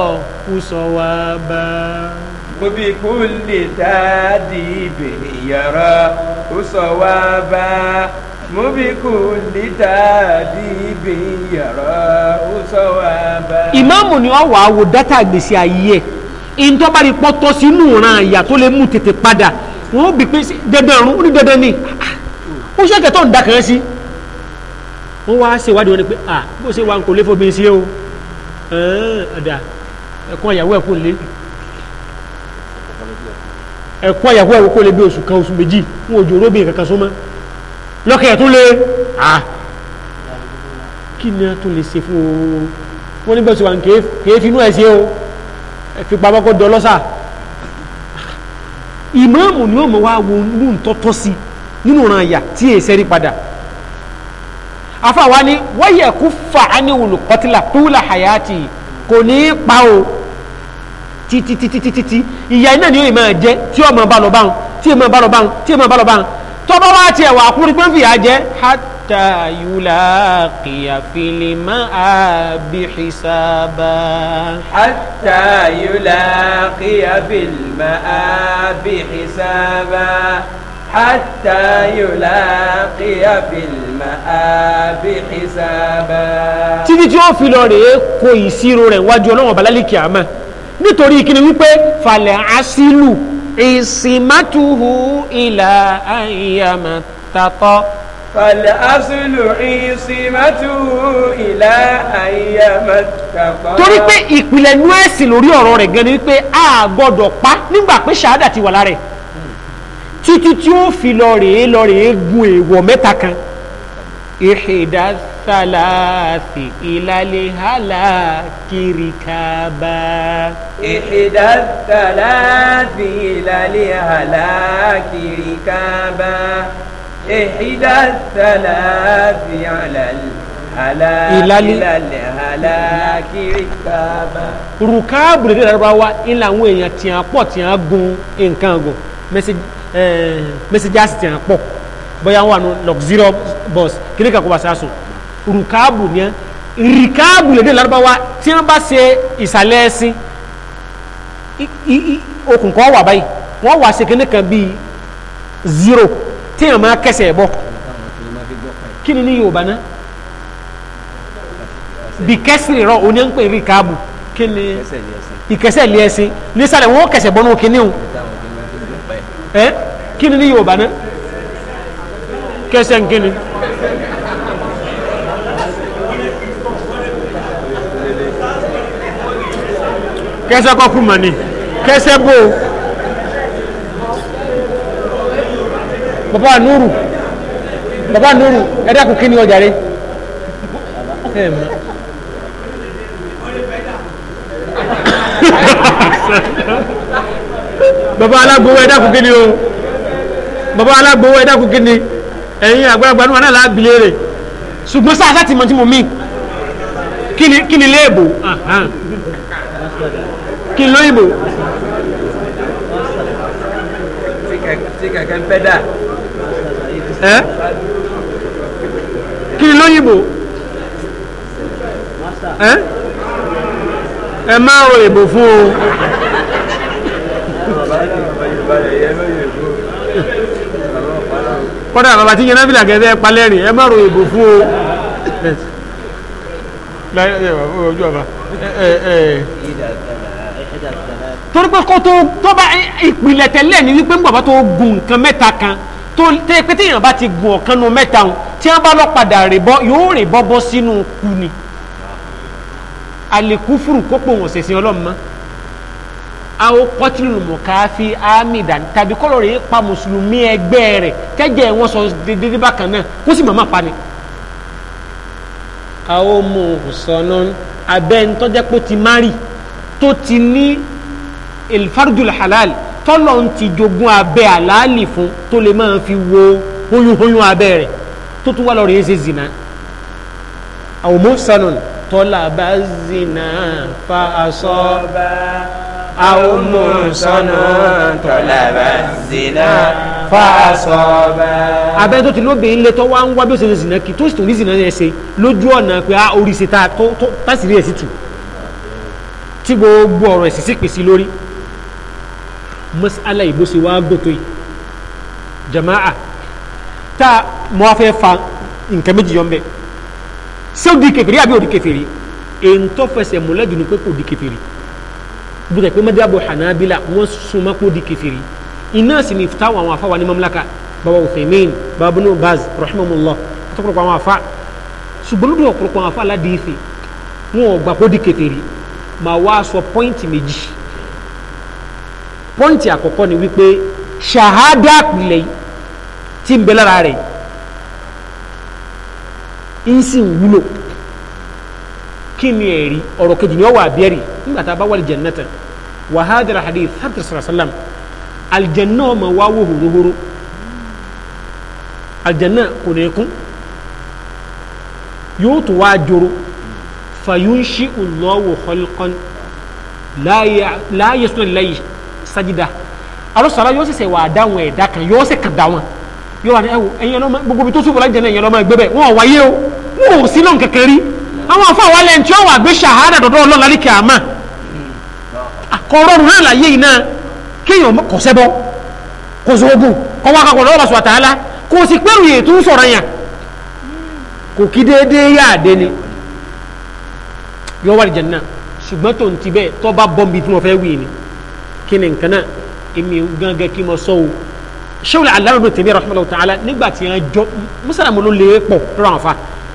kùsọ̀wá bá. وبكل تاديب يرى صوابا وبكل تاديب يرى صوابا ìmáàmù ni ọ wà á wo dátà gbèsè ayé ẹ̀ ìntọ́ bá rí pọ́tọ́ sínú ìran àyà tó lè mú tètè padà wọ́n bí pé dandan ọ̀run ó ní dandan ni ó ṣẹ́kẹ̀ tó ń da kẹrẹ́ sí wọ́n wá ṣèwádìí wọn ni pé à bó ṣe wà ń kò lé fóbi sí o ẹ̀ẹ́n ọ̀dà ẹ̀kún àyàwó ẹ̀kún lé ẹ̀kọ́ àyàwó ẹ̀wọ́ kó lè bí oṣù kan oṣù méjì wọn òjò róbìn kankan súnmọ́ lọ́kẹ̀ tó lè à kí ni a tó lè ṣe fún ooo wọ́n níbẹ̀ sọ wà ní kèé finú ẹ̀ ṣe o ẹ̀ fi pamọ́ kó dọ lọ́sà ìmáàmù ni ó mọ̀ wá wo mú ń tọ́tọ́ sí nínú ran àyà tí èé sẹ́rí padà afáwa ni wọ́yẹ̀ kú fà á ní olùkọ́tìlà tó wùlà àyà tì kò ní pa o títítítítítí ìyá iná ni yóò máa jẹ tí ọmọ bá lọ báwọn tí ọmọ bá lọ báwọn tí ọmọ bá lọ báwọn tọ́ba wá tiẹ̀ wà kúrin pé ń fìyà jẹ. hata yulaqiya fili ma'abi hisaba. hata yulaqiya fili ma'abi hisaba. حتى يلاقي في المآب حسابا títí tí ó fi lọ rèé kó ìṣirò rẹ̀ wájú Ọlọ́run ọba lálẹ́ kìámà nítorí kíni wípé falẹ̀ asílù ìsìmátùhù ìlà àyàmàtàtọ́. falẹ̀ asílù ìsìmátùhù ìlà àyàmàtàtọ́. torí pé ìpìlẹ̀ nú ẹ̀sìn lórí ọ̀rọ̀ rẹ̀ gan ni wípé a gbọ́dọ̀ pa nígbà pé ṣáádà ti wà lára ẹ̀ títí tí ó fi lọ rèé lọ rèé gun èèwọ̀ mẹ́ta kan ìhìdá الثلاث إلى الهلاك ركابا إحدى الثلاث إلى الهلاك ركابا إحدى الثلاث على الهلاك إلى الهلاك ركابا ركاب rèé lárúbáwá ńlá àwọn èèyàn tí a pọ̀ tí a gun nǹkan gùn mẹsẹ̀jáàsì tí a pọ̀ bóyá wọn wà ní luxurious bus kí ni kàkó bá sá sùn rùkáàbù ni ẹ́ rìkáàbù lédè lárúbáwá tí wọ́n bá ṣe ìsàlẹ̀ ẹṣin okùn kan wà báyìí wọ́n wà ṣe kan bíi zero tí wọ́n máa kẹsẹ̀ bọ́ kí ni ní yorùbá náà bí kẹsìrì rọ òní ń pè rìkáàbù kí ni ìkẹsẹ̀ lé ẹṣin nísàlẹ̀ wọ́n kẹsẹ̀ bọ́nú kíní o ẹ kí ni ní yorùbá náà kẹsẹ̀ ń kẹsẹ kọkú mọ̀ni kẹsẹ bò bàbá nuru bàbá nuru ẹ dákun kí ni ọjà rẹ ẹ mọ. bàbá alágbowó ẹ dákun kí ni o bàbá alágbowó ẹ dákun kí ni ẹ̀yin àgbàlagbà níwọ̀n náà lábìlẹ̀ rẹ̀ ṣùgbọ́n sáà sátìmọ̀ tí mo mí kí ni léèbù kí n lóyìnbó. tí kẹ̀kẹ́ ń fẹ́ dà. ẹ́ kí n lóyìnbó. ẹ́ ẹ má ro èbò fún o. kọ́dà bàbá tí yẹn náà fi làgẹ́sẹ̀ palẹ́rìn ẹ má ro èbò fún o láyé ojú ọba torí pé kó tó bá ìpìlẹ̀ tẹ́lẹ̀ ni wípé ńgbà bá tó gun nǹkan mẹ́ta kan tó tẹ́ pé téèyàn bá ti gun ọ̀kan nu mẹ́ta wọn tí wọ́n bá lọ padà rìn bọ́ yóò rìn bọ́ bọ́ sínú ku ni alikufuru kópo wọn ṣẹ̀ṣẹ̀ ọlọ́run mọ́ àwọn kọ́tìlù mọ̀káfí amidan tàbí kọ́lọ̀ rẹ̀ pa mùsùlùmí ẹgbẹ́ rẹ̀ tẹ́jẹ̀ wọn sọ déédéé bákan náà kó sì máa má pa ni àwọn ọmọ òsànà abẹ́ ntọ́jẹ́ pé ti mari tó ti ní elfardul halal tọ́lọ̀ ń ti jogún abẹ́ àlàálì fún tó lè máa fi wo hóyúnhóyún abẹ́ rẹ̀ tó tún wà lọ́rọ̀ yẹn ṣe zina àwọn ọmọ òsànà tọ́lá bá zina fa aṣọ bá àwọn ọmọ òsànà tọ́lá bá zina fàṣọba. abẹ́rẹ́ tó ti lóbìnrin lé tó wá ń wá bí ó ṣe lè zìnà kí tó sì tó ní zìnà yẹn ṣe lójú ọ̀nà pé a ah, orí ṣe tá tásìrí ẹ̀ sì tù tí gbogbo ọ̀rọ̀ ẹ̀sìn sì pèsè lórí masala ìbò ṣe wá gbòtò yìí jama'a tá mọ́ fẹ́ fa nǹkan méjì yọ̀ ń bẹ́ẹ̀ ṣé ó di kèfèrí àbí ó di kèfèrí èyí tó fẹsẹ̀ múlẹ̀ dùnú pé kò di kèfèrí bí wọ́n ti mọ́dé àbò Hanabila wọ́n súnmọ́ kó di kèfèrí iná sì ni táwọn àwọn afa wa ní mamlaka baba Uthaymin baba bunu baz rahimahullah àtọkùnrin àwọn afa ṣùgbọ́n lódò ọ̀pọ̀lọpọ̀ àwọn afa aládìífẹ́ wọn ò gbà kó di kèfèrí màá wá sọ pọ́ìntì méjì pọ́ìntì àkọ́kọ́ ni wípé ṣàhádà pìlẹ̀ tí ń bẹ lára rẹ̀ ń sì ń wúlò kí ni ẹ̀rí ọ̀rọ̀ kejì ni ó wà abẹ́rì jannata wa hadha al-hadith hàtìrì sàlám aljanna ọmọ wa wò horohoro aljanna kò ní kún yóò tó wá joro fayunṣi Allahu khalqan la yasuna lillahi sajida alọ́sọ̀rọ̀ yóò ṣẹ̀ṣẹ̀ wà dáwọn ẹ̀dá kan yóò ṣe kàn dáwọn yóò wà ní ẹwù ẹ̀yìn ọlọ́mọ gbogbo ibi tó ṣubú lájẹ̀ náà ẹ̀yìn ọlọ́mọ ẹgbẹ́ bẹ̀ wọ́n wáyé o wọ́n ò sí náà kankan rí àwọn afọ àwọn alẹ́ ntí wọ́n wà gbé ṣàhádà dọ̀dọ̀ ọlọ́ọ̀lá ní kìámà àkọ́rọ́rùn náà láyé yìí náà kéèyàn kò sẹ́bọ kò sọ́gbọ̀n kò wá kakọ̀ lọ́wọ́ sọ̀tà á la kò sì pé òye tó ń sọ̀rọ̀ yàn kò kí déédéé yá àdé ni yọ wà lìjẹ̀ náà ṣùgbọ́n tó ń ti bẹ́ẹ̀ tó bá bọ́ mi tí mo fẹ́ wí ni kí ni nǹkan náà èmi gángan kí mo sọ o ṣéwìlì aláàrùn ló tèmi rahmanahu ta'ala nígbà tí yẹn jọ mùsàlámù ló lè e pọ̀ lọ́rọ̀ àwọn fa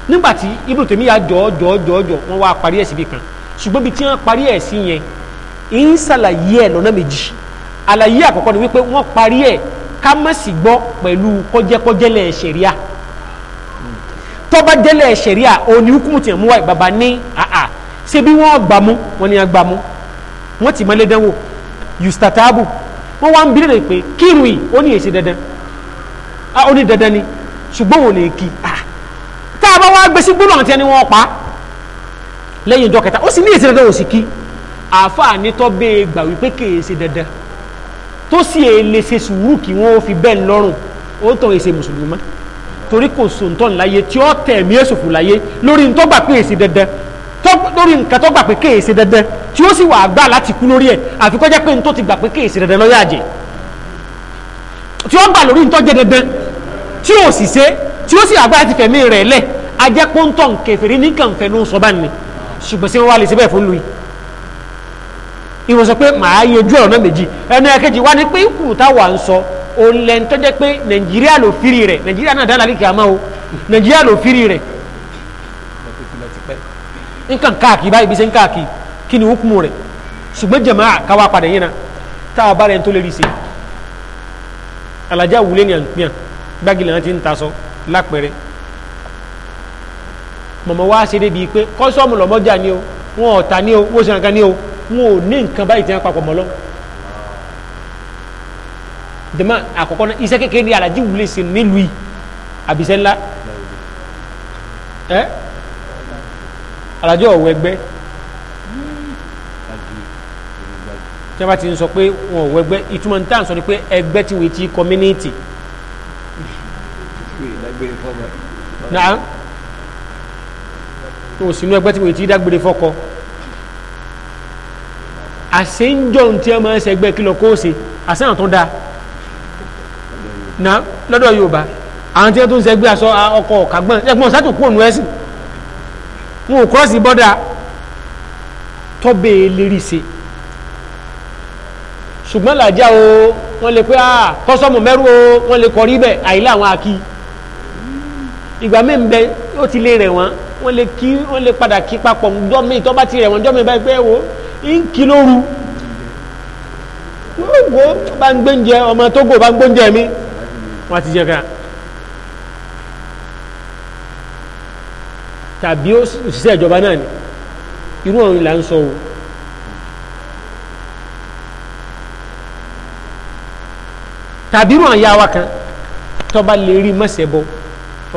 nígbà tí ibùdó tèmi yà jọ jọ jọ jọ wọn wá parí ẹ̀ síbi kan ṣùgbọ́n bí tí wọ́n parí ẹ̀ sí yẹn ń ṣàlàyé ẹ̀ méjì àlàyé àkọ́kọ́ ni wípé wọ́n parí ẹ̀ ká má sì gbọ́ pẹ̀lú kọjẹ́kọjẹ́lẹ̀ ṣẹ̀ríà tọ́ba jẹ́lẹ̀ ṣẹ̀ríà òní hukumu tiẹ̀ mú wa bàbá ní àà ṣé bí wọ́n gbàmú wọ́n ní agbàmú wọ́n ti mọ́lé dánwò yustatabu wọ́n wá ń bi léèrè pé kírun yìí ó ní èsì dandan ah ó ní dandan ni ṣùgbọ́n wọn ò lè kí ah tá a bá wá gbé sí gbólóhàn tí ẹni wọ́n pa lẹ́yìn ìjọ kẹta ó sì ní èsì dandan ò sì kí àáfàá nítọ́ bẹ́ẹ̀ gbà wípé kì í ṣe dandan tó sì èlé ṣe sùúrù kí wọ́n fi bẹ́ẹ̀ lọ́rùn ó tàn èsè mùsùlùmí mọ́ torí kò sòǹtọ́n láyé tí ó tẹ̀mí èsòfò láyé lórí nǹkan tó gbà pé èsè dandan lórí nǹkan tó gbà pé kéèsè dandan tí ó sì wà gbà láti kú lórí ẹ̀ àfikọ́ jẹ́ pé nǹkan tó ti gbà pé kéèsè dandan lọ́yà àjẹ́ tí ó gbà lórí nǹkan jẹ́ dandan tí ó sì ṣe tí ó sì wà gbà láti fẹ̀mí rẹ̀ lẹ̀ ajẹ́pọ̀ ń tọ̀ nkẹfẹ̀rí ní kànfẹ́ ló ń ìwọ sọ pé màá yanjú ọ̀rọ̀ náà méjì ẹnu ẹ̀kejì wá ní pé ìkùrù táwa ń sọ òun lẹ́nu tó jẹ́ pé nàìjíríà ló firi rẹ̀ nàìjíríà náà dáná kíkì àmọ́ o nàìjíríà ló firi rẹ̀ nǹkan káàkiri báyìí bí ṣe ń káàkiri kí ni hukumu rẹ̀ ṣùgbọ́n jàmáà káwa padà yẹn na tá a bá rẹ̀ ń tó lè rí ṣe alájà wulẹ̀ ni à ń pín à gbágilẹ̀ náà ti ń ta sọ lápẹ̀rẹ̀ mọ̀mọ́ wá ṣe débi pé kọ́sọ́ọ̀mù lọ́mọ́jà ni o wọn ọ̀tà ni o wọ́n ṣe nǹkan ni o wọn ò ní nǹkan báyìí tí wọ́n papọ̀ mọ́ lọ. dèmọ àkọ́kọ́ náà iṣẹ́ kékeré ni alájí wulẹ̀ sí nílùú yìí àbíṣẹ́ ńlá ẹ́ alájọ́ ọ̀wọ́ ẹgbẹ́ tí wọ́n bá ti sọ pé wọn ò wọ ìtumọ̀ ní sọ ni pé ẹgbẹ́ ti ti community. náà n ò sínú ẹgbẹ́ ti wò ti àṣẹ́njọ́ tí a máa ń ṣẹgbẹ́ kí lọ kó o ṣe àṣẹ́nà tó dáa na lọ́dọ̀ yorùbá àwọn tí wọ́n tó ń ṣẹgbẹ́ aṣọ ọkọ̀ kàgbọ́n ẹgbọ́n sátò kúrò nù ẹ̀sìn wọn ò kọ́ọ̀sì bọ́dà tọ́bẹ̀ lérí ṣe ṣùgbọ́n làjá o wọ́n lè pé ah kọ́sọ́mù mẹ́rù o wọ́n lè kọrí bẹ́ẹ̀ àìlá àwọn akí ìgbà mi ń bẹ ó ti lè rẹ̀ wọ́n wọ́n lè kí wọ́n lè padà kí papọ̀ ńjọ́ mi tó bá ti rẹ̀ wọ́n ńjọ́ mi báyìí pé wo ń kí lóru gbogbo bá ń gbóúnjẹ ọmọ tógò bá ń gbóúnjẹ mi wọ́n ti jẹ́ kan tàbí òṣìṣẹ́ ìjọba náà ni irú ọ̀run ìlà ń sọ o tàbí irú àyà wa kan tọ́ba lè rí mọ́sẹ̀ bọ́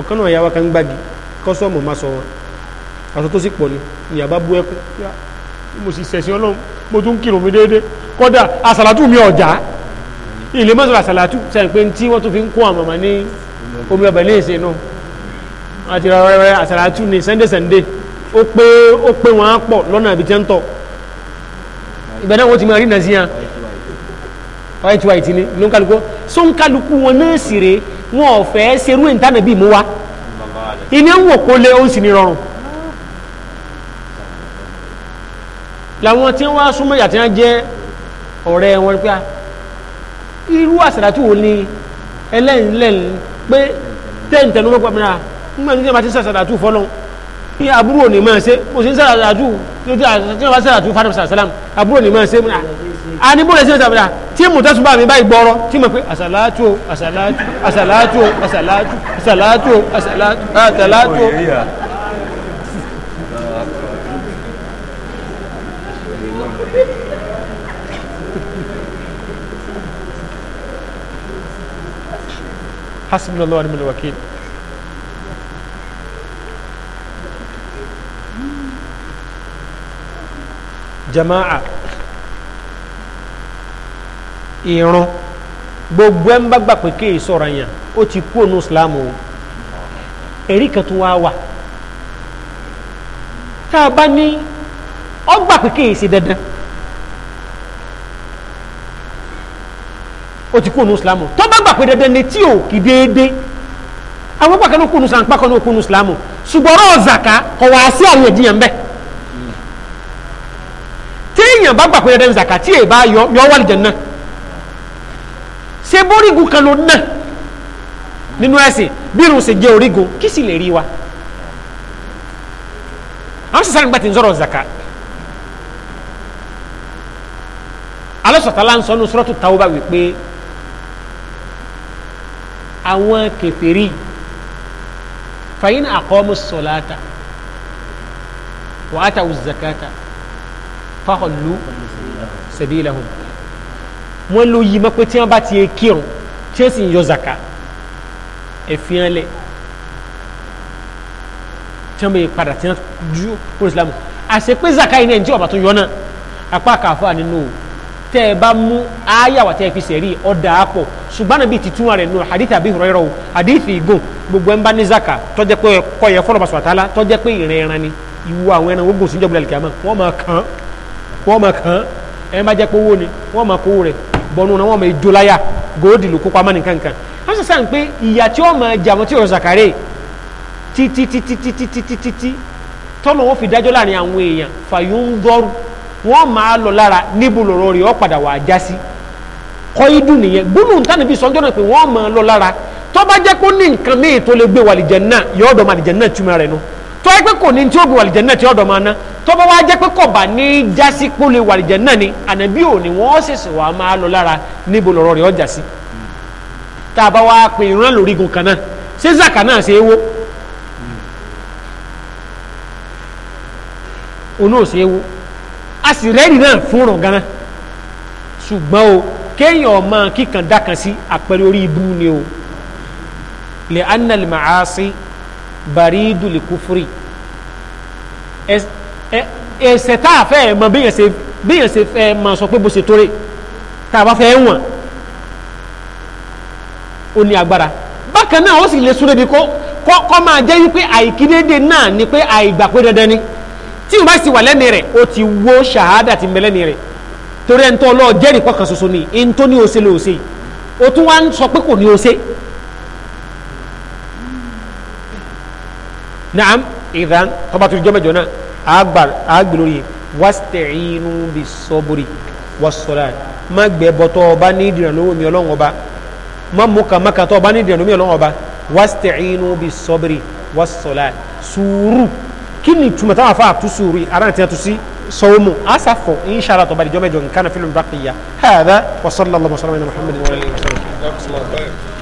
ọ̀kan náà àyà wa kan gbági kọ́sọ́ọ̀mù má sọ wọn aṣọ tó sì pọ̀ ni ìyàbá bú ẹkún mo sì sẹ̀sìn ọlọ́run mo tún kírun mi déédé kọ́dà àsàlátù mi ọ̀já ilé mọ́sàlá àsàlátù sẹ́yìn pé tí wọ́n tún fi ń kó àwọn màmá ní omi ọbẹ̀ ní ìsìn náà àti rẹ̀rẹ̀rẹ̀ àsàlátù ní sunday sunday ó pé ó pé wọn á pọ̀ lọ́nà àbí jẹ́ ń tọ̀ ìgbà náà wọ́n ti máa rí nàìjíríà white white ni ló ń kálukú so ń kálukú wọn náà sì rè wọn ò fẹ́ ṣerú ìtànàbí mú wa ìní àwọn òkòlè ó ń sì ní rọrùn. làwọn tí wọ́n súnmọ́ ìyà tí wọ́n jẹ́ ọ̀rẹ́ wọn pé ah, irú àsàdàtù wo ni ẹlẹ́nlẹ́n pé tẹ́ǹtẹ̀nu mọ́pọ̀ mìíràn nígbà tí wọ́n bá ti sàsàdàtù fọ́lọ́n ní àbúrò òní máa ṣe mo sì ń sàdàtù tí wọ́n bá sàdàtù fàdà sàlám àbúrò òní máa ah, ṣe a ní bóyá sí ń sàbẹ̀dà tí mo tẹ́sùn bá mi báyìí gbọ́rọ́ tí mo pé àsàlátù àsàlátù àsàlátù àsàlátù àsàlátù àsàlátù àsàlátù hasbunallahu wa ni'mal wakil jama'a ìrun gbogbo ẹ̀ ń bá gbà pé kéè sọ̀rọ̀ yẹn ó ti kú ònú ìsìlámù o ẹ̀rí kan tó wá wà tá a bá ní ọgbà pé kéè ṣe dandan. ó ti kúrò ní islamu tó bá gbà pé dandan ni tí ò kì déédéé àwọn pàkan ní kúrò islamu pàkan ní kúrò islamu ṣùgbọ́n ọ̀rọ̀ zaka kò wá sí àríyànjiyàn bẹ́ẹ̀ téèyàn bá gbà pé dandan zaka tí èèbá yọ yọ wà lìjẹ̀ náà ṣe bórígun kan ló náà nínú ẹ̀sìn bí irun ṣe jẹ́ orígun kí sì lè rí wa àwọn sísan nígbà tí ń sọ̀rọ̀ zaka alásọ̀tà láǹsọ̀nù sọ́rọ́tù tàwọn bá wí pé àwọn kẹfìrí fàyín àkọ́mú sọ̀láta wàá tàwù zakata fàkọ̀lù sẹ̀bílẹ̀hùn wọ́n ló yí mọ́pẹ́ tí wọ́n bá ti kírun tí wọ́n sì ń yọ zaka ẹ̀fíàn lẹ̀ tí wọ́n bẹ padà tí wọ́n ju kúrò sílámù àṣepé zaka yìí náà ní tí ọba tó yọ náà apá kàfọ́ ànínú o tẹ́ ẹ bá mú ayàwó tẹ́ ẹ fi sẹ̀rí ọ̀dà àpọ̀ ṣùgbọ́n àbí titun rẹ̀ nù hadith àbí ìrọ̀rọ̀ o hadith igun gbogbo ẹ̀ ń bá ní zaka tọ́jẹ́ pé kọ́ yẹ fọlọ́ bàṣọ la, tọ́jẹ́ pé ìrìn ẹran ni ìwọ àwọn ẹran ogun síjọ́ gbọ́dọ̀ kìámà wọ́n máa kàn wọ́n máa kàn ẹ̀ ń bá jẹ́ pé owó ni wọ́n máa kówó rẹ̀ bọ́nú náà wọ́n máa jó láyà góòdì ló kópa mọ́ni kankan wọ́n sì sàn pé ìyà tí wọ́n máa jẹ àwọn tí yọ̀rọ̀ zakare títítítítítítítítí tọ́nà wọn fi dájọ́ láàrin àwọn èèyàn fàyọ̀ ń dọ́rù wọ́n máa lọ lára níbo lọ̀rọ̀ rẹ̀ ọ́ padà wà á já sí kọ́ idun nìyẹn gbólóhùn tánà bí sọ́jọ́ náà pé wọ́n máa lọ lára tó bá jẹ́ kó ní nǹkan míì tó lè gbé wàlìjẹ́ náà yọ ọ́dọ̀ màlìjẹ́ náà túmọ̀ rẹ̀ nu tó yẹ pé kò ní tí ó gbé wàlìjẹ́ náà tí ọ̀dọ̀ máa ná tó bá jẹ́ pé kò bá ní já kó lè wàlìjẹ́ náà ni ànàbí ò ní wọ́n ṣèṣì wà máa lọ lára níbo lọ̀rọ̀ rẹ̀ ọjà sí tá a bá wá pin ìran lórígun kan náà ṣé zaka náà ṣe é wó onú ò ṣe é wó a sì rẹ́rìí náà fún ràn ganan ṣùgbọ́n o kéèyàn ọmọ kíkan dákan sí àpẹẹrẹ orí ibú ni o lè anna lè máa sí bàrídù lè kú fúri ẹsẹ̀ tá a fẹ́ mọ béèyàn ṣe béèyàn ṣe fẹ́ máa sọ pé bó ṣe tóre tá a bá fẹ́ wọ̀n ó ní agbára bákan náà ó sì lè súnlẹ̀ bí kó kọ́ máa jẹ́ wípé àìkídédé náà ni pé àìgbà dandan ni tí o bá sì wà lẹ́mìí rẹ̀ o ti wo ṣahada ti mẹ́lẹ́mìí rẹ̀ torí ẹni tó lọ jẹ́rìí pọ̀kan ṣoṣo ni ẹni tó ní ose lè ose o tún wá ń sọ pé kò ní ose. naam ìdán tọba tó jọmọjọ náà a gbè lórí wasta'inu bis sabri was salat má gbẹ bọtọ ọba ní ìdìrànlọ́wọ́ mi ọlọ́run ọba má mú kà má kà tọ́ ọba ní ìdìrànlọ́wọ́ mi ọlọ́run ọba wasta'inu bis sabri was salat sùúrù. kini tuma ta fa tusuri arana tina tusi sawmu asafo inshallah to bari jome jo kana filum baqiya hada wa sallallahu alaihi wa sallam muhammad wa alihi wa sallam